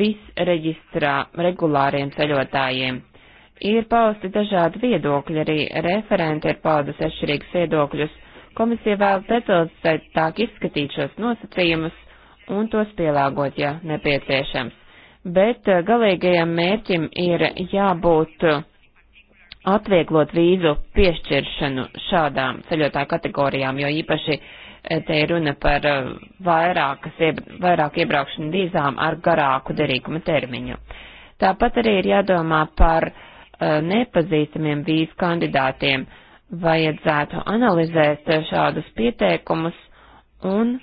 A: visreģistrā regulāriem ceļotājiem. Ir pausti dažādi viedokļi, arī referenti ir paudus atšķirīgus viedokļus, Komisija vēl detalizētāk izskatīt šos nosacījumus un tos pielāgot, ja nepieciešams. Bet eh, galīgajam mērķim ir jābūt atvieglot vīzu piešķiršanu šādām ceļotāju kategorijām, jo īpaši eh, te ir runa par eh, vairākas, vairāk iebraukšanu vīzām ar garāku derīguma termiņu. Tāpat arī ir jādomā par nepazīstamiem vīzu kandidātiem. Uh, vajadzētu analizēt šādus pieteikumus un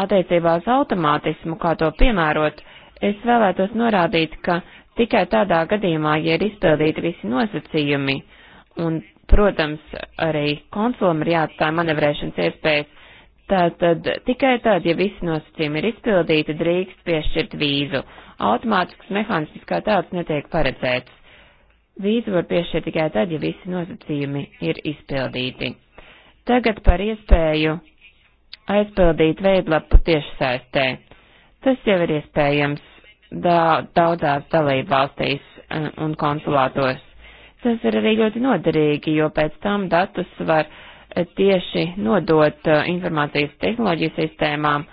A: attiecībā uz automātismu, kā to piemērot, es vēlētos norādīt, ka tikai tādā gadījumā, ja ir izpildīti visi nosacījumi, un, protams, arī konsulam ir jāatstāja manevrēšanas iespējas, tātad tikai tad, ja visi nosacījumi ir izpildīti, drīkst piešķirt vīzu. Automātisks mehānisms kā tāds netiek paredzēts. Vīzu var piešķirt tikai tad, ja visi nosacījumi ir izpildīti. Tagad par iespēju aizpildīt veidlapu tiešsaistē. Tas jau ir iespējams daudzās dalībvalstīs eh, un konsulātos. Tas ir arī ļoti noderīgi, jo pēc tam datus var eh, tieši nodot eh, informācijas tehnoloģiju sistēmām,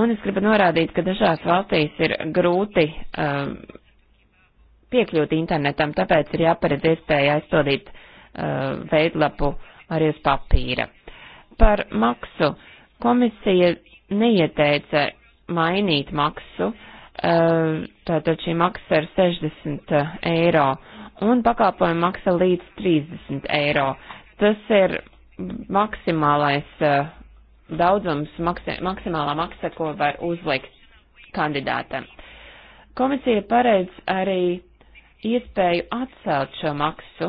A: un es gribu norādīt, ka dažās valstīs ir grūti um, piekļūt internetam, tāpēc ir jāparedz iespēja aizpildīt uh, veidlapu arī uz papīra. Par maksu komisija neieteica mainīt maksu, uh, tātad šī maksa ir 60 uh, eiro un pakāpojuma maksa līdz 30 eiro. Tas ir maksimālais uh, daudzums, maksi, maksimālā maksa, ko var uzlikt kandidātam. Komisija paredz arī iespēju atcelt šo maksu.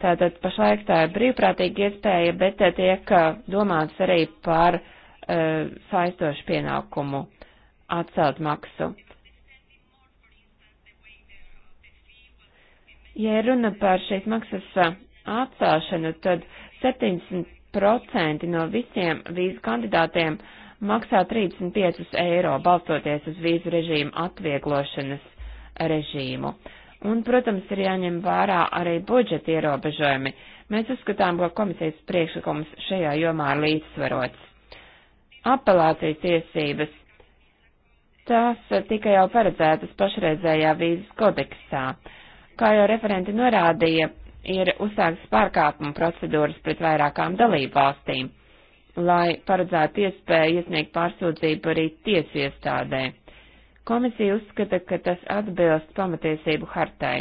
A: Tātad pašlaik tā ir brīvprātīga iespēja, bet eh, tiek eh, domāts arī par uh, saistošu pienākumu atcelt maksu. Ja runa par šīs maksas atcelšanu, tad 70% no visiem vīzu kandidātiem maksā 35 eiro, balstoties uz vīzu režīmu atvieglošanas režīmu. Un, protams, ir jāņem vērā arī budžeta ierobežojumi. Mēs uzskatām, ka komisijas priekšlikums šajā jomā ir līdzsvarots. Apelācijas tiesības. Tās tika jau paredzētas pašreizējā vīzas kodeksā. Kā jau referenti norādīja, ir uzsāktas pārkāpuma procedūras pret vairākām dalību valstīm, lai paredzētu iespēju iesniegt pārsūdzību arī tiesu iestādē. Komisija uzskata, ka tas atbilst pamatiesību hartai.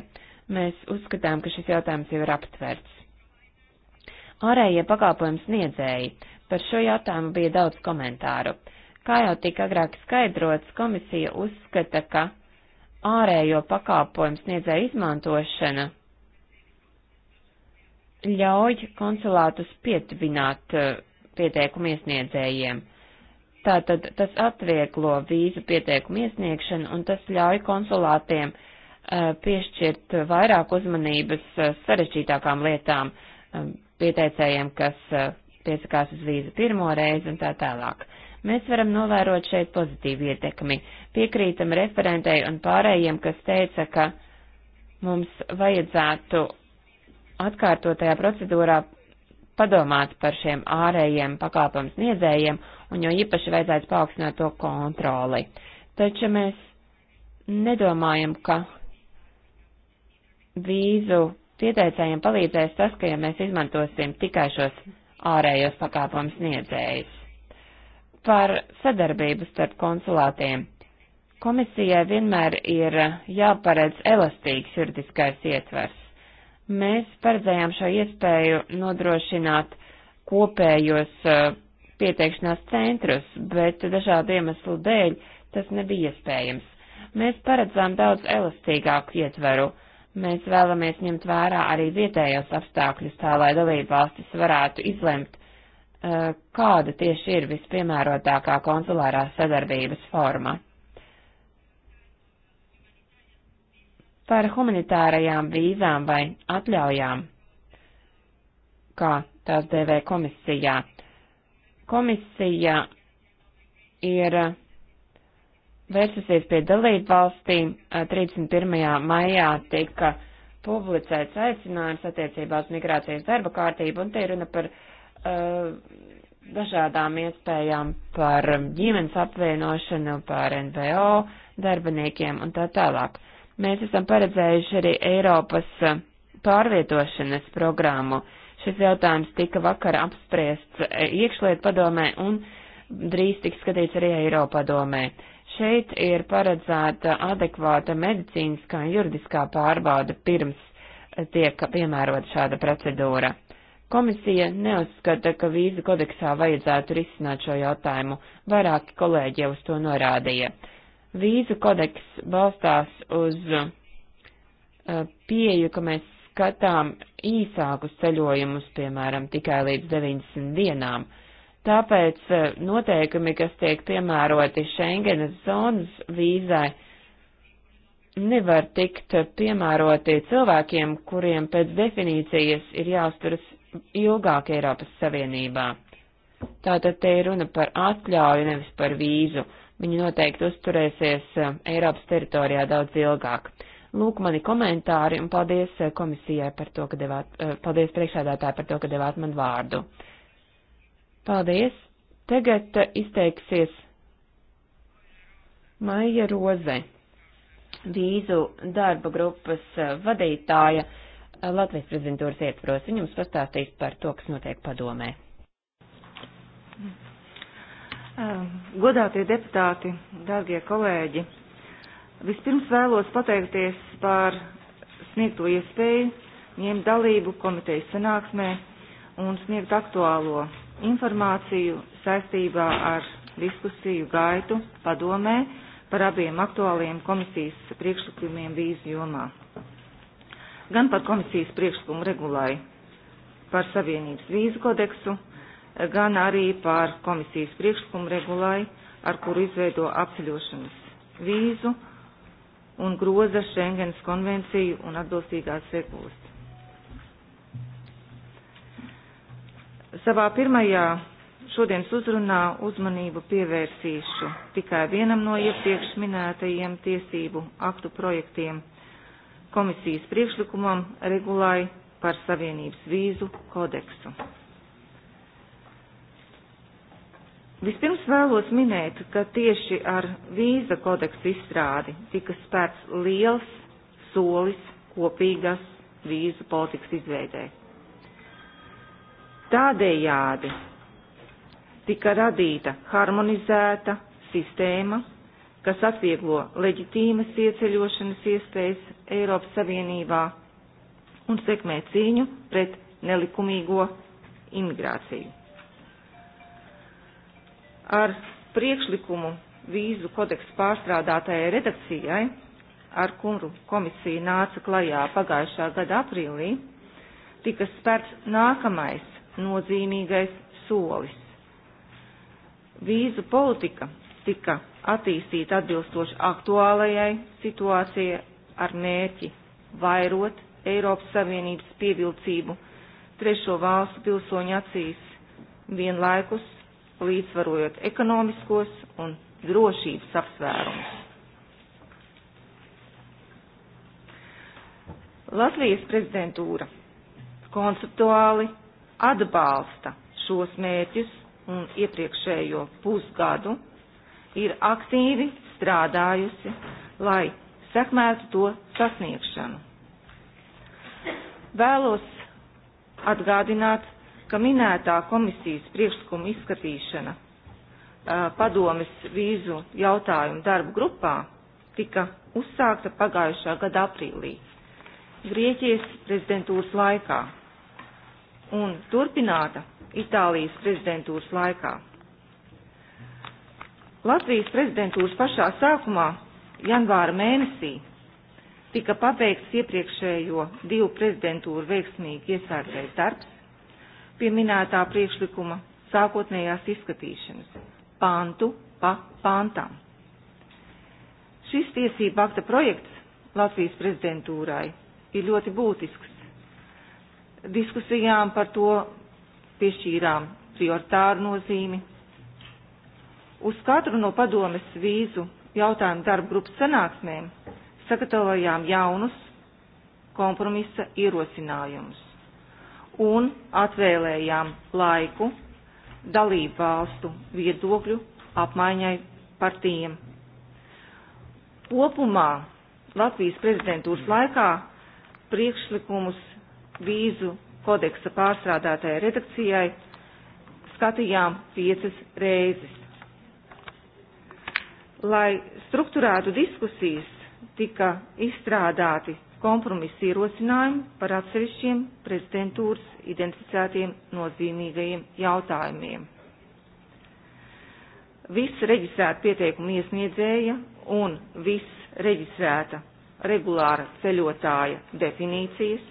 A: Mēs uzskatām, ka šis jautājums jau ir aptverts. Ārējie pakalpojums sniedzēji. Par šo jautājumu bija daudz komentāru. Kā jau tika agrāk skaidrots, komisija uzskata, ka ārējo pakalpojumu sniedzēju izmantošana ļauj konsulātus pietuvināt uh, pieteikumu iesniedzējiem. Tātad tas atvieglo vīzu pieteikumu iesniegšanu un tas ļauj konsulātiem uh, piešķirt vairāk uzmanības uh, sarežģītākām lietām uh, pieteicējiem, kas piesakās uz vīzu pirmo reizi un tā tālāk. Mēs varam novērot šeit pozitīvu ietekmi. Piekrītam referentei un pārējiem, kas teica, ka mums vajadzētu atkārtotajā procedūrā padomāt par šiem ārējiem pakāpams niedzējiem un jo īpaši vajadzētu paaugstināt to kontroli. Taču mēs nedomājam, ka vīzu pieteicējiem palīdzēs tas, ka ja mēs izmantosim tikai šos ārējos pakāpums sniedzējus. Par sadarbību starp konsulātiem. Komisijai vienmēr ir jāparedz elastīgs juridiskais ietvers. Mēs paredzējām šo iespēju nodrošināt kopējos uh, pieteikšanās centrus, bet dažādu iemeslu dēļ tas nebija iespējams. Mēs paredzām daudz elastīgāku ietveru. Mēs vēlamies ņemt vērā arī vietējos apstākļus, tā lai dalībvalstis varētu izlemt, kāda tieši ir vispiemērotākā konsulārā sadarbības forma. Par humanitārajām vīzām vai atļaujām, kā tās dēvē komisijā Komisija ir vērsusies pie dalību valstīm. 31. maijā tika publicēts aicinājums attiecībā uz migrācijas darba kārtību, un te ir runa par uh, dažādām iespējām par ģimenes apvienošanu, par NVO darbiniekiem un tā tālāk. Mēs esam paredzējuši arī Eiropas pārvietošanas programmu. Uh, Šis jautājums tika vakar apspriests e, iekšliet padomē un drīz tiks skatīts arī Eiropa padomē. Šeit ir paredzēta adekvāta medicīniskā un juridiskā pārbauda pirms tiek piemērota šāda procedūra. Komisija neuzskata, ka vīzu kodeksā vajadzētu risināt šo jautājumu, vairāki kolēģi jau uz to norādīja. Vīzu kodeks balstās uz e, pieju, ka mēs skatām īsākus ceļojumus, piemēram, tikai līdz 90 dienām. Tāpēc e, noteikumi, kas tiek piemēroti Schengenas zonas vīzai, nevar tikt piemēroti cilvēkiem, kuriem pēc definīcijas ir jāsturas ilgāk Eiropas Savienībā. Tātad te ir runa par atļauju, nevis par vīzu. Viņi noteikti uzturēsies e, Eiropas teritorijā daudz ilgāk. Lūk, mani komentāri un paldies eh, komisijai par to, ka devāt, eh, paldies priekšādātāji par to, ka devāt man vārdu. Paldies. Tagad eh, izteiksies Maija Roze, vīzu darba grupas vadītāja Latvijas prezidentūras ietvaros. Viņa mums pastāstīs par to, kas notiek padomē.
B: Godātie deputāti, dārgie kolēģi, Vispirms vēlos pateikties par sniegto iespēju ņemt dalību komitejas sanāksmē un sniegt aktuālo informāciju saistībā ar diskusiju gaitu padomē par abiem aktuāliem komisijas priekšlikumiem vīzu jomā. Gan par komisijas priekšlikumu regulai par Savienības vīzu kodeksu, gan arī par komisijas priekšlikumu regulai, ar kuru izveido apceļošanas vīzu un groza Schengens konvenciju un atbilstīgās regulas. Savā pirmajā šodienas uzrunā uzmanību pievērsīšu tikai vienam no iepriekš minētajiem tiesību aktu projektiem - komisijas priekšlikumam regulai par Savienības vīzu kodeksu. Vispirms vēlos minēt, ka tieši ar vīza kodeksu izstrādi tika spērts liels solis kopīgas vīzu politikas izveidē. Tādējādi tika radīta harmonizēta sistēma, kas atvieglo leģitīmas ieceļošanas iespējas Eiropas Savienībā un sekmē cīņu pret nelikumīgo imigrāciju ar priekšlikumu vīzu kodeksu pārstrādātajai redakcijai, ar kuru komisija nāca klajā pagājušā gada aprīlī, tika spērts nākamais nozīmīgais solis. Vīzu politika tika attīstīta atbilstoši aktuālajai situācijai ar mērķi vairot Eiropas Savienības pievilcību trešo valstu pilsoņu acīs vienlaikus līdzsvarojot ekonomiskos un drošības apsvērumus. Latvijas prezidentūra konceptuāli atbalsta šos mērķus un iepriekšējo pusgadu ir aktīvi strādājusi, lai sekmētu to sasniegšanu. Vēlos atgādināt ka minētā komisijas priekšlikuma izskatīšana padomes vīzu jautājumu darbu grupā tika uzsākta pagājušā gada aprīlī, Grieķijas prezidentūras laikā un turpināta Itālijas prezidentūras laikā. Latvijas prezidentūras pašā sākumā, janvāra mēnesī, tika pabeigts iepriekšējo divu prezidentūru veiksmīgi iesāktais darbs, pie minētā priekšlikuma sākotnējās izskatīšanas, pāntu pa pāntām. Šis tiesība akta projekts Latvijas prezidentūrai ir ļoti būtisks. Diskusijām par to piešķīrām prioritāru nozīmi. Uz katru no padomes vīzu jautājumu darba grupas sanāksmēm sagatavojām jaunus kompromisa ierosinājumus un atvēlējām laiku dalību valstu viedokļu apmaiņai par tiem. Kopumā Latvijas prezidentūras laikā priekšlikumus vīzu kodeksa pārstrādātajai redakcijai skatījām piecas reizes. Lai struktūrētu diskusijas, tika izstrādāti kompromisa ierosinājumu par atsevišķiem prezidentūras identificētiem nozīmīgajiem jautājumiem. Viss reģistrēta pieteikuma iesniedzēja un viss reģistrēta regulāra ceļotāja definīcijas,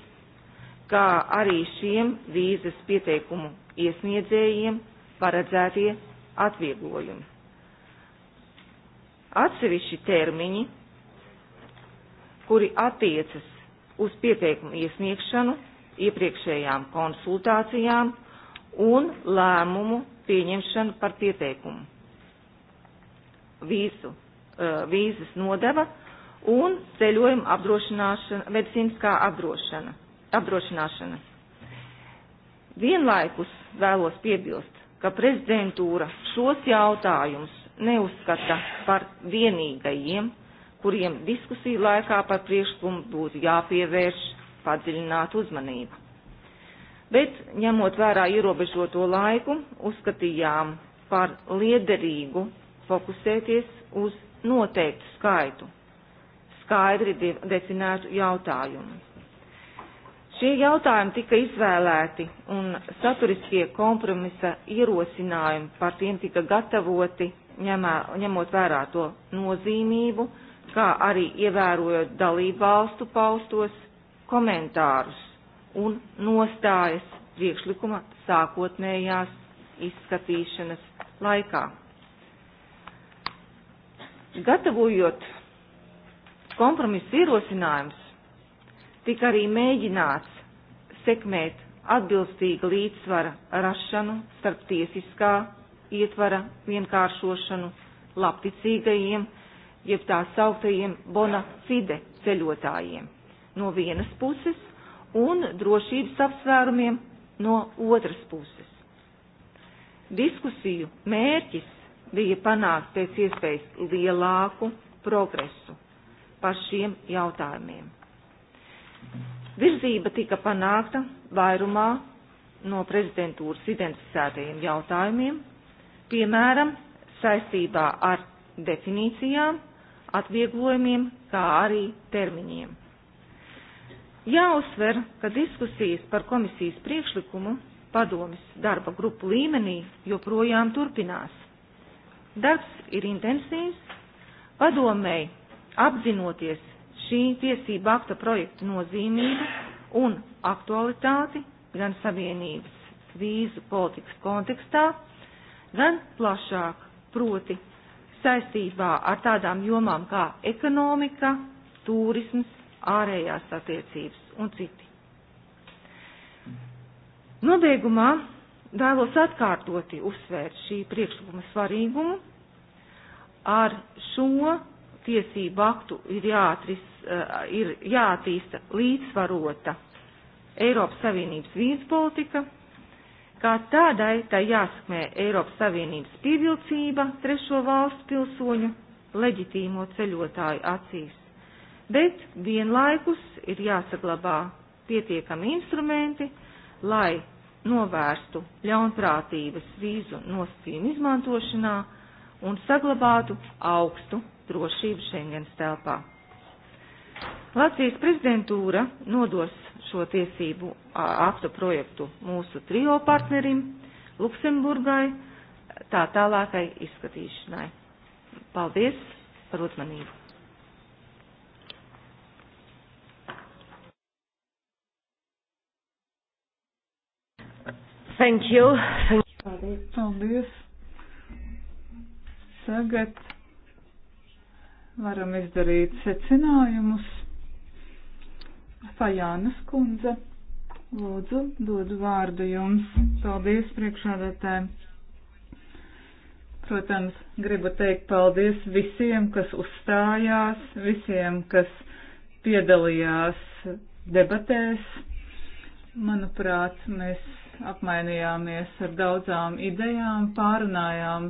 B: kā arī šiem vīzas pieteikumu iesniedzējiem paredzētie atvieglojumi. Atsevišķi termiņi kuri attiecas uz pieteikumu iesniegšanu, iepriekšējām konsultācijām un lēmumu pieņemšanu par pieteikumu. Vīzu, eh, vīzas nodeva un ceļojuma apdrošināšana, medicīniskā apdrošana, apdrošināšana. Vienlaikus vēlos piebilst, ka prezidentūra šos jautājumus neuzskata par vienīgajiem kuriem diskusiju laikā par priekšlikumu būtu jāpievērš padziļināta uzmanība. Bet, ņemot vērā ierobežoto laiku, uzskatījām par liederīgu fokusēties uz noteiktu skaitu, skaidri definētu jautājumu. Šie jautājumi tika izvēlēti un saturiskie kompromisa ierosinājumi par tiem tika gatavoti, ņemā, ņemot vērā to nozīmību kā arī ievērojot dalību valstu paustos komentārus un nostājas priekšlikuma sākotnējās izskatīšanas laikā. Gatavojot kompromisu ierosinājums, tika arī mēģināts sekmēt atbilstīga līdzsvara rašanu starp tiesiskā ietvara vienkāršošanu, labticīgajiem jeb tā sauktajiem bona fide ceļotājiem no vienas puses un drošības apsvērumiem no otras puses. Diskusiju mērķis bija panākt pēc iespējas lielāku progresu par šiem jautājumiem. Virzība tika panākta vairumā no prezidentūras identificētajiem jautājumiem, piemēram, saistībā ar definīcijām atvieglojumiem, kā arī termiņiem. Jāuzsver, ka diskusijas par komisijas priekšlikumu padomis darba grupu līmenī joprojām turpinās. Darbs ir intensīvs, padomēji apzinoties šī tiesība akta projekta nozīmību un aktualitāti gan Savienības vīzu politikas kontekstā, gan plašāk, proti saistībā ar tādām jomām kā ekonomika, turisms, ārējās attiecības un citi. Nobeigumā vēlos atkārtoti uzsvērt šī priekšlikuma svarīgumu. Ar šo tiesību aktu ir, jāatris, eh, ir jātīsta līdzsvarota Eiropas Savienības vīzpolitika, Kā tādai tā jāsakmē Eiropas Savienības pievilcība trešo valstu pilsoņu leģitīmo ceļotāju acīs, bet vienlaikus ir jāsaglabā pietiekami instrumenti, lai novērstu ļaunprātības vīzu nosacījumu izmantošanā un saglabātu augstu drošību Schengens telpā. Latvijas prezidentūra nodos šo tiesību aktu projektu mūsu trio partnerim, Luksemburgai, tā tālākai izskatīšanai. Paldies par uzmanību! Thank you. Thank you. Paldies. Paldies.
C: Tagad varam izdarīt secinājumus. Fajānas kundze. Lūdzu, dodu vārdu jums. Paldies priekšādātājiem. Protams, gribu teikt paldies visiem, kas uzstājās, visiem, kas piedalījās debatēs. Manuprāt, mēs apmainījāmies ar daudzām idejām, pārunājām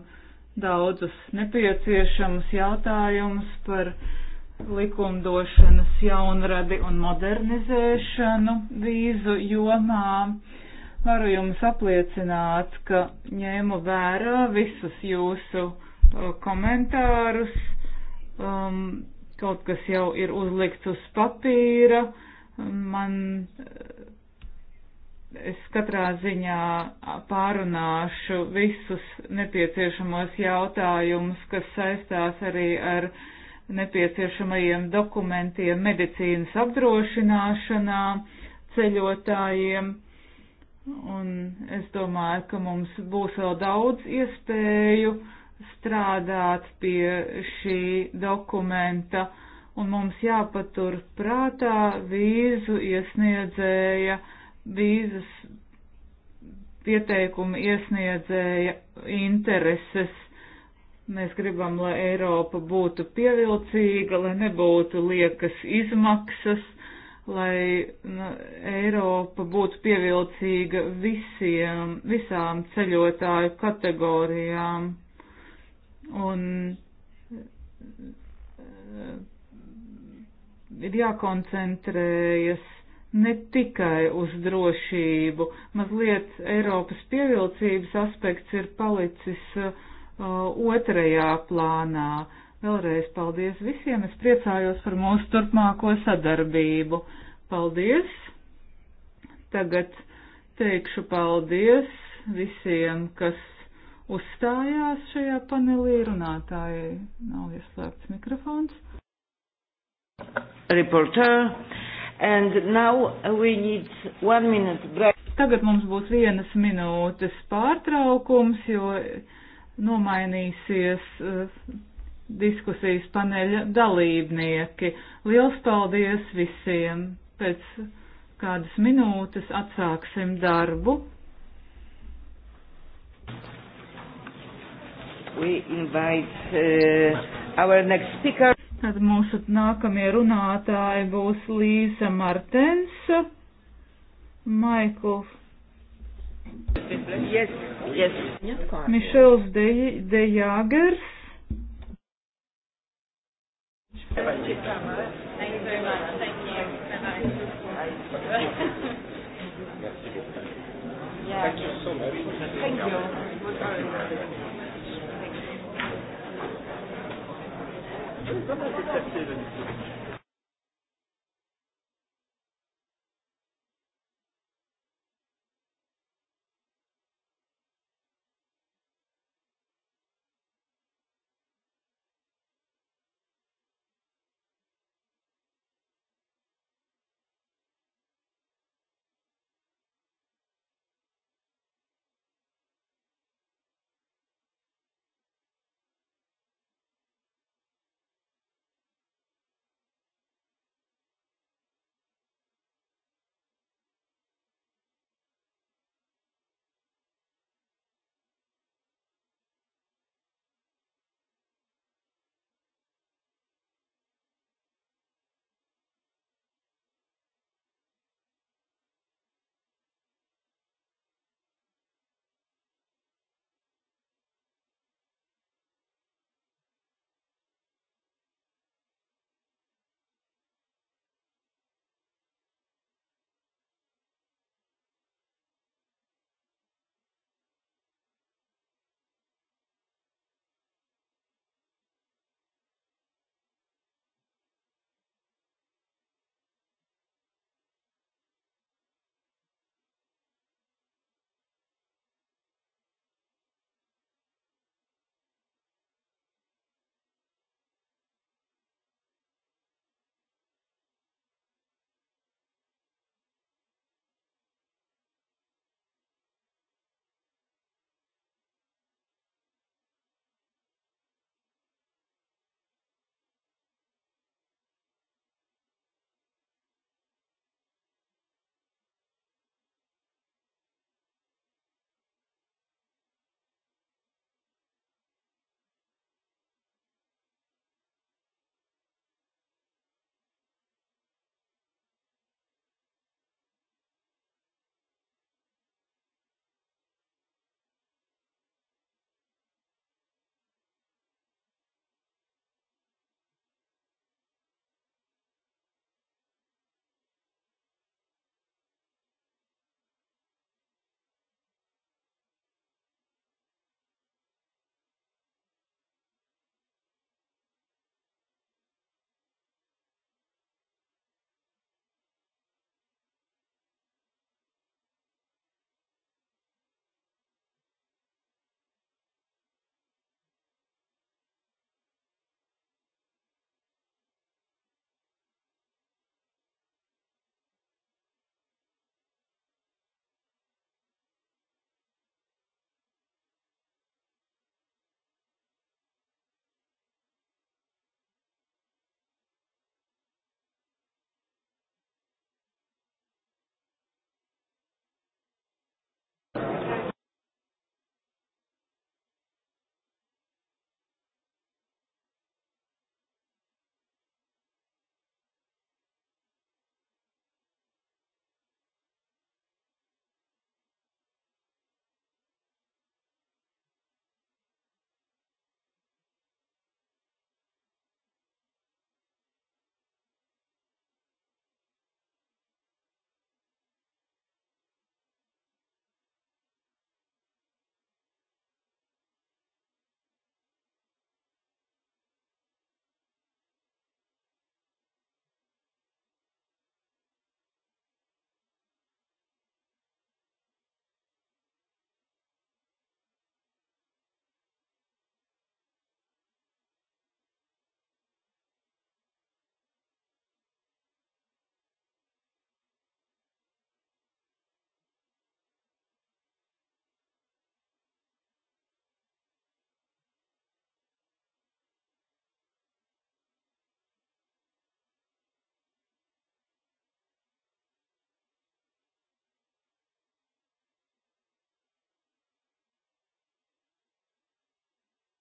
C: daudzus nepieciešamus jautājumus par likumdošanas jaunradi un modernizēšanu vīzu jomā. Varu jums apliecināt, ka ņēmu vērā visus jūsu uh, komentārus. Um, kaut kas jau ir uzlikts uz papīra. Man, uh, es katrā ziņā pārunāšu visus nepieciešamos jautājumus, kas saistās arī ar uh, nepieciešamajiem dokumentiem medicīnas apdrošināšanā ceļotājiem. Un es domāju, ka mums būs vēl daudz iespēju strādāt pie šī dokumenta, un mums jāpatur prātā vīzu iesniedzēja, vīzas pieteikuma iesniedzēja intereses Mēs gribam, lai Eiropa būtu pievilcīga, lai nebūtu liekas izmaksas, lai nu, Eiropa būtu pievilcīga visiem, visām ceļotāju kategorijām. Un eh, ir jākoncentrējas ne tikai uz drošību. Mazliet Eiropas pievilcības aspekts ir palicis uh, Uh, otrajā plānā. Vēlreiz paldies visiem. Es priecājos par mūsu turpmāko sadarbību. Paldies! Tagad teikšu paldies visiem, kas uzstājās šajā panelī. Runātāji nav ieslēgts mikrofons.
B: Reporter. And now we need one minute break.
C: Tagad mums būs vienas minūtes pārtraukums, jo nomainīsies eh, diskusijas paneļa dalībnieki. Liels paldies visiem! Pēc kādas minūtes atsāksim darbu.
B: We invite uh, our next
C: speaker. Tad mūsu nākamie runātāji būs Līza Martens, Maikls
B: Yes, yes.
C: Mišels De, De Jāgers.
B: Thank you
E: so much. Thank you. Comment c'est accepté, la mission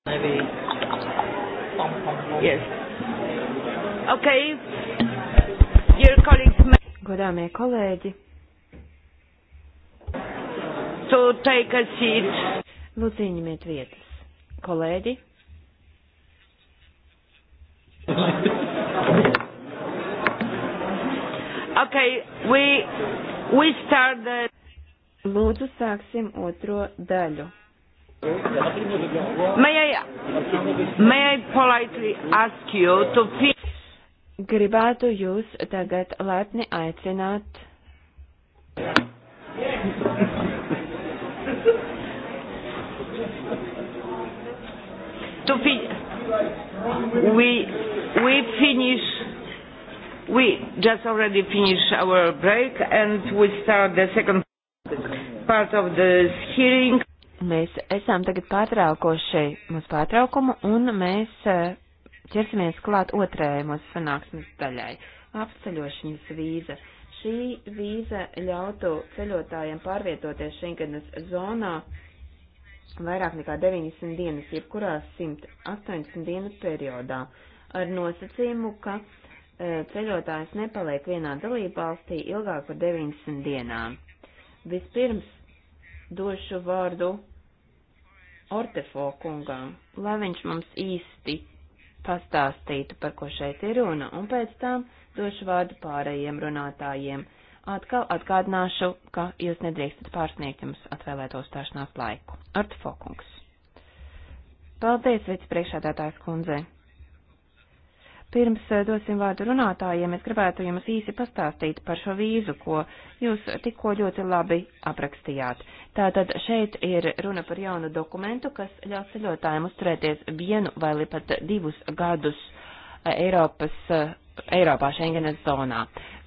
E: Maybe. Yes.
B: Okay.
A: Your colleagues. Godāmie kolēģi. To take a seat. Lūdzu, ieņemiet vietas. Kolēģi.
B: okay, we, we start the...
A: Lūdzu, sāksim otro daļu.
B: May I, may I politely ask you to
A: Gribētu jūs tagad laipni aicināt.
B: to fi we, we finish, we just already finish our break and we start the second part of this hearing. Mēs esam tagad pārtraukoši mūsu
A: pārtraukumu un mēs e, ķersimies klāt otrajai mūsu sanāksmes daļai - apceļošanas vīza. Šī vīza ļautu ceļotājiem pārvietoties Šengenas zonā vairāk nekā 90 dienas, jebkurā 180 dienu periodā, ar nosacījumu, ka e, ceļotājs nepaliek vienā dalībvalstī ilgāk par 90 dienām. Vispirms došu vārdu Ortefo kungam, lai viņš mums īsti pastāstītu, par ko šeit ir runa, un pēc tam došu vārdu pārējiem runātājiem. Atkal atgādināšu, ka jūs nedrīkstat pārsniegt jums atvēlēto stāšanās laiku. Artfokungs. Paldies, vicepriekšādātājs kundzei. Pirms eh, dosim vārdu runātājiem, es gribētu jums īsi pastāstīt par šo vīzu, ko jūs tikko ļoti labi aprakstījāt. Tātad šeit ir runa par jaunu dokumentu, kas ļaus ceļotājiem uzturēties vienu vai pat divus gadus eh, Eiropas, eh, Eiropā Schengenes zonā.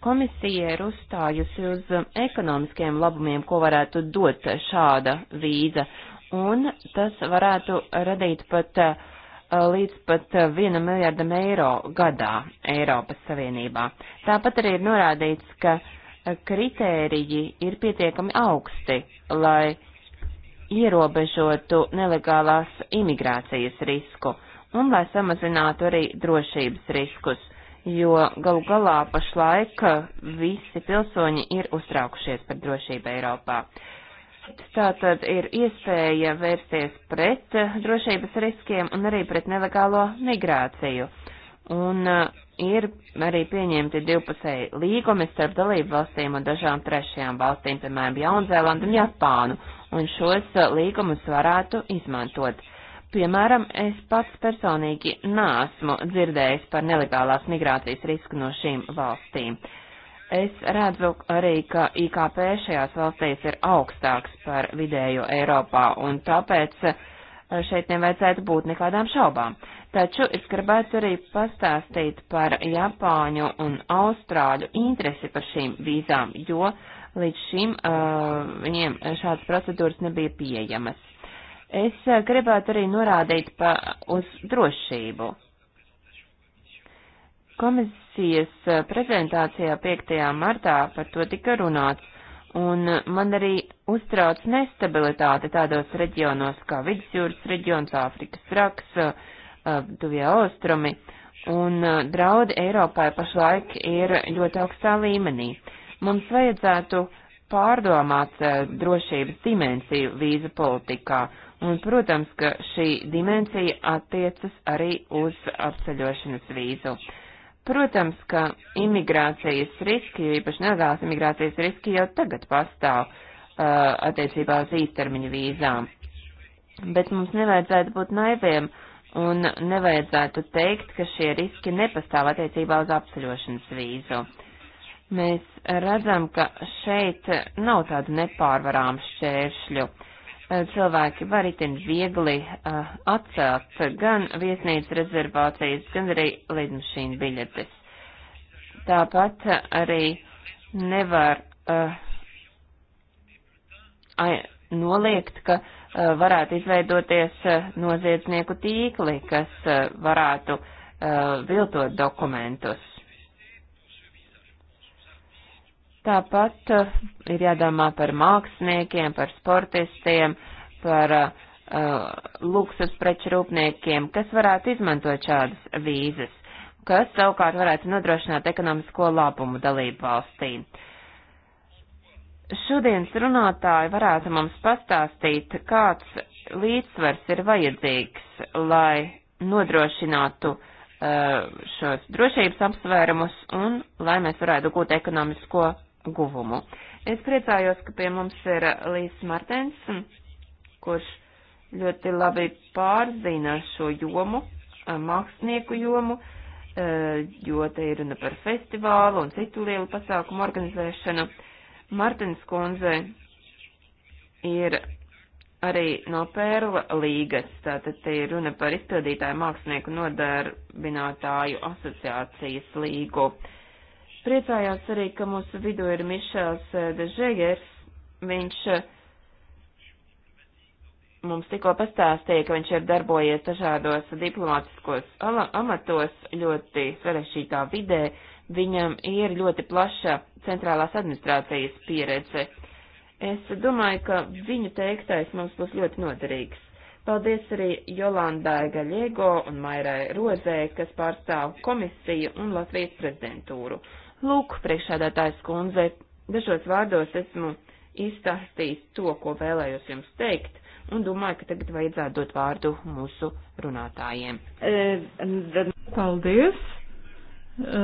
A: Komisija ir uzstājusi uz ekonomiskiem labumiem, ko varētu dot šāda vīza, un tas varētu radīt pat uh, Eh, līdz pat 1 eh, miljardam eiro gadā Eiropas Savienībā. Tāpat arī ir norādīts, ka eh, kritēriji ir pietiekami augsti, lai ierobežotu nelegālās imigrācijas risku un lai samazinātu arī drošības riskus, jo galu galā pašlaik visi pilsoņi ir uztraukušies par drošību Eiropā. Uh, Tā tad ir iespēja vērsties pret eh, drošības riskiem un arī pret nelegālo migrāciju. Un eh, ir arī pieņemti divpusēji līgumi starp dalību valstīm un dažām trešajām valstīm, piemēram, Jaunzēlandu un Japānu, un šos eh, līgumus varētu izmantot. Piemēram, es pats personīgi nāsmu dzirdējis par nelegālās migrācijas risku no šīm valstīm. Uh, Es redzu arī, ka IKP šajās valstīs ir augstāks par vidējo Eiropā, un tāpēc eh, šeit nevajadzētu būt nekādām šaubām. Taču es gribētu arī pastāstīt par Japāņu un Austrāļu interesi par šīm vīzām, jo līdz šim uh, viņiem šādas procedūras nebija pieejamas. Es eh, gribētu arī norādīt pa, uz drošību. Komisijas eh, prezentācijā 5. martā par to tika runāts, un man arī uztrauc nestabilitāte tādos reģionos kā Vidusjūras reģions, Āfrikas raks, eh, Tuvie Ostrumi, un eh, draudi Eiropai pašlaik ir ļoti augstā līmenī. Mums vajadzētu pārdomāt drošības dimensiju vīzu politikā, un, protams, ka šī dimensija attiecas arī uz apceļošanas vīzu. Uh, Protams, ka imigrācijas riski, īpaši nelegālas imigrācijas riski jau tagad pastāv uh, attiecībā uz īstermiņu vīzām. Bet mums nevajadzētu būt naiviem un nevajadzētu teikt, ka šie riski nepastāv attiecībā uz apceļošanas vīzu. Mēs redzam, ka šeit nav tādu nepārvarāmu šķēršļu. Uh, cilvēki var itin viegli uh, atcelt gan viesnīcas rezervācijas, gan arī lidmašīnu biļetes. Tāpat arī nevar uh, ai, noliegt, ka uh, varētu izveidoties uh, noziedznieku tīkli, kas uh, varētu uh, viltot dokumentus. Tāpat eh, ir jādomā par māksliniekiem, par sportistiem, par uh, luksus preču rūpniekiem, kas varētu izmantot šādas vīzes, kas savukārt varētu nodrošināt ekonomisko labumu dalību valstī. Šodienas runātāji varētu mums pastāstīt, kāds līdzsvars ir vajadzīgs, lai nodrošinātu uh, šos drošības apsvērumus un lai mēs varētu gūt ekonomisko guvumu. Es priecājos, ka pie mums ir eh, Līs Martens, mm, kurš ļoti labi pārzina šo jomu, eh, mākslinieku jomu, eh, jo te ir runa par festivālu un citu lielu pasākumu organizēšanu. Martens kundze ir arī no Pērla līgas, tātad te ir runa par izpildītāju mākslinieku nodarbinātāju asociācijas līgu. Uh, Priecājos arī, ka mūsu vidū ir Mišels eh, Dežegers. Viņš eh, mums tikko pastāstīja, ka viņš ir darbojies dažādos diplomātiskos amatos ļoti sarešķītā vidē. Viņam ir ļoti plaša centrālās administrācijas pieredze. Es domāju, ka viņa teiktais mums būs ļoti noderīgs. Paldies arī Jolandai Gaļiego un Mairai Rozē, kas pārstāv komisiju un Latvijas prezidentūru. Lūk, priekšādātājs kundze, dažos vārdos esmu izstāstījis to, ko vēlējos jums teikt, un domāju, ka tagad vajadzētu dot vārdu mūsu runātājiem. E,
C: paldies! E,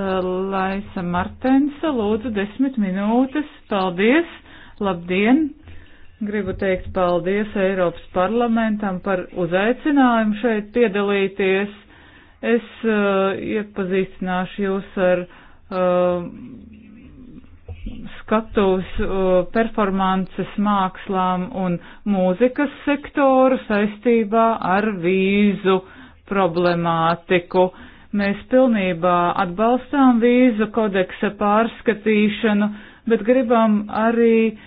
C: Laisa Martensa, lūdzu, desmit minūtes. Paldies! Labdien! Gribu teikt paldies Eiropas parlamentam par uzaicinājumu šeit piedalīties. Es uh, iepazīstināšu jūs ar uh, skatos uh, performances mākslām un mūzikas sektoru saistībā ar vīzu problemātiku. Mēs pilnībā atbalstām vīzu kodeksa pārskatīšanu, bet gribam arī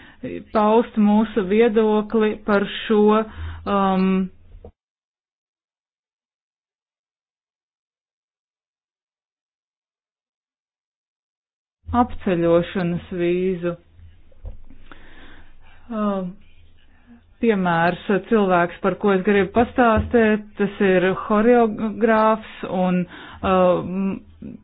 C: paust mūsu viedokli par šo um, apceļošanas vīzu. Uh, piemērs cilvēks, par ko es gribu pastāstīt, tas ir horeogrāfs un uh,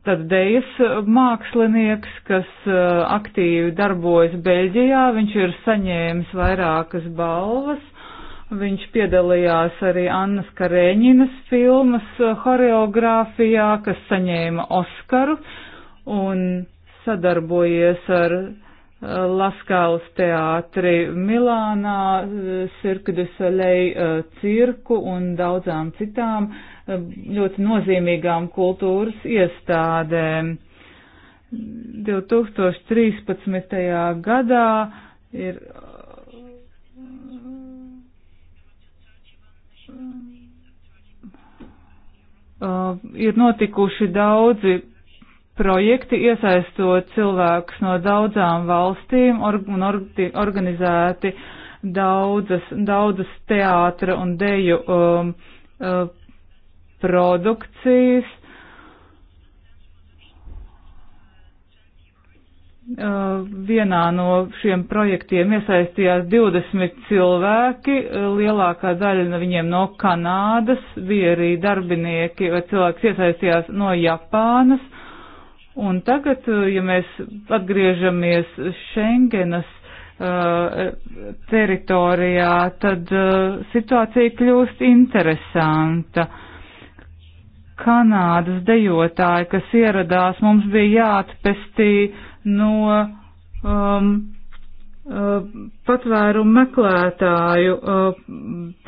C: tad dejas mākslinieks, kas uh, aktīvi darbojas Beļģijā. Viņš ir saņēmis vairākas balvas. Viņš piedalījās arī Annas Karēņinas filmas uh, horeogrāfijā, kas saņēma Oskaru. Un sadarbojies ar eh, Laskāls teātri Milānā, eh, Cirque du Soleil eh, cirku un daudzām citām ļoti nozīmīgām kultūras iestādēm. 2013. gadā ir Uh, ir notikuši daudzi projekti iesaistot cilvēkus no daudzām valstīm org un org organizēti daudzas, daudzas teātra un deju um, uh, produkcijas. Uh, vienā no šiem projektiem iesaistījās 20 cilvēki, uh, lielākā daļa no viņiem no Kanādas, bija arī darbinieki vai cilvēks iesaistījās no Japānas Un tagad, eh, ja mēs atgriežamies Schengenas uh, teritorijā, tad uh, situācija kļūst interesanta. Kanādas dejotāji, kas ieradās, mums bija jāatpestī no um, uh, patvērumu meklētāju uh,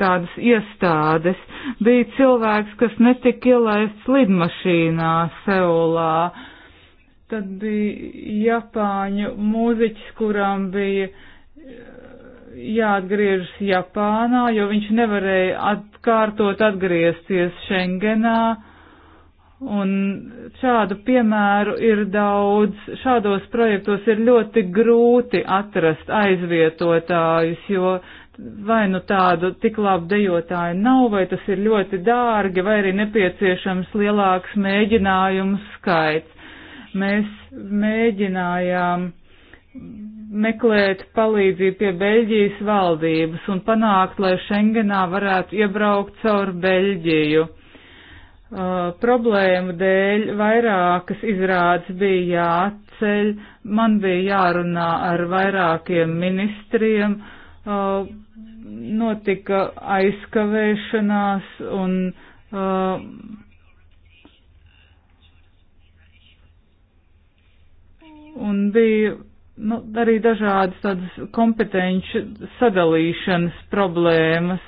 C: tādas iestādes. Bija cilvēks, kas netika ielaists lidmašīnā Seulā Tad bija Japāņu mūziķis, kuram bija eh, jāatgriežas Japānā, jo viņš nevarēja atkārtot atgriezties Schengenā. Un šādu piemēru ir daudz. Šādos projektos ir ļoti grūti atrast aizvietotājus, jo vai nu tādu tik labu dejotāju nav, vai tas ir ļoti dārgi, vai arī nepieciešams lielāks mēģinājums skaits. Mēs mēģinājām meklēt palīdzību pie Beļģijas valdības un panākt, lai Schengenā varētu iebraukt caur Beļģiju. Uh, problēmu dēļ vairākas izrādes bija jāceļ, man bija jārunā ar vairākiem ministriem, uh, notika aizkavēšanās un uh, Un bija nu, arī dažādas tādas kompetenci sadalīšanas problēmas.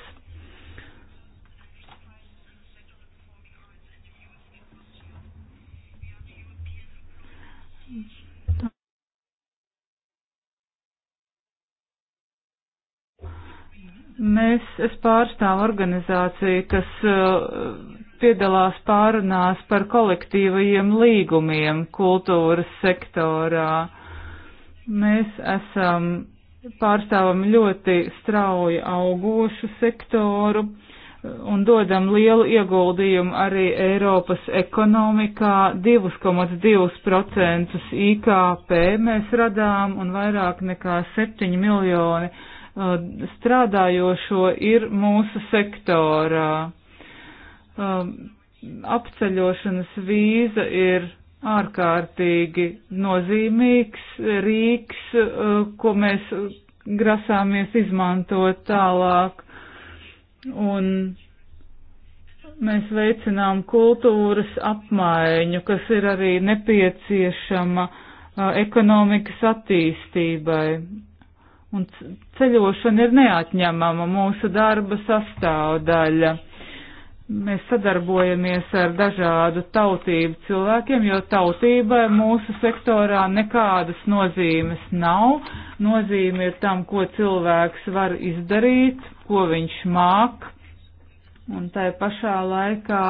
C: Mēs, es pārstāvu organizāciju, kas uh, piedalās pārunās par kolektīvajiem līgumiem kultūras sektorā. Mēs esam pārstāvam ļoti strauji augošu sektoru un dodam lielu ieguldījumu arī Eiropas ekonomikā. 2,2% IKP mēs radām un vairāk nekā 7 miljoni uh, strādājošo ir mūsu sektorā um, apceļošanas vīza ir ārkārtīgi nozīmīgs rīks, uh, ko mēs grasāmies izmantot tālāk. Un mēs veicinām kultūras apmaiņu, kas ir arī nepieciešama uh, ekonomikas attīstībai. Un ceļošana ir neatņemama mūsu darba sastāvdaļa. Mēs sadarbojamies ar dažādu tautību cilvēkiem, jo tautībai mūsu sektorā nekādas nozīmes nav. Nozīme ir tam, ko cilvēks var izdarīt, ko viņš māk. Un tai pašā laikā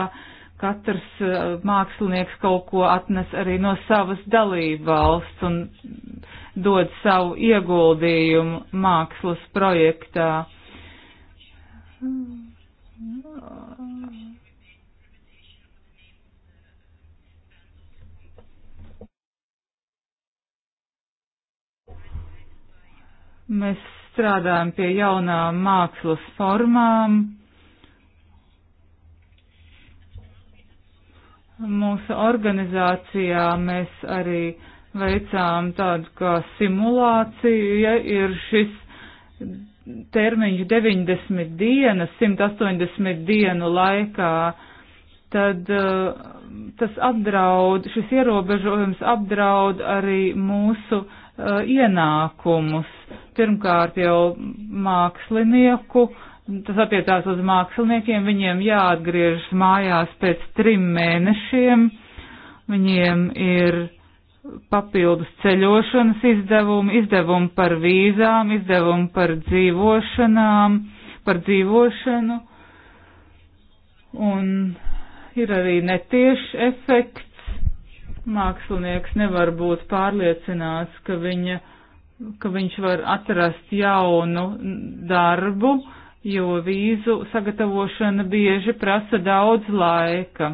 C: katrs eh, mākslinieks kaut ko atnes arī no savas dalību valsts un dod savu ieguldījumu mākslas projektā. Mēs strādājam pie jaunām mākslas formām. Mūsu organizācijā mēs arī veicām tādu kā simulāciju, ja ir šis termiņš 90 dienas, 180 dienu laikā, tad uh, tas apdraud, šis ierobežojums apdraud arī mūsu uh, ienākumus pirmkārt jau mākslinieku, tas attiecās uz māksliniekiem, viņiem jāatgriežas mājās pēc trim mēnešiem, viņiem ir papildus ceļošanas izdevumi, izdevumi par vīzām, izdevumi par dzīvošanām, par dzīvošanu, un ir arī netieši efekts. Mākslinieks nevar būt pārliecināts, ka viņa ka viņš var atrast jaunu darbu, jo vīzu sagatavošana bieži prasa daudz laika.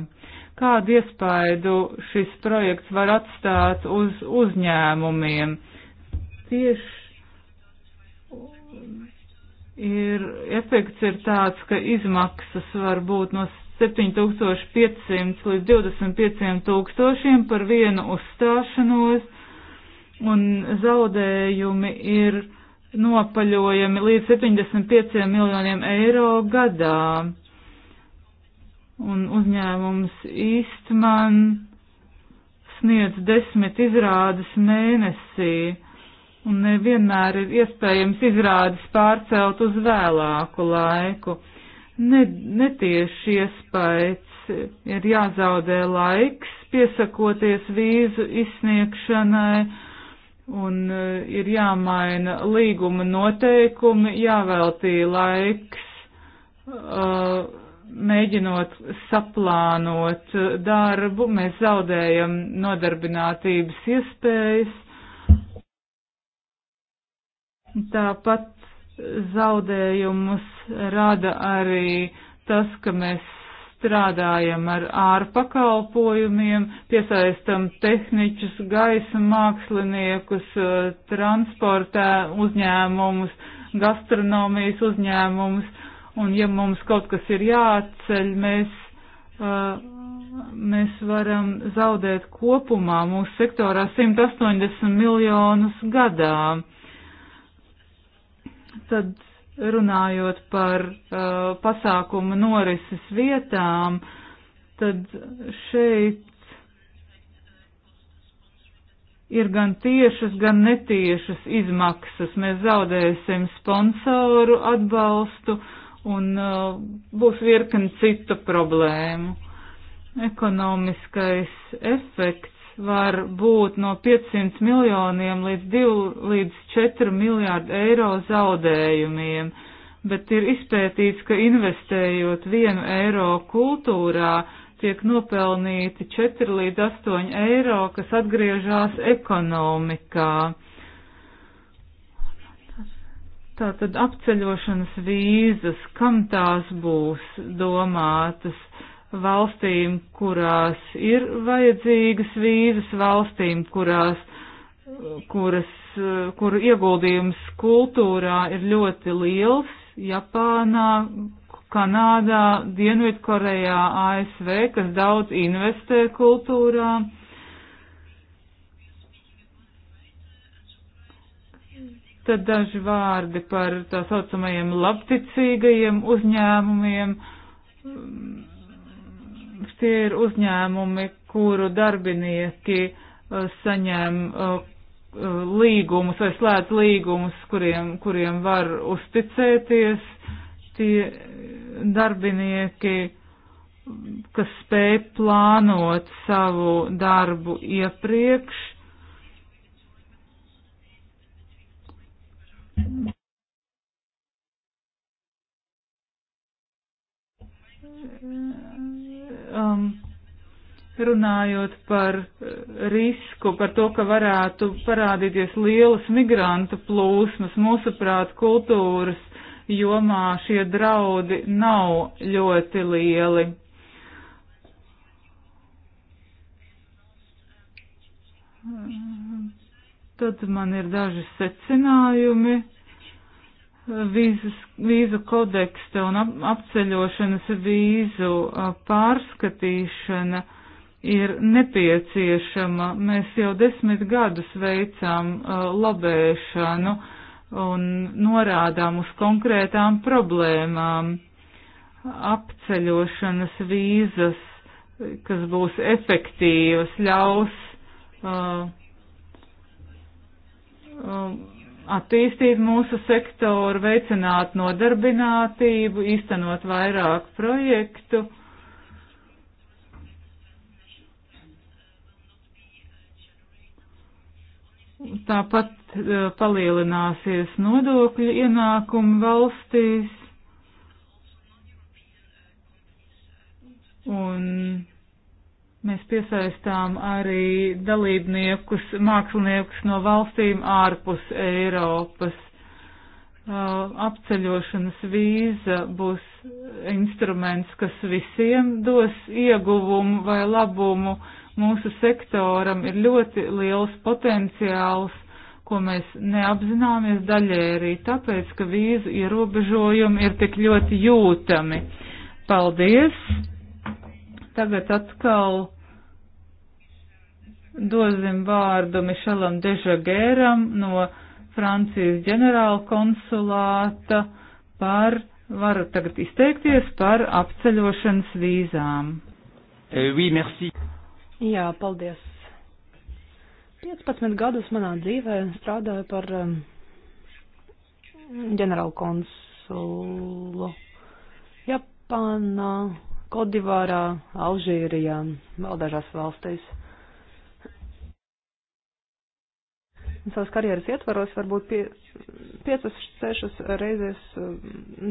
C: Kādu iespaidu šis projekts var atstāt uz uzņēmumiem? Tieši ir, efekts ir tāds, ka izmaksas var būt no 7500 līdz 25 tūkstošiem par vienu uzstāšanos, un zaudējumi ir nopaļojami līdz 75 miljoniem eiro gadā. Un uzņēmums Eastman sniedz desmit izrādes mēnesī, un nevienmēr ir iespējams izrādes pārcelt uz vēlāku laiku. Ne, netieši iespējas ir jāzaudē laiks, piesakoties vīzu izsniegšanai Un eh, ir jāmaina līguma noteikumi, jāveltīja laiks, eh, mēģinot saplānot eh, darbu, mēs zaudējam nodarbinātības iespējas. Tāpat zaudējumus rada arī tas, ka mēs strādājam ar ārpakalpojumiem, piesaistam tehniķus, gaisa māksliniekus, eh, transportē uzņēmumus, gastronomijas uzņēmumus, un ja mums kaut kas ir jāatceļ, mēs, eh, mēs varam zaudēt kopumā mūsu sektorā 180 miljonus gadā. Tad runājot par uh, pasākumu norises vietām, tad šeit ir gan tiešas, gan netiešas izmaksas. Mēs zaudēsim sponsoru atbalstu un uh, būs virkni citu problēmu. Ekonomiskais efekts var būt no 500 miljoniem līdz, 2, līdz 4 miljārdu eiro zaudējumiem, bet ir izpētīts, ka investējot 1 eiro kultūrā tiek nopelnīti 4 līdz 8 eiro, kas atgriežās ekonomikā. Tātad apceļošanas vīzas, kam tās būs domātas? valstīm, kurās ir vajadzīgas vīzas, valstīm, kurās, kuras, kuru ieguldījums kultūrā ir ļoti liels, Japānā, Kanādā, Dienvidkorejā, ASV, kas daudz investē kultūrā. Tad daži vārdi par tā saucamajiem labticīgajiem uzņēmumiem tie ir uzņēmumi, kuru darbinieki uh, saņem uh, uh, līgumus vai slēdz līgumus, kuriem, kuriem var uzticēties. Tie darbinieki, kas spēj plānot savu darbu iepriekš, Yeah um, runājot par uh, risku, par to, ka varētu parādīties lielas migrantu plūsmas, mūsuprāt, kultūras jomā šie draudi nav ļoti lieli. Tad man ir daži secinājumi vīzas, vīzu kodeksta un ap, apceļošanas vīzu pārskatīšana ir nepieciešama. Mēs jau desmit gadus veicām labēšanu un norādām uz konkrētām problēmām. Apceļošanas vīzas, kas būs efektīvas, ļaus uh, attīstīt mūsu sektoru, veicināt nodarbinātību, īstenot vairāk projektu. Tāpat eh, palielināsies nodokļu ienākumi valstīs. Un Mēs piesaistām arī dalībniekus, māksliniekus no valstīm ārpus Eiropas. Uh, apceļošanas vīza būs instruments, kas visiem dos ieguvumu vai labumu. Mūsu sektoram ir ļoti liels potenciāls, ko mēs neapzināmies daļēji arī tāpēc, ka vīzu ierobežojumi ir tik ļoti jūtami. Paldies! Tagad atkal Dosim vārdu Mišelam Dežagēram no Francijas ģenerāla konsulāta par, varu tagad izteikties par apceļošanas vīzām.
D: E, oui, merci. Jā, paldies. 15 gadus manā dzīvē strādāju par um, ģenerālu konsulu Japānā, Kodivārā, Alžīrijā, vēl dažās valstīs. savas karjeras ietvaros varbūt pie, piecas, sešas reizes um,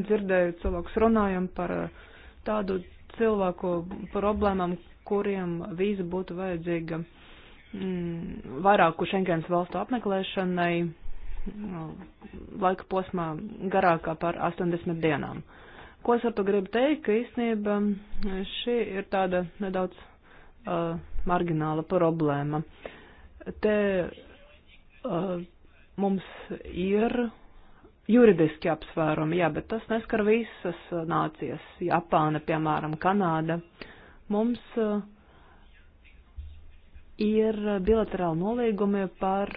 D: dzirdēju cilvēkus runājam par uh, tādu cilvēku problēmām, kuriem vīza būtu vajadzīga mm, vairāku Schengens valstu apmeklēšanai uh, laika posmā garākā par 80 dienām. Ko es ar to gribu teikt, ka īstenībā šī ir tāda nedaudz uh, margināla problēma. Te Eh, mums ir juridiski apsvērumi, jā, bet tas neskar visas eh, nācijas, Japāna, piemēram, Kanāda. Mums eh, ir bilaterāli nolīgumi par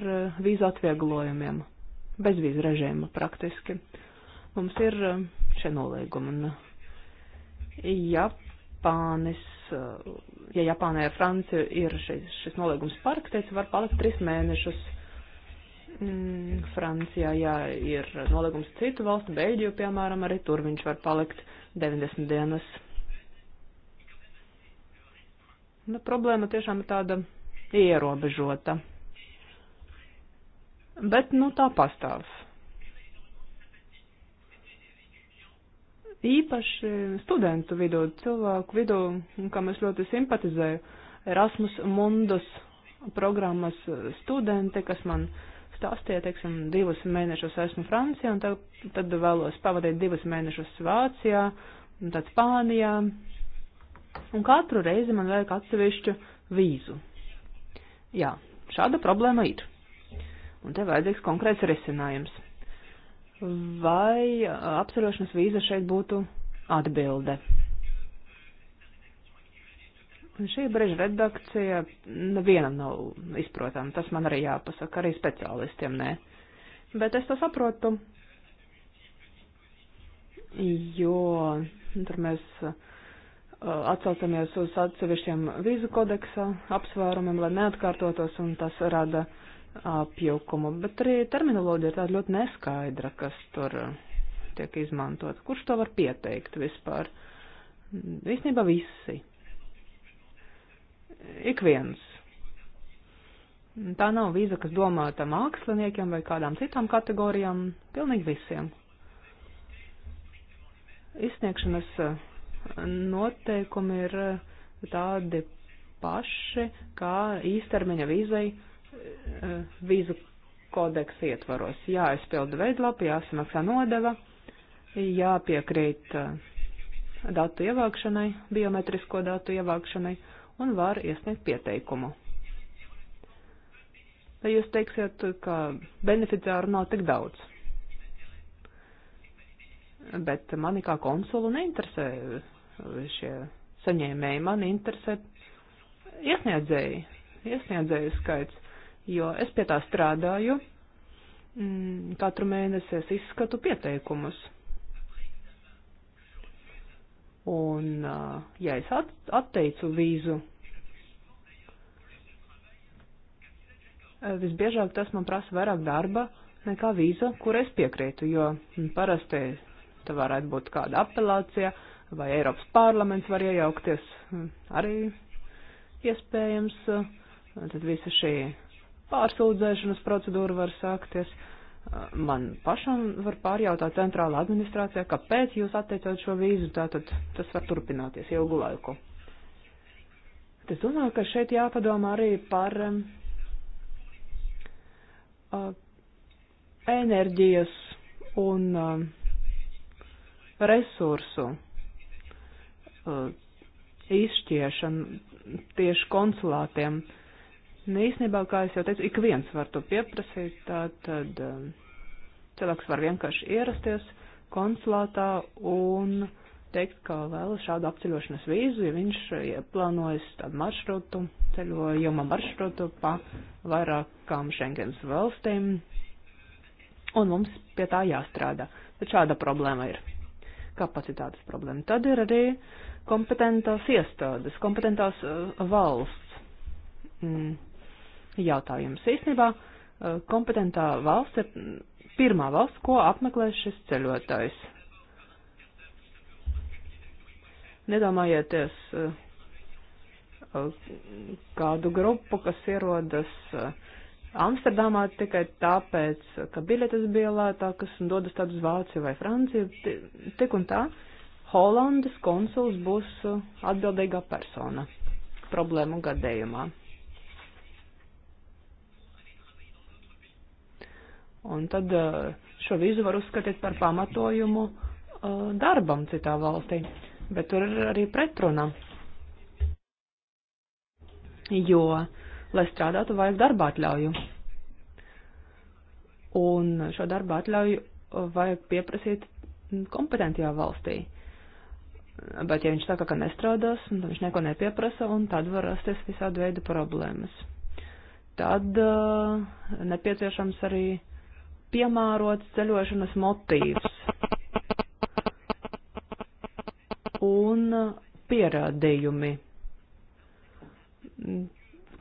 D: vīzu atvieglojumiem, bezvīzu režīmu praktiski. Mums ir šie nolīgumi, un Japānis, ja Japānai ar Franciju ir šis, šis nolīgums parakstēts, var palikt trīs mēnešus Mm, Francijā jā, ir nolīgums citu valstu, Beļģiju, piemēram, arī tur viņš var palikt 90 dienas. Nu, problēma tiešām ir tāda ierobežota. Bet, nu, tā pastāv. Īpaši studentu vidū, cilvēku vidū, kam es ļoti simpatizēju, Erasmus Mundus programmas studenti, kas man uh, stāstīja, teiksim, divus mēnešus esmu Francijā, un tad, tad vēlos pavadīt divus mēnešus Vācijā, un tad Spānijā. Un katru reizi man vajag atsevišķu vīzu. Jā, šāda problēma ir. Un te vajadzīgs konkrēts risinājums. Vai apsarošanas vīza šeit būtu atbilde? Šī brīža redakcija nevienam nav izprotama, tas man arī jāpasaka, arī speciālistiem nē. Bet es to saprotu, jo tur mēs uh, atsaucamies uz atsevišķiem vīzu kodeksa apsvērumiem, lai neatkārtotos, un tas rada apjukumu. Bet arī terminoloģija ir tāda ļoti neskaidra, kas tur uh, tiek izmantot. Kurš to var pieteikt vispār? Visnībā visi ik viens. Tā nav vīza, kas domāta māksliniekiem vai kādām citām kategorijām, pilnīgi visiem. Izsniegšanas eh, noteikumi ir eh, tādi paši, kā īstermiņa vīzai eh, vīzu kodeks ietvaros. Jā, aizpilda veidlapu, jāsamaksā nodeva, jāpiekrīt datu ievākšanai, biometrisko datu ievākšanai. Uh, un var iesniegt pieteikumu. Vai jūs teiksiet, ka beneficiāru nav tik daudz? Bet mani kā konsulu neinteresē šie saņēmēji, mani interesē iesniedzēji, iesniedzēju skaits, jo es pie tā strādāju, mm, katru mēnesi es izskatu pieteikumus Un, uh, ja es atteicu vīzu, eh, visbiežāk tas man prasa vairāk darba nekā vīza, kur es piekrītu, jo parasti te varētu būt kāda apelācija vai Eiropas parlaments var iejaukties hm, arī iespējams. Eh, tad visa šī pārsūdzēšanas procedūra var sākties. Uh, man pašam var pārjautāt centrāla administrācijā, kāpēc jūs atteicāt šo vīzu, tātad tas var turpināties ilgu laiku. Es domāju, ka šeit jāpadomā arī par um, uh, enerģijas un uh, resursu uh, izšķiešanu tieši konsulātiem. Uh, Ne, nu, īstenībā, kā es jau teicu, ik viens var to pieprasīt, tā tad um, cilvēks var vienkārši ierasties konsulātā un teikt, ka vēlas šādu apceļošanas vīzu, ja viņš uh, plānojas tādu maršrutu, ceļojuma maršrutu pa vairākām Schengens valstīm, un mums pie tā jāstrādā. Tad šāda problēma ir kapacitātes problēma. Tad ir arī kompetentās iestādes, kompetentās uh, valsts. Mm jautājums. Īsnībā eh, kompetentā valsts ir pirmā valsts, ko apmeklē šis ceļotājs. Nedomājieties eh, kādu grupu, kas ierodas eh, Amsterdamā tikai tāpēc, ka biļetes bija lētākas un dodas tad uz Vāciju vai Franciju. Tik un tā, Holandas konsuls būs atbildīgā persona problēmu gadījumā. Un tad eh, šo vīzu var uzskatīt par pamatojumu eh, darbam citā valstī. Bet tur ir arī pretruna. Jo, lai strādātu, vajag darba atļauju. Un šo darba atļauju eh, vajag pieprasīt kompetentajā valstī. Bet, ja viņš saka, ka nestrādās, tad viņš neko nepieprasa, un tad var rasties visādi veidi problēmas. Tad uh, nepieciešams arī uh, piemērots ceļošanas motīvs un pierādījumi.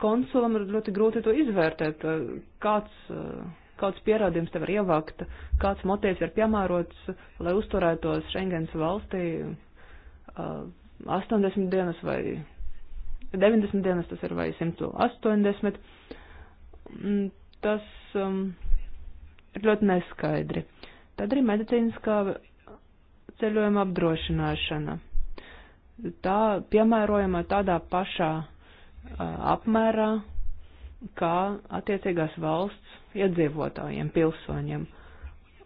D: Konsulam ir ļoti grūti to izvērtēt, kāds, kāds pierādījums te var ievākt, kāds motīvs ir piemērots, lai uzturētos Schengens valstī 80 dienas vai 90 dienas, tas ir vai 180. Mm, tas um, ir ļoti neskaidri. Tad arī medicīniskā ceļojuma apdrošināšana. Tā piemērojama tādā pašā uh, apmērā kā attiecīgās valsts iedzīvotājiem, pilsoņiem.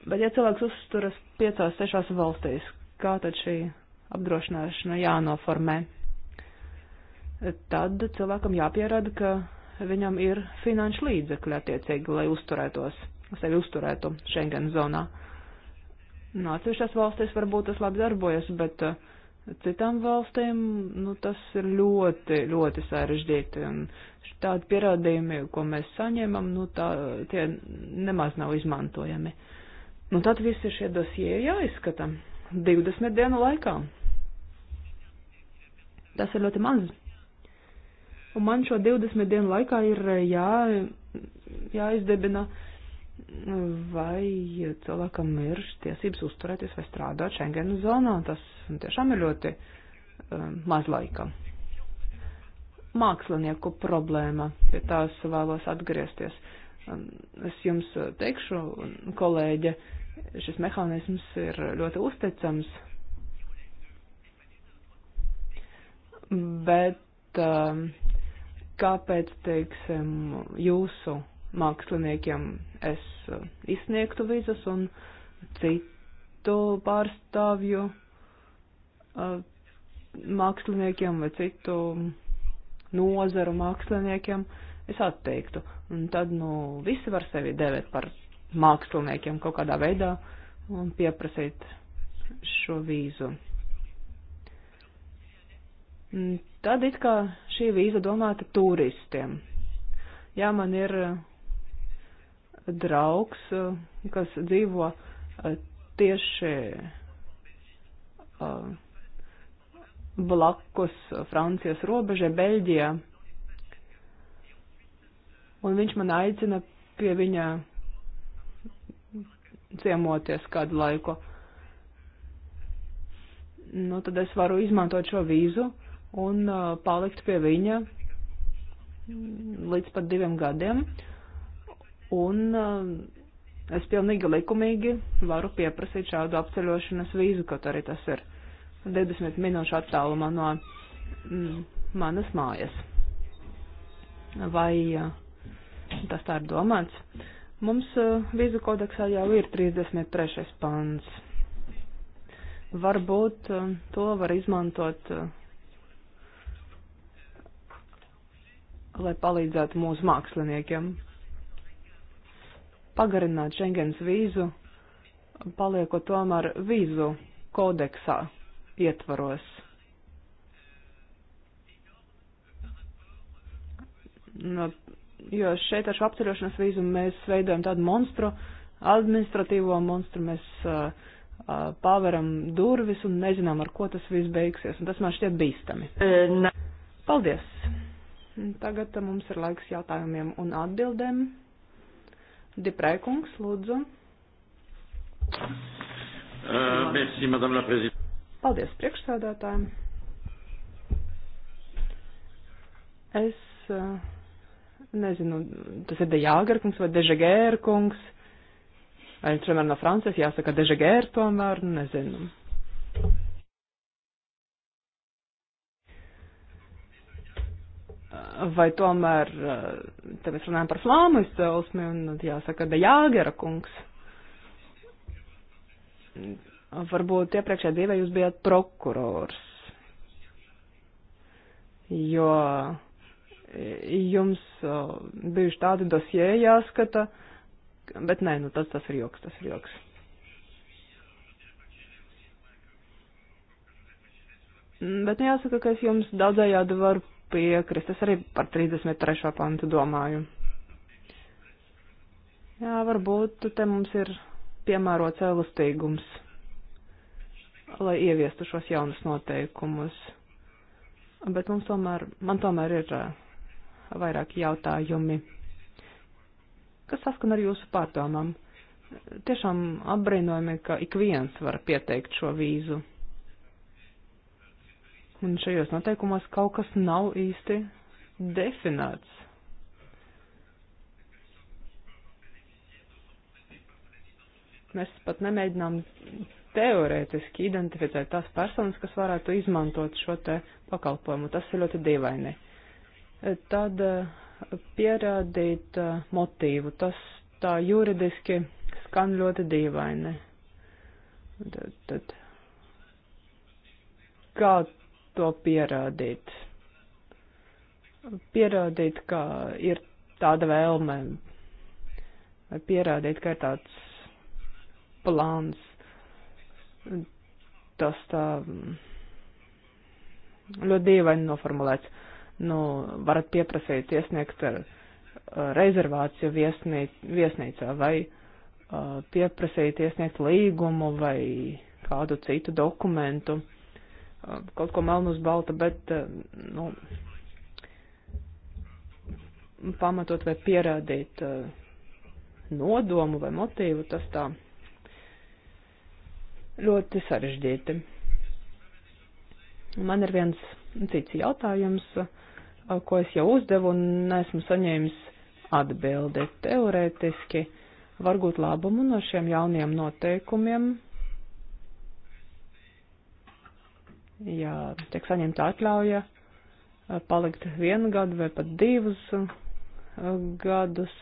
D: Bet ja cilvēks uzturas piecās, sešās valstīs, kā tad šī apdrošināšana jānoformē? Tad cilvēkam jāpierada, ka viņam ir finanšu līdzekļi attiecīgi, lai uzturētos sevi uzturētu Schengen zonā. Nu, atsevišķās valstīs varbūt tas labi darbojas, bet eh, citām valstīm nu, tas ir ļoti, ļoti sarežģīti. Un tādi pierādījumi, ko mēs saņemam, nu, tā, tie nemaz nav izmantojami. Nu, tad visi šie dosie ir jāizskata 20 dienu laikā. Tas ir ļoti maz. Un man šo 20 dienu laikā ir eh, jā, jāizdebina uh, vai cilvēkam ir tiesības uzturēties vai strādāt Schengen zonā. Tas tiešām ir ļoti um, maz laika. Mākslinieku problēma, pie tās vēlos atgriezties. Um, es jums teikšu, kolēģe, šis mehānisms ir ļoti uzticams, bet um, kāpēc, teiksim, jūsu māksliniekiem es eh, izsniegtu vīzas un citu pārstāvju eh, māksliniekiem vai citu nozaru māksliniekiem es atteiktu. Un tad, nu, visi var sevi devēt par māksliniekiem kaut kādā veidā un pieprasīt šo vīzu. Tad it kā šī vīza domāta turistiem. Jā, man ir eh, draugs, eh, kas dzīvo eh, tieši eh, blakus Francijas robežai, Beļģijā. Un viņš man aicina pie viņa ciemoties kādu laiku. Nu, tad es varu izmantot šo vīzu un uh, palikt pie viņa līdz pat diviem gadiem. Uh, Un eh, es pilnīgi likumīgi varu pieprasīt šādu apceļošanas vīzu, kaut arī tas ir 20 minūšu attālumā no mm, manas mājas. Vai eh, tas tā ir domāts? Mums eh, vīzu kodeksā jau ir 33. pants. Varbūt to var izmantot, lai palīdzētu mūsu māksliniekiem pagarināt Schengens vīzu, paliekot tomēr vīzu kodeksā ietvaros. No, jo šeit ar šo apceļošanas vīzu mēs veidojam tādu monstru, administratīvo monstru, mēs uh, uh, paveram durvis un nezinām, ar ko tas viss beigsies, un tas man šķiet bīstami. E, Paldies! Tagad mums ir laiks jautājumiem un atbildēm. Dipraikungs, lūdzu.
E: Uh, merci, madame la prezidente.
D: Paldies priekšsādātājiem. Es uh, nezinu, tas ir Dejāgarkungs vai Dežagērkungs. Viņš vienmēr no Francijas jāsaka Dežagēr tomēr, nezinu. vai tomēr, eh, te mēs runājam par flāmu izcelsmi, un jāsaka, de Jāgera kungs. Varbūt iepriekšējā dzīvē jūs bijāt prokurors, jo jums eh, bijuši tādi dosie jāskata, bet nē, nu tas, tas ir joks, tas ir joks. Bet nu, jāsaka, ka es jums daudzējādi varu piekrist. Es arī par 33. pantu domāju. Jā, varbūt te mums ir piemērots elastīgums, lai ieviestu šos jaunus noteikumus. Bet mums tomēr, man tomēr ir eh, vairāki jautājumi, kas saskan ar jūsu pārdomām. Tiešām apbrīnojami, ka ik viens var pieteikt šo vīzu. Un šajos noteikumos kaut kas nav īsti definēts. Mēs pat nemēģinām teorētiski identificēt tās personas, kas varētu izmantot šo te pakalpojumu. Tas ir ļoti dīvaini. Tad eh, pierādīt eh, motīvu. Tas tā juridiski skan ļoti dīvaini. Tad, tad, kā to pierādīt. Pierādīt, ka ir tāda vēlme, vai pierādīt, ka ir tāds plāns. Tas tā mm, ļoti dīvaini noformulēts. Nu, varat pieprasīt iesniegt ar uh, rezervāciju viesnīc, viesnīcā vai uh, pieprasīt iesniegt līgumu vai kādu citu dokumentu. Uh, kaut ko melnu uz balta, bet, nu, pamatot vai pierādīt nodomu vai motīvu, tas tā ļoti sarežģīti. Man ir viens cits jautājums, ko es jau uzdevu un nesmu saņēmis atbildi. Teorētiski var būt labumu no šiem jauniem noteikumiem ja tiek saņemta atļauja eh, palikt vienu gadu vai pat divus eh, gadus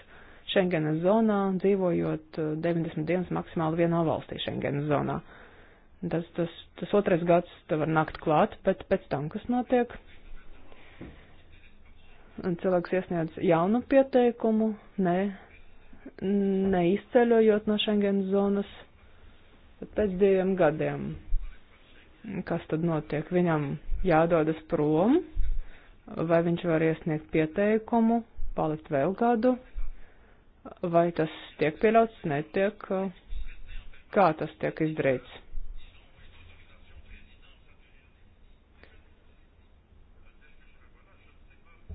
D: Schengena zonā, dzīvojot 90 eh, dienas maksimāli vienā valstī Schengena zonā. Tas, tas, tas otrais gads te var nakt klāt, bet pēc tam, kas notiek, cilvēks iesniedz jaunu pieteikumu, ne, neizceļojot no Schengen zonas, bet pēc diviem gadiem Kas tad notiek? Viņam jādodas prom, vai viņš var iesniegt pieteikumu, palikt vēl gadu, vai tas tiek pieļauts, netiek, kā tas tiek izdarīts.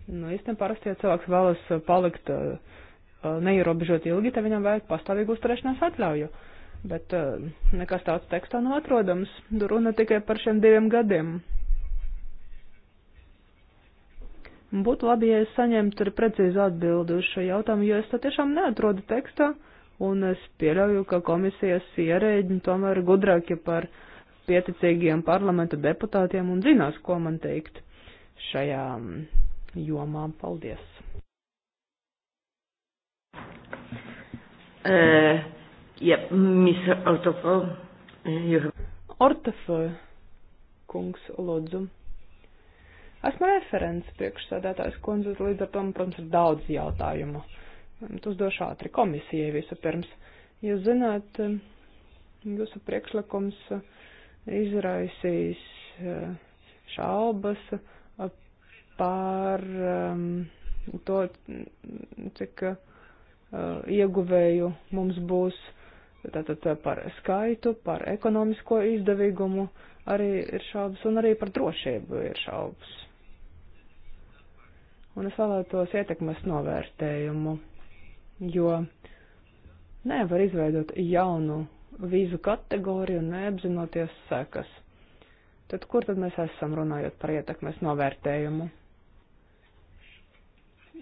D: Nu, īstenībā parasti, ja cilvēks vēlas palikt uh, neierobežot ilgi, tad viņam vajag pastāvīgu uzturēšanās atļauju. Uh, bet eh, nekas tāds tekstā nav atrodams. Runa tikai par šiem diviem gadiem. Būtu labi, ja es saņemtu arī precīzi atbildi uz šo jautājumu, jo es to tiešām neatrodu tekstā, un es pieļauju, ka komisijas ierēģi tomēr gudrāki par pieticīgiem parlamenta deputātiem un zinās, ko man teikt šajā mm, jomā. Paldies! Uh. Yep, Mr. Ortofo. Have... Ortofo, kungs, lūdzu. Esmu referents priekšsēdētājs kundzes, līdz ar to, protams, ir daudz jautājumu. Tas došu ātri komisijai vispirms. Jūs zināt, eh, jūsu priekšlikums eh, izraisīs eh, šaubas par to, mm, cik ieguvēju mums būs Tātad eh, par skaitu, par ekonomisko izdevīgumu arī ir šaubas, un arī par drošību ir šaubas. Un es vēlētos ietekmes novērtējumu, jo nevar izveidot jaunu vīzu kategoriju neapzinoties sekas. Tad kur tad mēs esam runājot par ietekmes novērtējumu?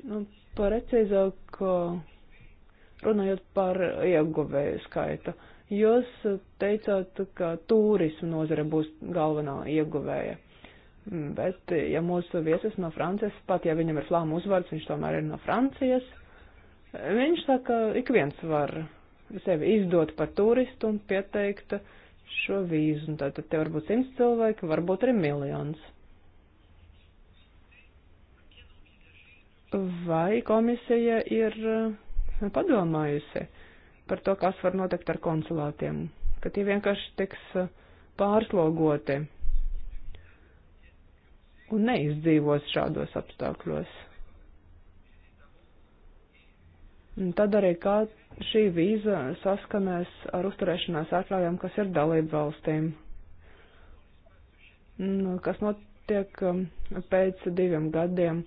D: Nu, precīzāk, runājot par ieguvēju skaitu. Jūs teicāt, ka turismu nozare būs galvenā ieguvēja. Mm, bet, ja mūsu viesis no Francijas, pat ja viņam ir flāma uzvārds, viņš tomēr ir no Francijas, viņš saka, ik viens var sevi izdot par turistu un pieteikt šo vīzu. Un tātad te varbūt simts cilvēki, varbūt arī miljons. Vai komisija ir esmu padomājusi par to, kas var notikt ar konsulātiem, ka tie vienkārši tiks uh, pārslogoti un neizdzīvos šādos apstākļos. Un tad arī kā šī vīza saskanēs ar uzturēšanās atļaujām, kas ir dalību valstīm. Un kas notiek um, pēc diviem gadiem?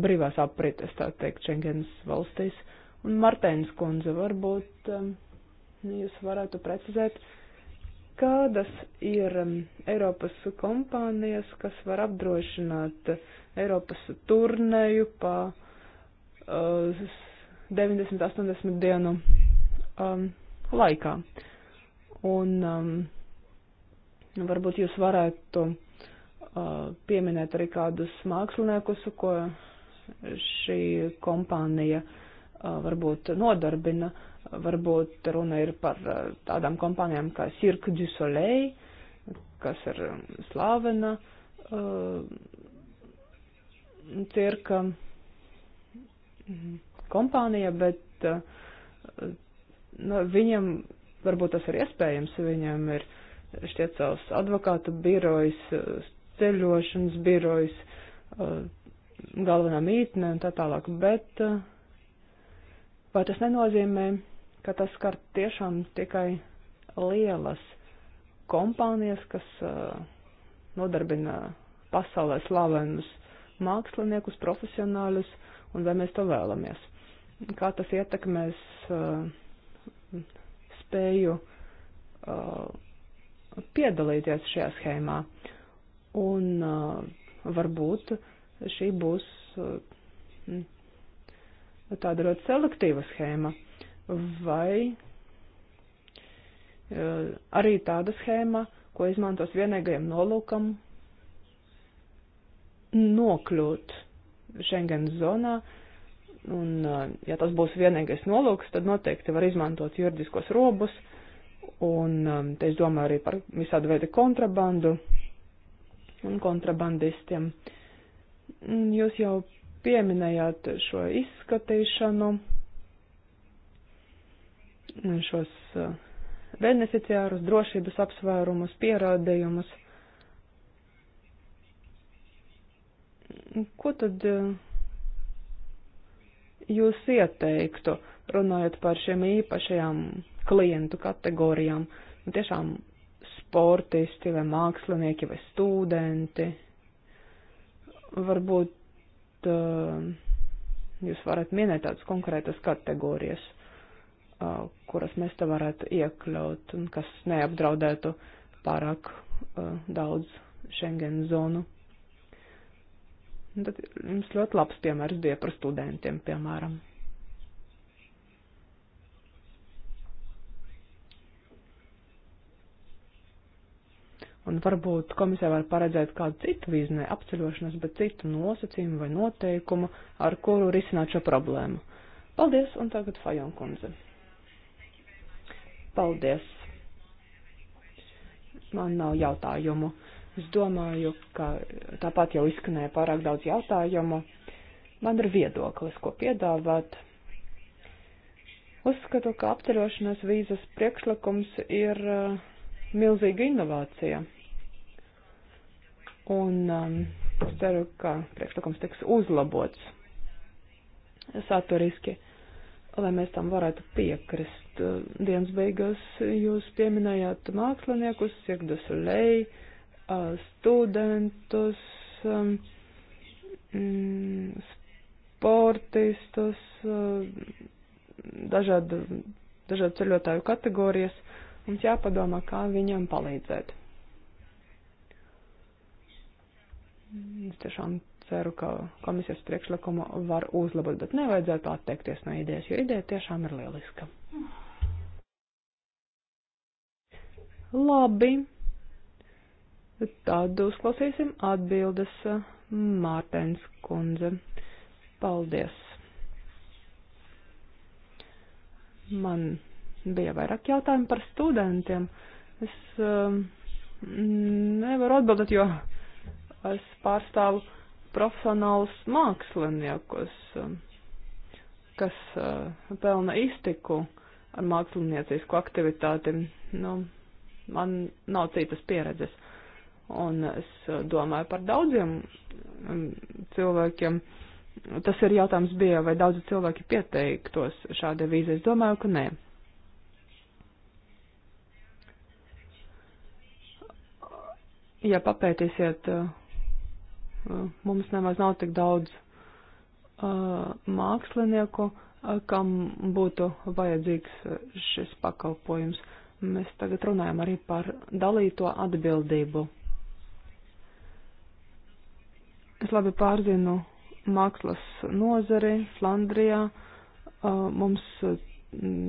D: brīvās aprites, tā teikt, Čengens valstīs. Un Martēns kundze, varbūt um, jūs varētu precizēt, kādas ir um, Eiropas kompānijas, kas var apdrošināt Eiropas turnēju pa uh, 90-80 dienu um, laikā. Un um, varbūt jūs varētu pieminēt arī kādus māksliniekus, ko šī kompānija varbūt nodarbina. Varbūt runa ir par tādām kompānijām kā Cirque du Soleil, kas ir slavena cirka mhm, kompānija, bet nu, viņam varbūt tas ir iespējams, viņam ir šķiet savs advokātu birojs, ceļošanas birojas, uh, galvenā mītne un tā tālāk, bet uh, vai tas nenozīmē, ka tas skar tiešām tikai lielas kompānijas, kas uh, nodarbina pasaulē slavenus māksliniekus, profesionāļus, un vai mēs to vēlamies. Kā tas ietekmēs spēju piedalīties šajā schēmā. Un uh, varbūt šī būs uh, tāda ļoti selektīva schēma. Vai uh, arī tāda schēma, ko izmantos vienīgajam nolūkam nokļūt Schengen zonā. Un, uh, ja tas būs vienīgais nolūks, tad noteikti var izmantot juridiskos robus. Un um, te es domāju arī par visādu veidu kontrabandu, un kontrabandistiem. Jūs jau pieminējāt šo izskatīšanu, šos uh, beneficiārus, drošības apsvērumus, pierādījumus. Ko tad uh, jūs ieteiktu, runājot par šiem īpašajām klientu kategorijām? Nu, tiešām sportisti vai mākslinieki vai studenti. Varbūt eh, jūs varat minēt tādas konkrētas kategorijas, eh, kuras mēs te varētu iekļaut un kas neapdraudētu pārāk eh, daudz Schengen zonu. Un tad jums ļoti labs piemērs bija par studentiem, piemēram. Un varbūt komisija var paredzēt kādu citu vīzu, ne apceļošanas, bet citu nosacījumu vai noteikumu, ar kuru risināt šo problēmu. Paldies, un tagad Fajon kundze. Paldies. Man nav jautājumu. Es domāju, ka tāpat jau izskanēja pārāk daudz jautājumu. Man ir viedoklis, ko piedāvāt. Uzskatu, ka apceļošanas vīzas priekšlikums ir uh, milzīga inovācija. Un um, es ceru, ka priekšlikums tiks uzlabots saturiski, lai mēs tam varētu piekrist. Dienas beigās jūs pieminējāt māksliniekus, Sirgdus Lei, uh, studentus, um, mm, sportistus, uh, dažādu, dažādu ceļotāju kategorijas. Uh, Mums jāpadomā, kā viņam palīdzēt. Es tiešām ceru, ka komisijas priekšlikumu var uzlabot, bet nevajadzētu atteikties no idejas, jo ideja tiešām ir lieliska. Labi. Tad uzklausīsim atbildes eh, Mārtens kundze. Paldies. Man Bija vairāk jautājumu par studentiem. Es um, nevaru atbildēt, jo es pārstāvu profesionālus māksliniekus, um, kas uh, pelna iztiku ar māksliniecisku aktivitāti. Nu, man nav citas pieredzes. Un es uh, domāju par daudziem um, cilvēkiem. Tas ir jautājums bija, vai daudzi cilvēki pieteiktos šādai vīzai. Es domāju, ka nē. ja papētīsiet, eh, mums nemaz nav tik daudz eh, mākslinieku, eh, kam būtu vajadzīgs šis pakalpojums. Mēs tagad runājam arī par dalīto atbildību. Es labi pārzinu mākslas nozari Flandrijā. Mums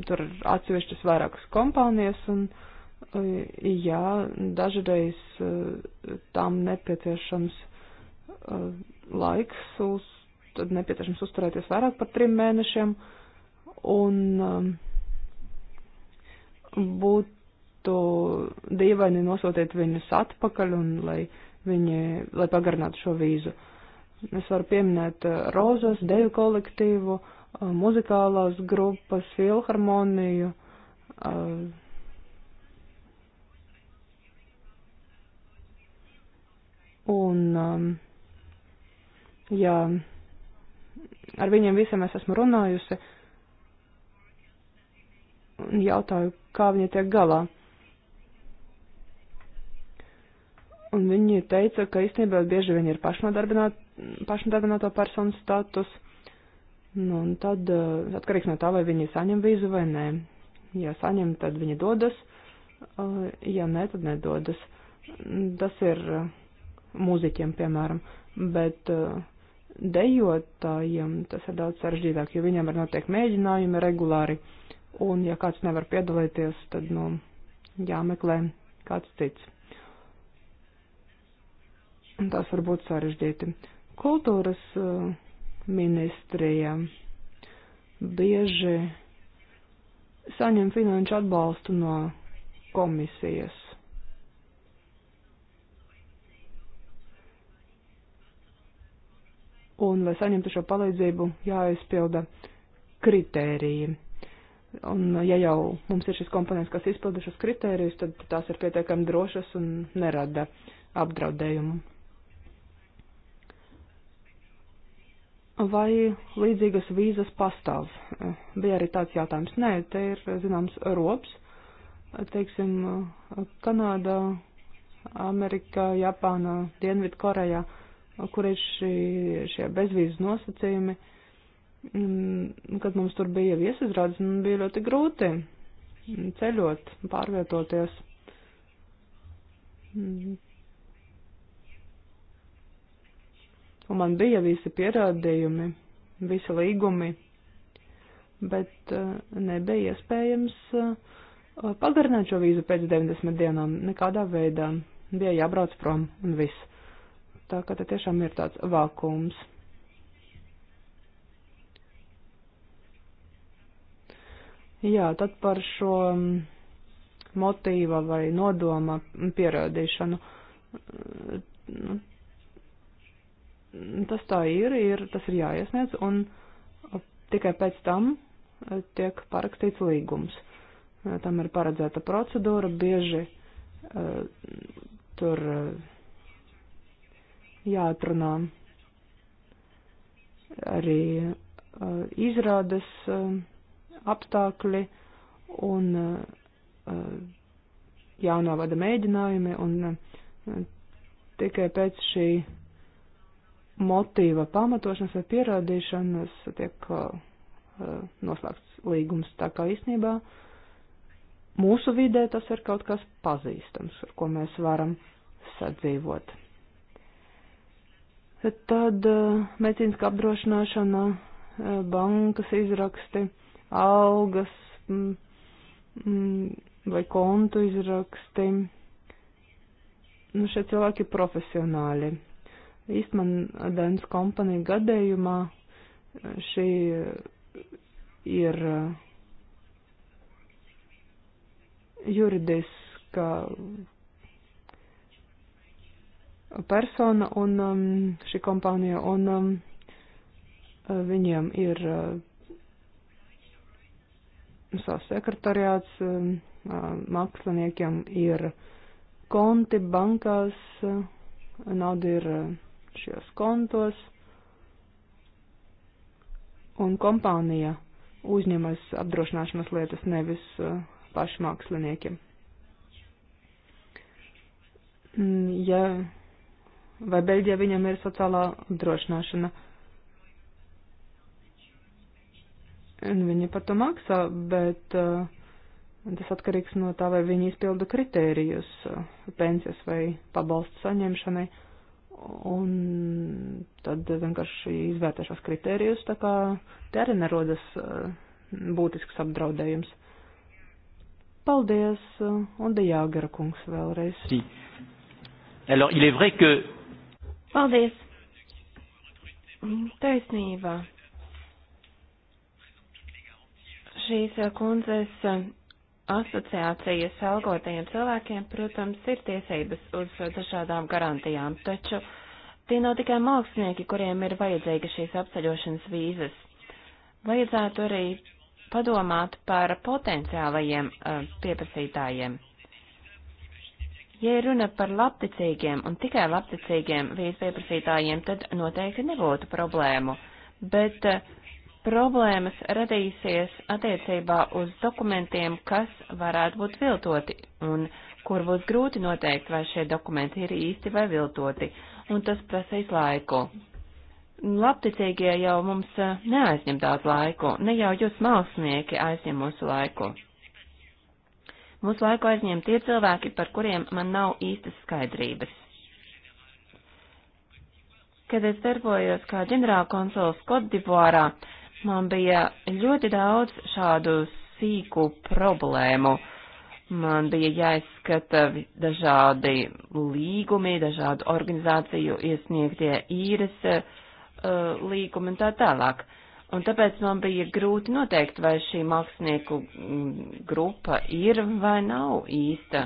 D: tur ir atsevišķas vairākas kompānijas un uh, jā, dažreiz eh, tam nepieciešams eh, laiks, uz, tad nepieciešams uzturēties vairāk par trim mēnešiem, un eh, būtu dīvaini nosūtīt viņus atpakaļ, un lai, viņi, lai pagarinātu šo vīzu. Es varu pieminēt Rozas, Deju kolektīvu, muzikālās grupas, filharmoniju. Uh, Un, um, ja ar viņiem visiem es esmu runājusi un jautāju, kā viņi tiek galā. Un viņi teica, ka īstenībā bieži viņi ir pašnodarbināto personu status. Nu, un tad uh, atkarīgs no tā, vai viņi saņem vīzu vai nē. Ja saņem, tad viņi dodas, uh, ja nē, tad nedodas. Tas ir. Uh, mūziķiem, piemēram, bet eh, dejotājiem tas ir daudz sarežģītāk, jo viņiem ir notiek mēģinājumi regulāri, un ja kāds nevar piedalīties, tad, nu, jāmeklē kāds cits. Tas var būt sarežģīti. Kultūras eh, ministrija bieži saņem finanšu atbalstu no komisijas un, lai saņemtu šo palīdzību, jāizpilda kritēriji. Un, ja jau mums ir šis komponents, kas izpilda šos kritērijus, tad tās ir pietiekami drošas un nerada apdraudējumu. Vai līdzīgas vīzas pastāv? Bija arī tāds jautājums. Nē, te ir, zināms, robs. Teiksim, Kanāda, Amerika, Japāna, Dienvidkoreja. Korejā kur ir šī, šie bezvīzes nosacījumi. Un, kad mums tur bija viesizrādes, nu, bija ļoti grūti ceļot, pārvietoties. Un man bija visi pierādījumi, visi līgumi, bet eh, nebija iespējams eh, pagarināt šo vīzu pēc 90 dienām nekādā veidā. Bija jābrauc prom un viss tā ka te tiešām ir tāds vakums. Jā, tad par šo mm, motīva vai nodoma pierādīšanu. Mm, mm, tas tā ir, ir tas ir jāiesniedz, un tikai pēc tam eh, tiek parakstīts līgums. Eh, tam ir paredzēta procedūra, bieži eh, tur jāatrunā. Arī uh, izrādes uh, apstākļi un uh, jānovada mēģinājumi un uh, tikai pēc šī motīva pamatošanas vai pierādīšanas tiek uh, noslēgts līgums. Tā kā īstenībā mūsu vidē tas ir kaut kas pazīstams, ar ko mēs varam sadzīvot. Tad eh, medicīniska apdrošināšana, eh, bankas izraksti, algas mm, mm, vai kontu izraksti. Nu, šie cilvēki ir profesionāļi. Īstman Dēns kompanija gadējumā eh, šī ir juridiska persona un um, šī kompānija, un um, uh, viņiem ir uh, savs sekretariāts, um, uh, māksliniekiem ir konti bankās, uh, nauda ir uh, šajos kontos, un kompānija uzņemas apdrošināšanas lietas nevis uh, paši mākslinieki. Mm, ja vai Beļģijā viņam ir sociālā apdrošināšana. Un viņi par to maksā, bet uh, tas atkarīgs no tā, vai viņi izpilda kritērijus uh, pensijas vai pabalstu saņemšanai. Un tad vienkārši izvērtē šos kritērijus, tā kā te arī nerodas uh, būtisks apdraudējums. Paldies, uh, un Dejāgara kungs vēlreiz.
E: Si. Alors, il est vrai que
A: Paldies! Taisnība. Šīs kundzes asociācijas algotajiem cilvēkiem, protams, ir tiesības uz dažādām garantijām, taču tie nav tikai mākslinieki, kuriem ir vajadzīga šīs apceļošanas vīzas. Vajadzētu arī padomāt par potenciālajiem eh, pieprasītājiem. Ja ir runa par labticīgiem un tikai labticīgiem vīzu pieprasītājiem, tad noteikti nebūtu problēmu, bet eh, problēmas radīsies attiecībā uz dokumentiem, kas varētu būt viltoti un kur būs grūti noteikt, vai šie dokumenti ir īsti vai viltoti, un tas prasīs laiku. Labticīgie jau mums eh, neaizņem daudz laiku, ne jau jūs mākslinieki aizņem mūsu laiku. Mūsu laiku aizņem tie cilvēki, par kuriem man nav īstas skaidrības. Kad es darbojos kā ģenerālkonsuls Kodivuārā, man bija ļoti daudz šādu sīku problēmu. Man bija jāizskata dažādi līgumi, dažādu organizāciju iesniegtie īres uh, līgumi un tā tālāk. Un tāpēc man bija grūti noteikt, vai šī mākslinieku mm, grupa ir vai nav īsta.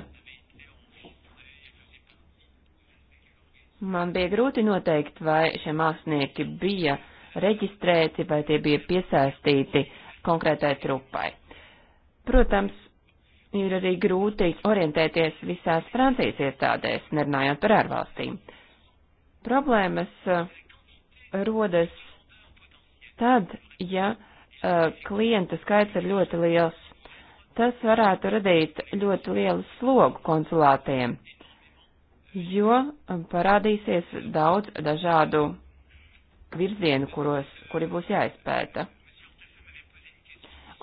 A: Man bija grūti noteikt, vai šie mākslinieki bija reģistrēti, vai tie bija piesaistīti konkrētai trupai. Protams, ir arī grūti orientēties visās Francijas iestādēs, nerunājot par ārvalstīm. Problēmas eh, rodas tad, ja uh, klientu skaits ir ļoti liels, tas varētu radīt ļoti lielu slogu konsulātiem, jo parādīsies daudz dažādu virzienu, kuros, kuri būs jāizpēta.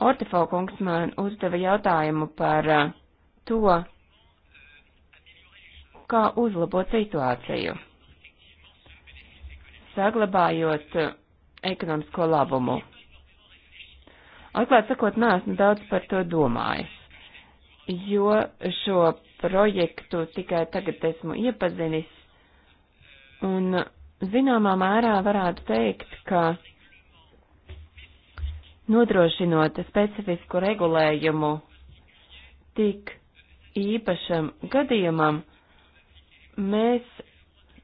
A: Ortefaukungs man uzdeva jautājumu par to, kā uzlabot situāciju. Saglabājot ekonomisko labumu. Atklāt sakot, neesmu daudz par to domājis, jo šo projektu tikai tagad esmu iepazinis, un zināmā mērā varētu teikt, ka nodrošinot specifisku regulējumu tik īpašam gadījumam, mēs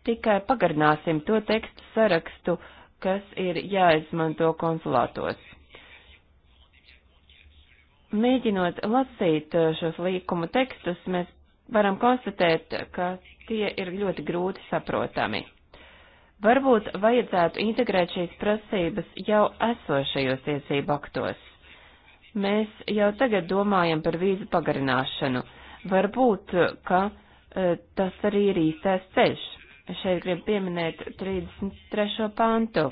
A: tikai pagarināsim to tekstu sarakstu, kas ir jāizmanto konsulātos. Mēģinot lasīt uh, šos līkumu tekstus, mēs varam konstatēt, ka tie ir ļoti grūti saprotami. Varbūt vajadzētu integrēt šīs prasības jau esošajos tiesību aktos. Mēs jau tagad domājam par vīzu pagarināšanu. Varbūt, uh, ka e, tas arī ir īstais ceļš šeit gribu pieminēt 33. pantu.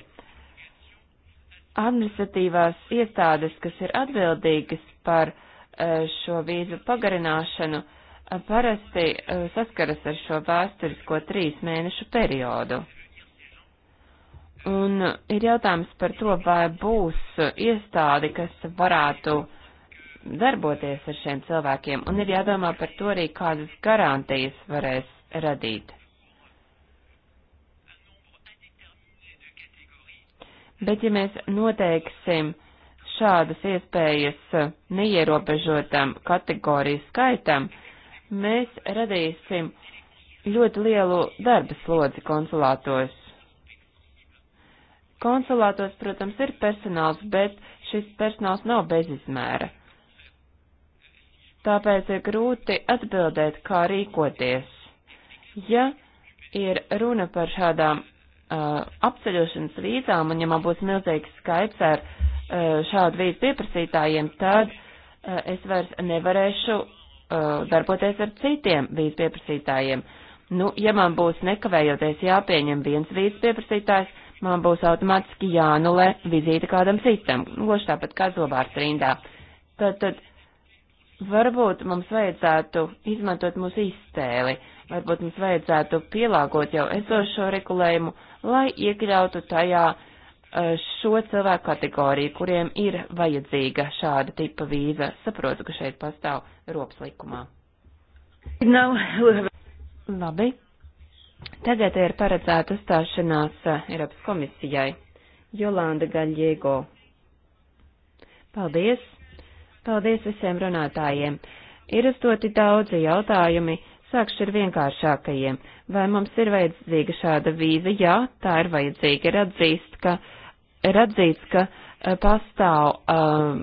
A: Administratīvās iestādes, kas ir atbildīgas par e, šo vīzu pagarināšanu, e, parasti e, saskaras ar šo vēsturisko trīs mēnešu periodu. Un ir jautājums par to, vai būs iestādi, kas varētu darboties ar šiem cilvēkiem, un ir jādomā par to arī, kādas garantijas varēs radīt. Bet ja mēs noteiksim šādas iespējas neierobežotam kategoriju skaitam, mēs radīsim ļoti lielu darba slodzi konsulātos. Konsulātos, protams, ir personāls, bet šis personāls nav bezizmēra. Tāpēc ir grūti atbildēt, kā rīkoties. Ja ir runa par šādām uh, apceļošanas vīzām, un ja man būs milzīgs skaits ar uh, šādu vīzu pieprasītājiem, tad uh, es vairs nevarēšu uh, darboties ar citiem vīzu pieprasītājiem. Nu, ja man būs nekavējoties jāpieņem viens vīzu pieprasītājs, man būs automātiski jānulē vizīte kādam citam, gluži tāpat kā zobārs rindā. Tad, tad varbūt mums vajadzētu izmantot mūsu izstēli, varbūt mums vajadzētu pielāgot jau esošo regulējumu, uh, lai iekļautu tajā eh, šo cilvēku kategoriju, kuriem ir vajadzīga šāda tipa vīza. Saprotu, ka šeit pastāv rops likumā. Nav. Labi. Tagad ir paredzēta uzstāšanās eh, Eiropas komisijai. Jolanda Gaļiego. Paldies! Paldies visiem runātājiem! Ir uzdoti daudzi jautājumi, Sākšu ar vienkāršākajiem. Vai mums ir vajadzīga šāda vīza? Jā, tā ir vajadzīga. Ir atzīst, ka, ir atzīts, ka eh, pastāv um,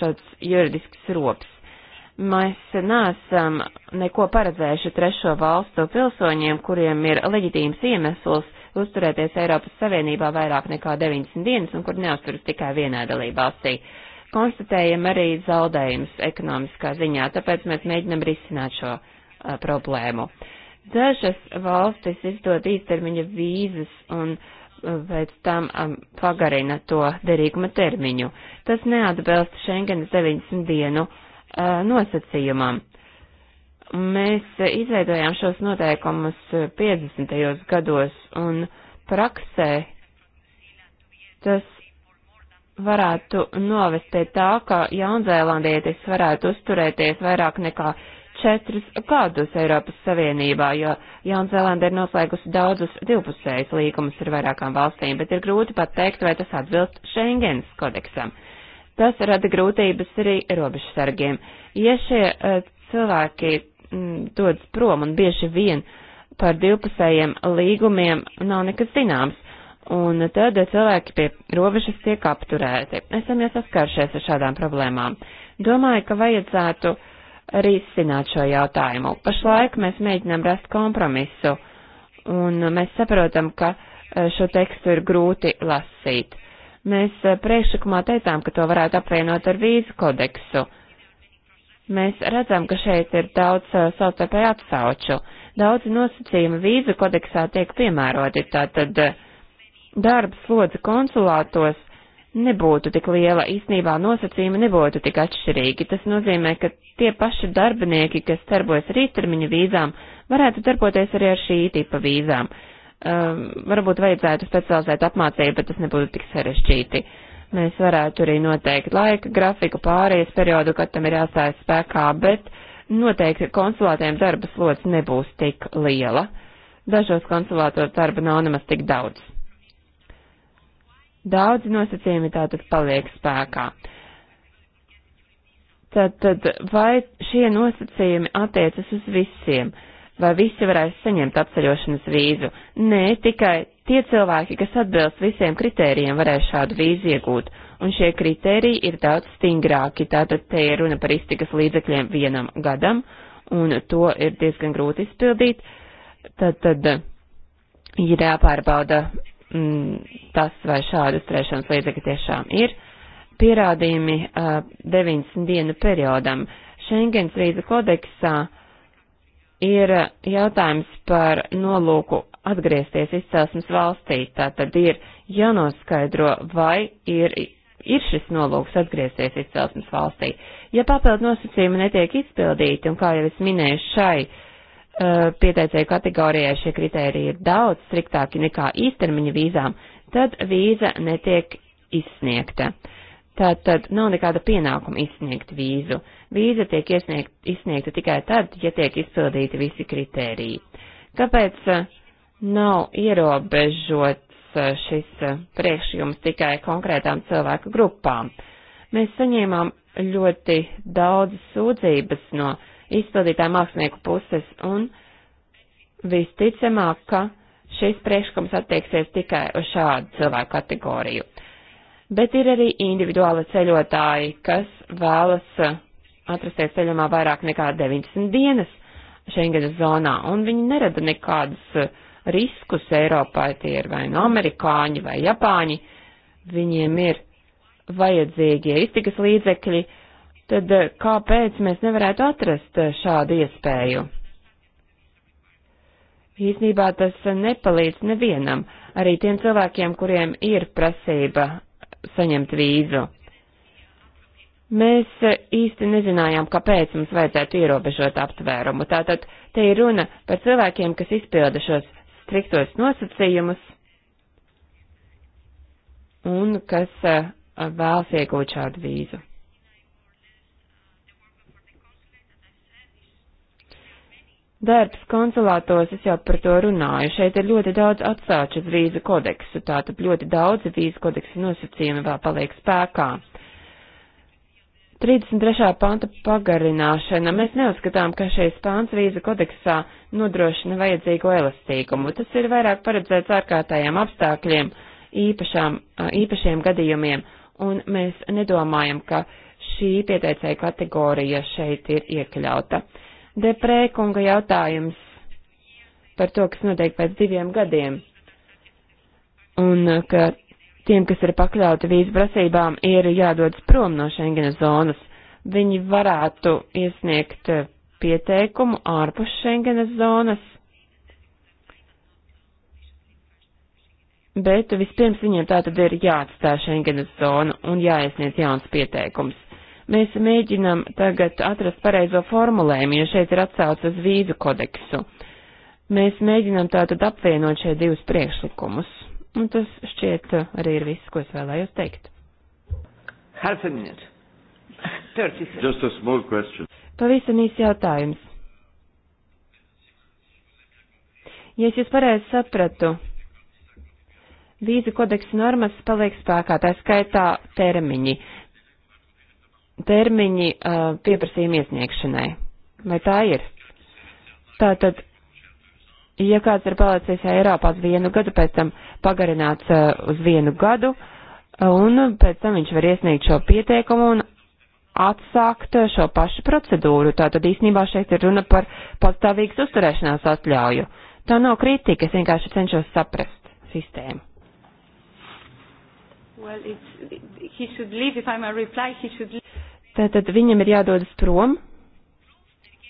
A: šāds juridisks rops. Mēs neesam neko paredzējuši trešo valstu pilsoņiem, kuriem ir leģitīms iemesls uzturēties Eiropas Savienībā vairāk nekā 90 dienas un kur neuzturas tikai vienā dalībvalstī. Konstatējam arī zaudējumus ekonomiskā ziņā, tāpēc mēs mēģinam risināt šo a, uh, problēmu. Dažas valstis izdod īstermiņa vīzas un uh, pēc tam um, pagarina to derīguma termiņu. Tas neatbilst Schengenas 90 dienu uh, nosacījumam. Mēs uh, izveidojām šos noteikumus 50. Uh, gados un praksē tas varētu novest pie tā, ka Jaunzēlandietis varētu uzturēties vairāk nekā četrus gadus Eiropas Savienībā, jo Jaunzēlanda ir noslēgusi daudzus divpusējus līgumus ar vairākām valstīm, bet ir grūti pateikt, vai tas atbilst Schengens kodeksam. Tas rada grūtības arī robežsargiem. Ja šie uh, cilvēki m, mm, dodas prom un bieži vien par divpusējiem līgumiem nav nekas zināms, un tad cilvēki pie robežas tiek apturēti. Esam jau saskāršies ar šādām problēmām. Domāju, ka vajadzētu uh, risināt šo jautājumu. Pašlaik mēs mēģinām rast kompromisu, un mēs saprotam, ka eh, šo tekstu ir grūti lasīt. Mēs eh, priekšlikumā teicām, ka to varētu apvienot ar vīzu kodeksu. Mēs redzam, ka šeit ir daudz eh, savstarpēju atsauču. Daudzi nosacījumi vīzu kodeksā tiek piemēroti, tātad darba slodze konsulātos nebūtu tik liela, īstenībā nosacījumi nebūtu tik atšķirīgi. Tas nozīmē, ka tie paši darbinieki, kas darbojas ar īstermiņa vīzām, varētu darboties arī ar šī tipa vīzām. Um, varbūt vajadzētu specializēt apmācību, bet tas nebūtu tik sarežģīti. Mēs varētu arī noteikt laika grafiku pārējais periodu, kad tam ir jāstājas spēkā, bet noteikti konsulātiem darba slots nebūs tik liela. Dažos konsulātos darba nav nemaz tik daudz. Daudzi nosacījumi tātad paliek spēkā. Tātad, vai šie nosacījumi attiecas uz visiem? Vai visi varēs saņemt apceļošanas vīzu? Nē, tikai tie cilvēki, kas atbilst visiem kritērijiem, varēs šādu vīzu iegūt. Un šie kritēriji ir daudz stingrāki. Tātad te ir runa par iztikas līdzekļiem vienam gadam, un to ir diezgan grūti izpildīt. Tātad ir jāpārbauda mm, tas, vai šādi uzturēšanas līdzekļi tiešām ir, pierādījumi uh, 90 dienu periodam. Schengens vīza kodeksā ir jautājums par nolūku atgriezties izcelsmes valstī. Tātad ir jānoskaidro, vai ir, ir šis nolūks atgriezties izcelsmes valstī. Ja papildu nosacījumi netiek izpildīti, un kā jau es minēju, šai uh, Eh, pieteicēju kategorijai šie kriteriji ir daudz striktāki nekā īstermiņa vīzām, tad vīza netiek izsniegta. Tātad nav nekāda pienākuma izsniegt vīzu. Vīza tiek iesniegt, izsniegta tikai tad, ja tiek izpildīti visi kriteriji. Kāpēc eh, nav ierobežots eh, šis priekšjums tikai konkrētām cilvēku grupām? Mēs saņēmām ļoti daudz sūdzības no uh, izpildītāju mākslinieku puses, un visticamāk, ka šis priekšlikums attieksies tikai uz šādu cilvēku kategoriju. Bet ir arī individuāli ceļotāji, kas vēlas eh, atrasties ceļojumā vairāk nekā 90 dienas Schengenas zonā, un viņi nerada nekādus eh, riskus Eiropai, tie ir vai no nu amerikāņi vai japāņi, viņiem ir vajadzīgie iztikas līdzekļi, uh, tad eh, kāpēc mēs nevarētu atrast eh, šādu iespēju? Īsnībā tas nepalīdz nevienam, arī tiem cilvēkiem, kuriem ir prasība saņemt vīzu. Mēs eh, īsti nezinājām, kāpēc mums vajadzētu ierobežot aptvērumu. Tātad te ir runa par cilvēkiem, kas izpilda šos striktos nosacījumus un kas vēlas iegūt šādu vīzu. Darbs konsulātos, es jau par to runāju, šeit ir ļoti daudz atsāču uz vīzu kodeksu, tātad ļoti daudzi vīzu kodeksu nosacījumi vēl paliek spēkā. 33. panta pagarināšana. Mēs neuzskatām, ka šīs pants vīzu kodeksā nodrošina vajadzīgo elastīgumu. Tas ir vairāk paredzēts ārkārtējiem apstākļiem, īpašām, īpašiem gadījumiem, un mēs nedomājam, ka šī pieteicēja kategorija šeit ir iekļauta. Deprēkunga jautājums par to, kas notiek pēc diviem gadiem. Un uh, ka tiem, kas ir pakļauti vīzu prasībām, ir jādodas prom no Schengenas zonas. Viņi varētu iesniegt uh, pieteikumu ārpus Schengenas zonas, bet vispirms viņiem tātad ir jāatstāj Schengenas zona un jāiesniedz jauns pieteikums. Mēs mēģinam tagad atrast pareizo formulējumu, jo šeit ir atsauce uz vīzu kodeksu. Mēs mēģinam tātad apvienot šeit divus priekšlikumus. Un tas šķiet uh, arī ir viss, ko es vēlējos teikt.
B: Half a minute.
A: 30
E: seconds. Just a small question.
A: Pavisam īsts jautājums. Ja es jūs pareizi sapratu, vīzu kodeksa normas paliek spēkā, tā skaitā termiņi termiņi uh, pieprasījuma iesniegšanai. Vai tā ir? Tātad, ja kāds ir palicis Eiropā uz vienu gadu, pēc tam pagarināts uh, uz vienu gadu, un pēc tam viņš var iesniegt šo pieteikumu un atsākt šo pašu procedūru. Tātad īsnībā šeit ir runa par pastāvīgas uzturēšanās atļauju. Tā nav kritika, es vienkārši cenšos saprast sistēmu.
B: Well, it's, he should leave, if I'm a reply, he should leave.
A: Tātad viņam ir jādodas prom,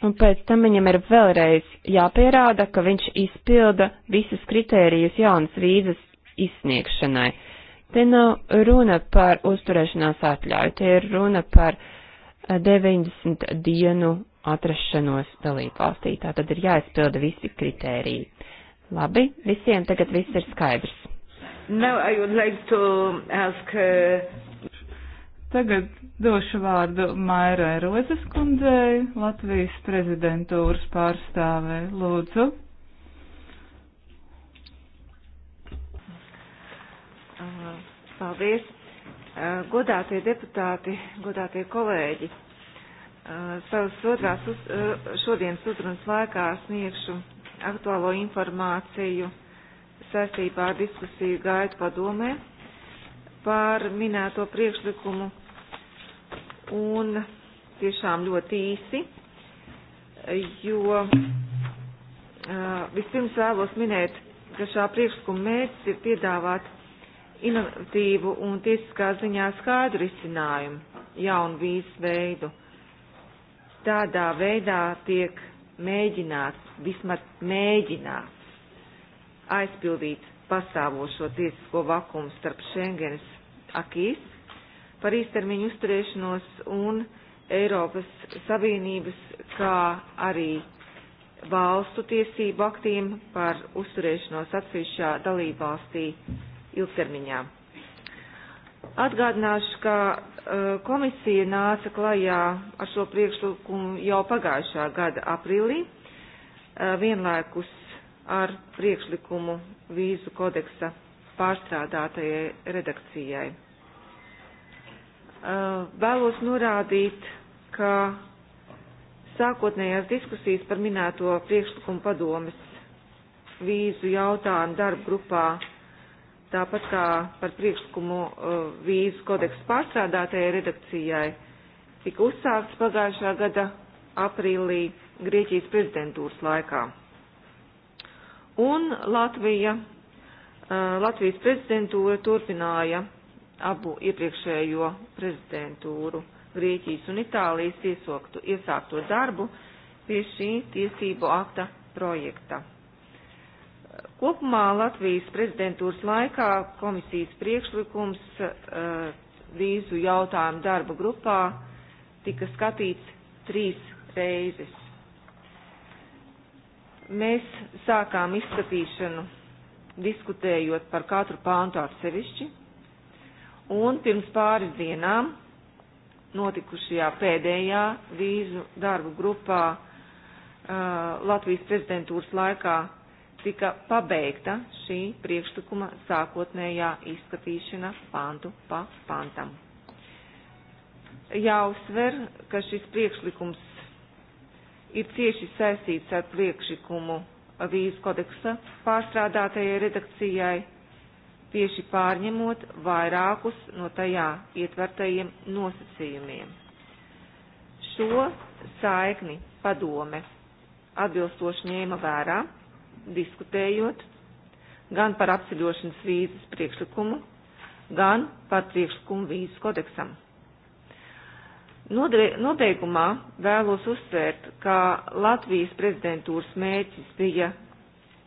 A: un pēc tam viņam ir vēlreiz jāpierāda, ka viņš izpilda visus kritērijus jaunas vīzas izsniegšanai. Te nav runa par uzturēšanās atļauju, te ir runa par 90 eh, dienu atrašanos dalībvalstī. Tā tad ir jāizpilda visi kritēriji. Labi, visiem tagad viss ir skaidrs.
B: Now I would like to ask uh, Tagad došu vārdu
C: Mairai Rozes kundzei, Latvijas prezidentūras pārstāvē. Lūdzu.
B: Paldies. Godātie deputāti, godātie kolēģi, savas otrās uz, šodienas uzrunas laikā sniegšu aktuālo informāciju saistībā ar diskusiju gaitu padomē par minēto priekšlikumu un tiešām ļoti īsi, jo vispirms vēlos minēt, ka šā priekšlikuma mērķis ir piedāvāt inovatīvu un tiesiskā ziņā skaidru risinājumu jaunu vīzu veidu. Tādā veidā tiek mēģināts, vismaz mēģināts aizpildīt pastāvošo tiesisko vakumu starp Schengenes akīs par īstermiņu uzturēšanos un Eiropas Savienības, kā arī valstu tiesību aktiem par uzturēšanos atsevišķā dalībvalstī ilgtermiņā. Atgādināšu, ka uh, komisija nāca klajā ar šo priekšlikumu jau pagājušā gada aprīlī, uh, vienlaikus ar priekšlikumu vīzu kodeksa pārstrādātajai redakcijai vēlos norādīt, ka sākotnējās diskusijas par minēto priekšlikumu padomes vīzu jautājumu darba grupā, tāpat kā par priekšlikumu vīzu kodeksu pārstrādātajai redakcijai, tika uzsākts pagājušā gada aprīlī Grieķijas prezidentūras laikā. Un Latvija, Latvijas prezidentūra turpināja abu iepriekšējo prezidentūru Grieķijas un Itālijas iesoktu, iesākto darbu pie šī tiesību akta projekta. Kopumā Latvijas prezidentūras laikā komisijas priekšlikums eh, vīzu jautājumu darba grupā tika skatīts trīs reizes. Mēs sākām izskatīšanu diskutējot par katru pāntu atsevišķi Un pirms pāris dienām notikušajā pēdējā vīzu darbu grupā uh, Latvijas prezidentūras laikā tika pabeigta šī priekšlikuma sākotnējā izskatīšana pantu pa pantam. Jāuzsver, ka šis priekšlikums ir cieši saistīts ar priekšlikumu vīzu kodeksa pārstrādātajai redakcijai tieši pārņemot vairākus no tajā ietvertajiem nosacījumiem. Šo saikni padome atbilstoši ņēma vērā, diskutējot gan par apceļošanas vīzes priekšlikumu, gan par priekšlikumu vīzes kodeksam. Noteikumā vēlos uzsvērt, ka Latvijas prezidentūras mērķis bija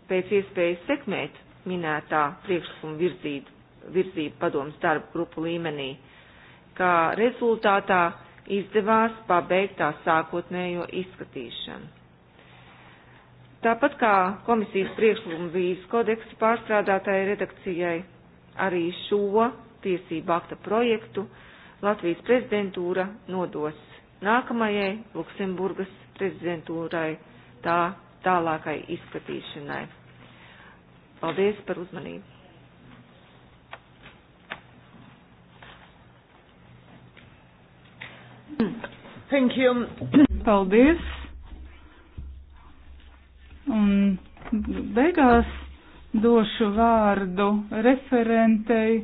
B: pēc iespējas sekmēt minētā priekšlikuma virzību, virzību padomas darba grupu līmenī, kā rezultātā izdevās pabeigt tā sākotnējo izskatīšanu. Tāpat kā komisijas priekšlikuma vīzes kodeksa pārstrādātāja redakcijai, arī šo tiesību akta projektu Latvijas prezidentūra nodos nākamajai Luksemburgas prezidentūrai tā tālākai izskatīšanai. Paldies par uzmanību!
E: Thank you.
C: Paldies. Un beigās došu vārdu referentei,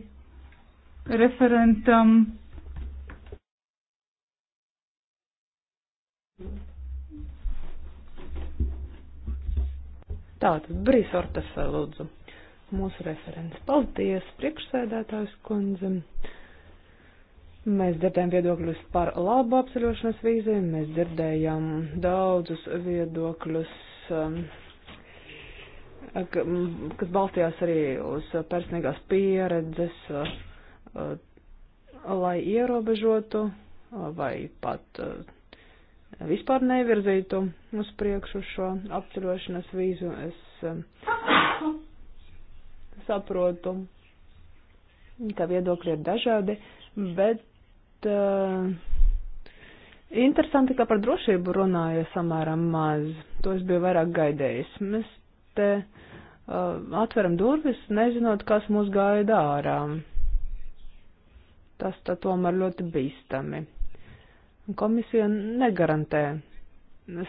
C: referentam.
D: Tātad Brīsortas lūdzu mūsu referents. Paldies, priekšsēdētājs kundze. Mēs dzirdējām viedokļus par labu apceļošanas vīzēm, mēs dzirdējām daudzus viedokļus, um, kas balstījās arī uz personīgās pieredzes, uh, lai ierobežotu uh, vai pat uh, vispār nevirzītu uz priekšu šo apceļošanas vīzu. Es um, saprotu, ka viedokļi ir dažādi, bet uh, interesanti, ka par drošību runāja samērā maz. To es biju vairāk gaidējis. Mēs te uh, atveram durvis, nezinot, kas mūs gaida ārā. Tas tā tomēr ļoti bīstami. Komisija negarantē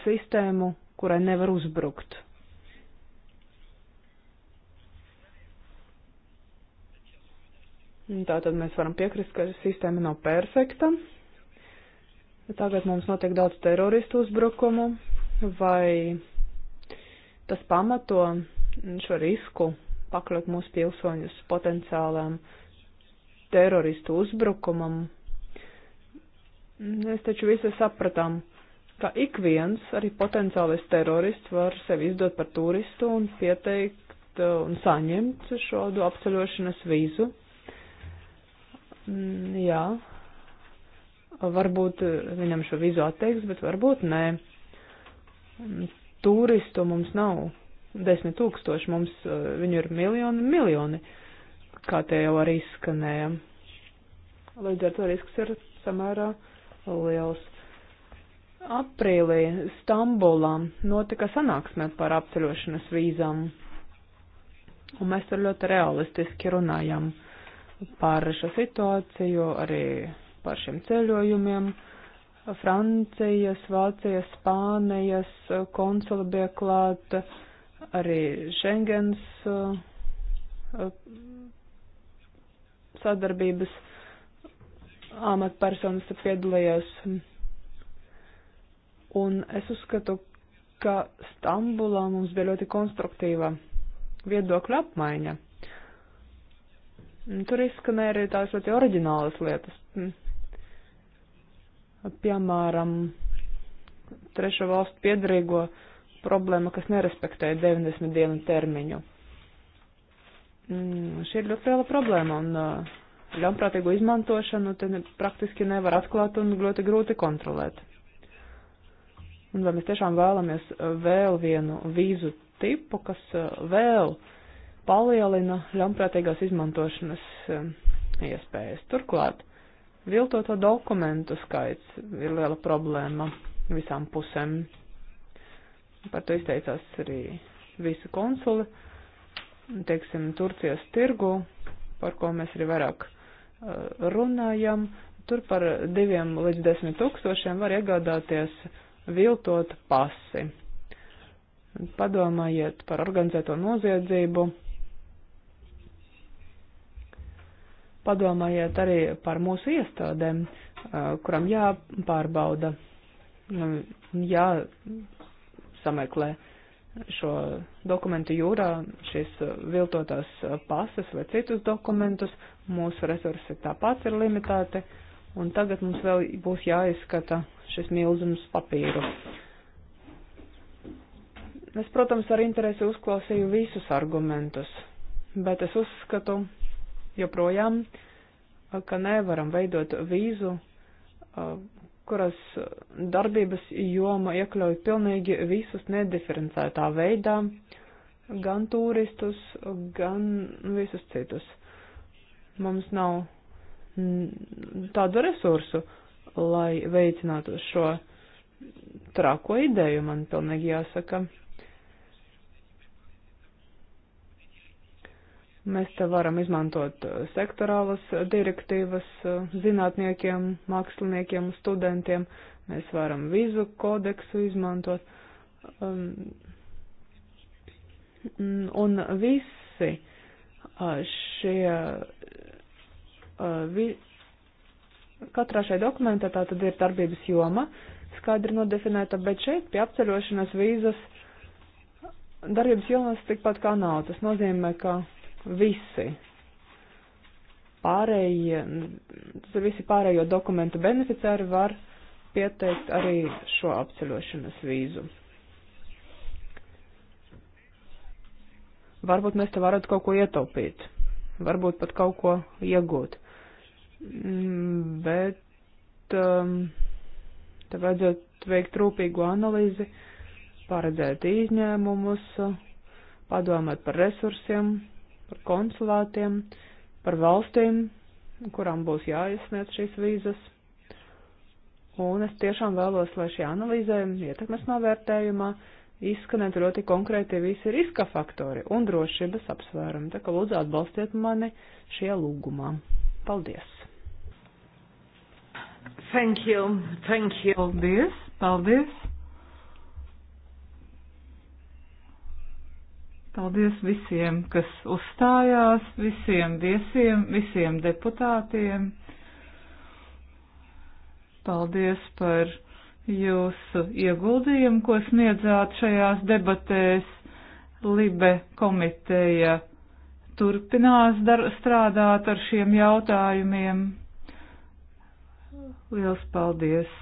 D: sistēmu, kurai nevar uzbrukt. Tātad mēs varam piekrist, ka sistēma nav perfekta. Tagad mums notiek daudz teroristu uzbrukumu, vai tas pamato šo risku pakļaut mūsu pilsoņus potenciālām teroristu uzbrukumam Mm, mēs taču visi sapratām, ka ik viens, arī potenciālais terorists, var sevi izdot par turistu un pieteikt uh, un saņemt šādu apceļošanas vīzu. Mm, jā, varbūt uh, viņam šo vīzu atteiks, bet varbūt nē. Mm, turistu mums nav desmit tūkstoši, mums uh, viņu ir miljoni, miljoni, kā te jau arī skanēja. Līdz ar to risks ir samērā. Uh, liels. Aprīlī Stambulā notika sanāksme par apceļošanas vīzām, un mēs tur ļoti realistiski runājam par šo situāciju, arī par šiem ceļojumiem. Francijas, Vācijas, Spānijas konsula bija klāt, arī Schengens eh, sadarbības amatpersonas piedalījās. Un es uzskatu, ka Stambulā mums bija ļoti konstruktīva viedokļa apmaiņa. Tur izskanēja arī tās ļoti oriģinālas lietas. Piemēram, trešo valstu piedarīgo problēma, kas nerespektēja 90 dienu termiņu. Šī ir ļoti liela problēma, un uh, ļaunprātīgu izmantošanu te praktiski nevar atklāt un ļoti grūti kontrolēt. Un vai mēs tiešām vēlamies uh, vēl vienu vīzu tipu, kas uh, vēl palielina ļaunprātīgās izmantošanas um, iespējas. Turklāt, viltoto dokumentu skaits ir liela problēma visām pusēm. Par to izteicās arī visi konsuli, teiksim, Turcijas tirgu, par ko mēs arī vairāk runājam, tur par diviem līdz desmit tūkstošiem var iegādāties viltot pasi. Padomājiet par organizēto noziedzību. Padomājiet arī par mūsu iestādēm, kuram jāpārbauda, jāsameklē. Ja šo dokumentu jūrā, šīs uh, viltotās uh, pasas vai citus dokumentus, mūsu resursi tāpat ir limitēti, un tagad mums vēl būs jāizskata šis milzums papīru. Es, protams, ar interesi uzklausīju visus argumentus, bet es uzskatu joprojām, uh, ka nevaram veidot vīzu kuras darbības joma iekļauj pilnīgi visus nediferencētā veidā, gan turistus, gan visus citus. Mums nav tādu resursu, lai veicinātu šo trako ideju, man pilnīgi jāsaka. Mēs te varam izmantot uh, sektorālas uh, direktīvas uh, zinātniekiem, māksliniekiem, studentiem. Mēs varam vizu kodeksu izmantot. Um, un visi šie, katrā šai dokumentā tā tad ir darbības joma skaidri nodefinēta, bet šeit pie apceļošanas vīzas darbības jomas tikpat kā nav. Tas nozīmē, ka visi pārējie, tas ir visi pārējo dokumentu beneficiāri var pieteikt arī šo apceļošanas vīzu. Varbūt mēs te varētu kaut ko ietaupīt, varbūt pat kaut ko iegūt, mm, bet um, te vajadzētu veikt rūpīgu analīzi, paredzēt izņēmumus, padomāt par resursiem par konsulātiem, par valstīm, kurām būs jāizsniedz šīs vīzas. Un es tiešām vēlos, lai šī analīzē ietekmes novērtējumā izskanētu ļoti konkrēti visi riska faktori un drošības apsvērumi. Tā kā lūdzu atbalstiet mani šajā lūgumā.
B: Paldies! Thank you, thank you. Paldies, paldies.
C: Paldies visiem, kas uzstājās, visiem viesiem, visiem deputātiem. Paldies par jūsu ieguldījumu, ko sniedzāt šajās debatēs. Libe komiteja turpinās dar, strādāt ar šiem jautājumiem. Liels paldies!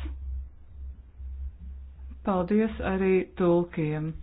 C: Paldies arī tulkiem!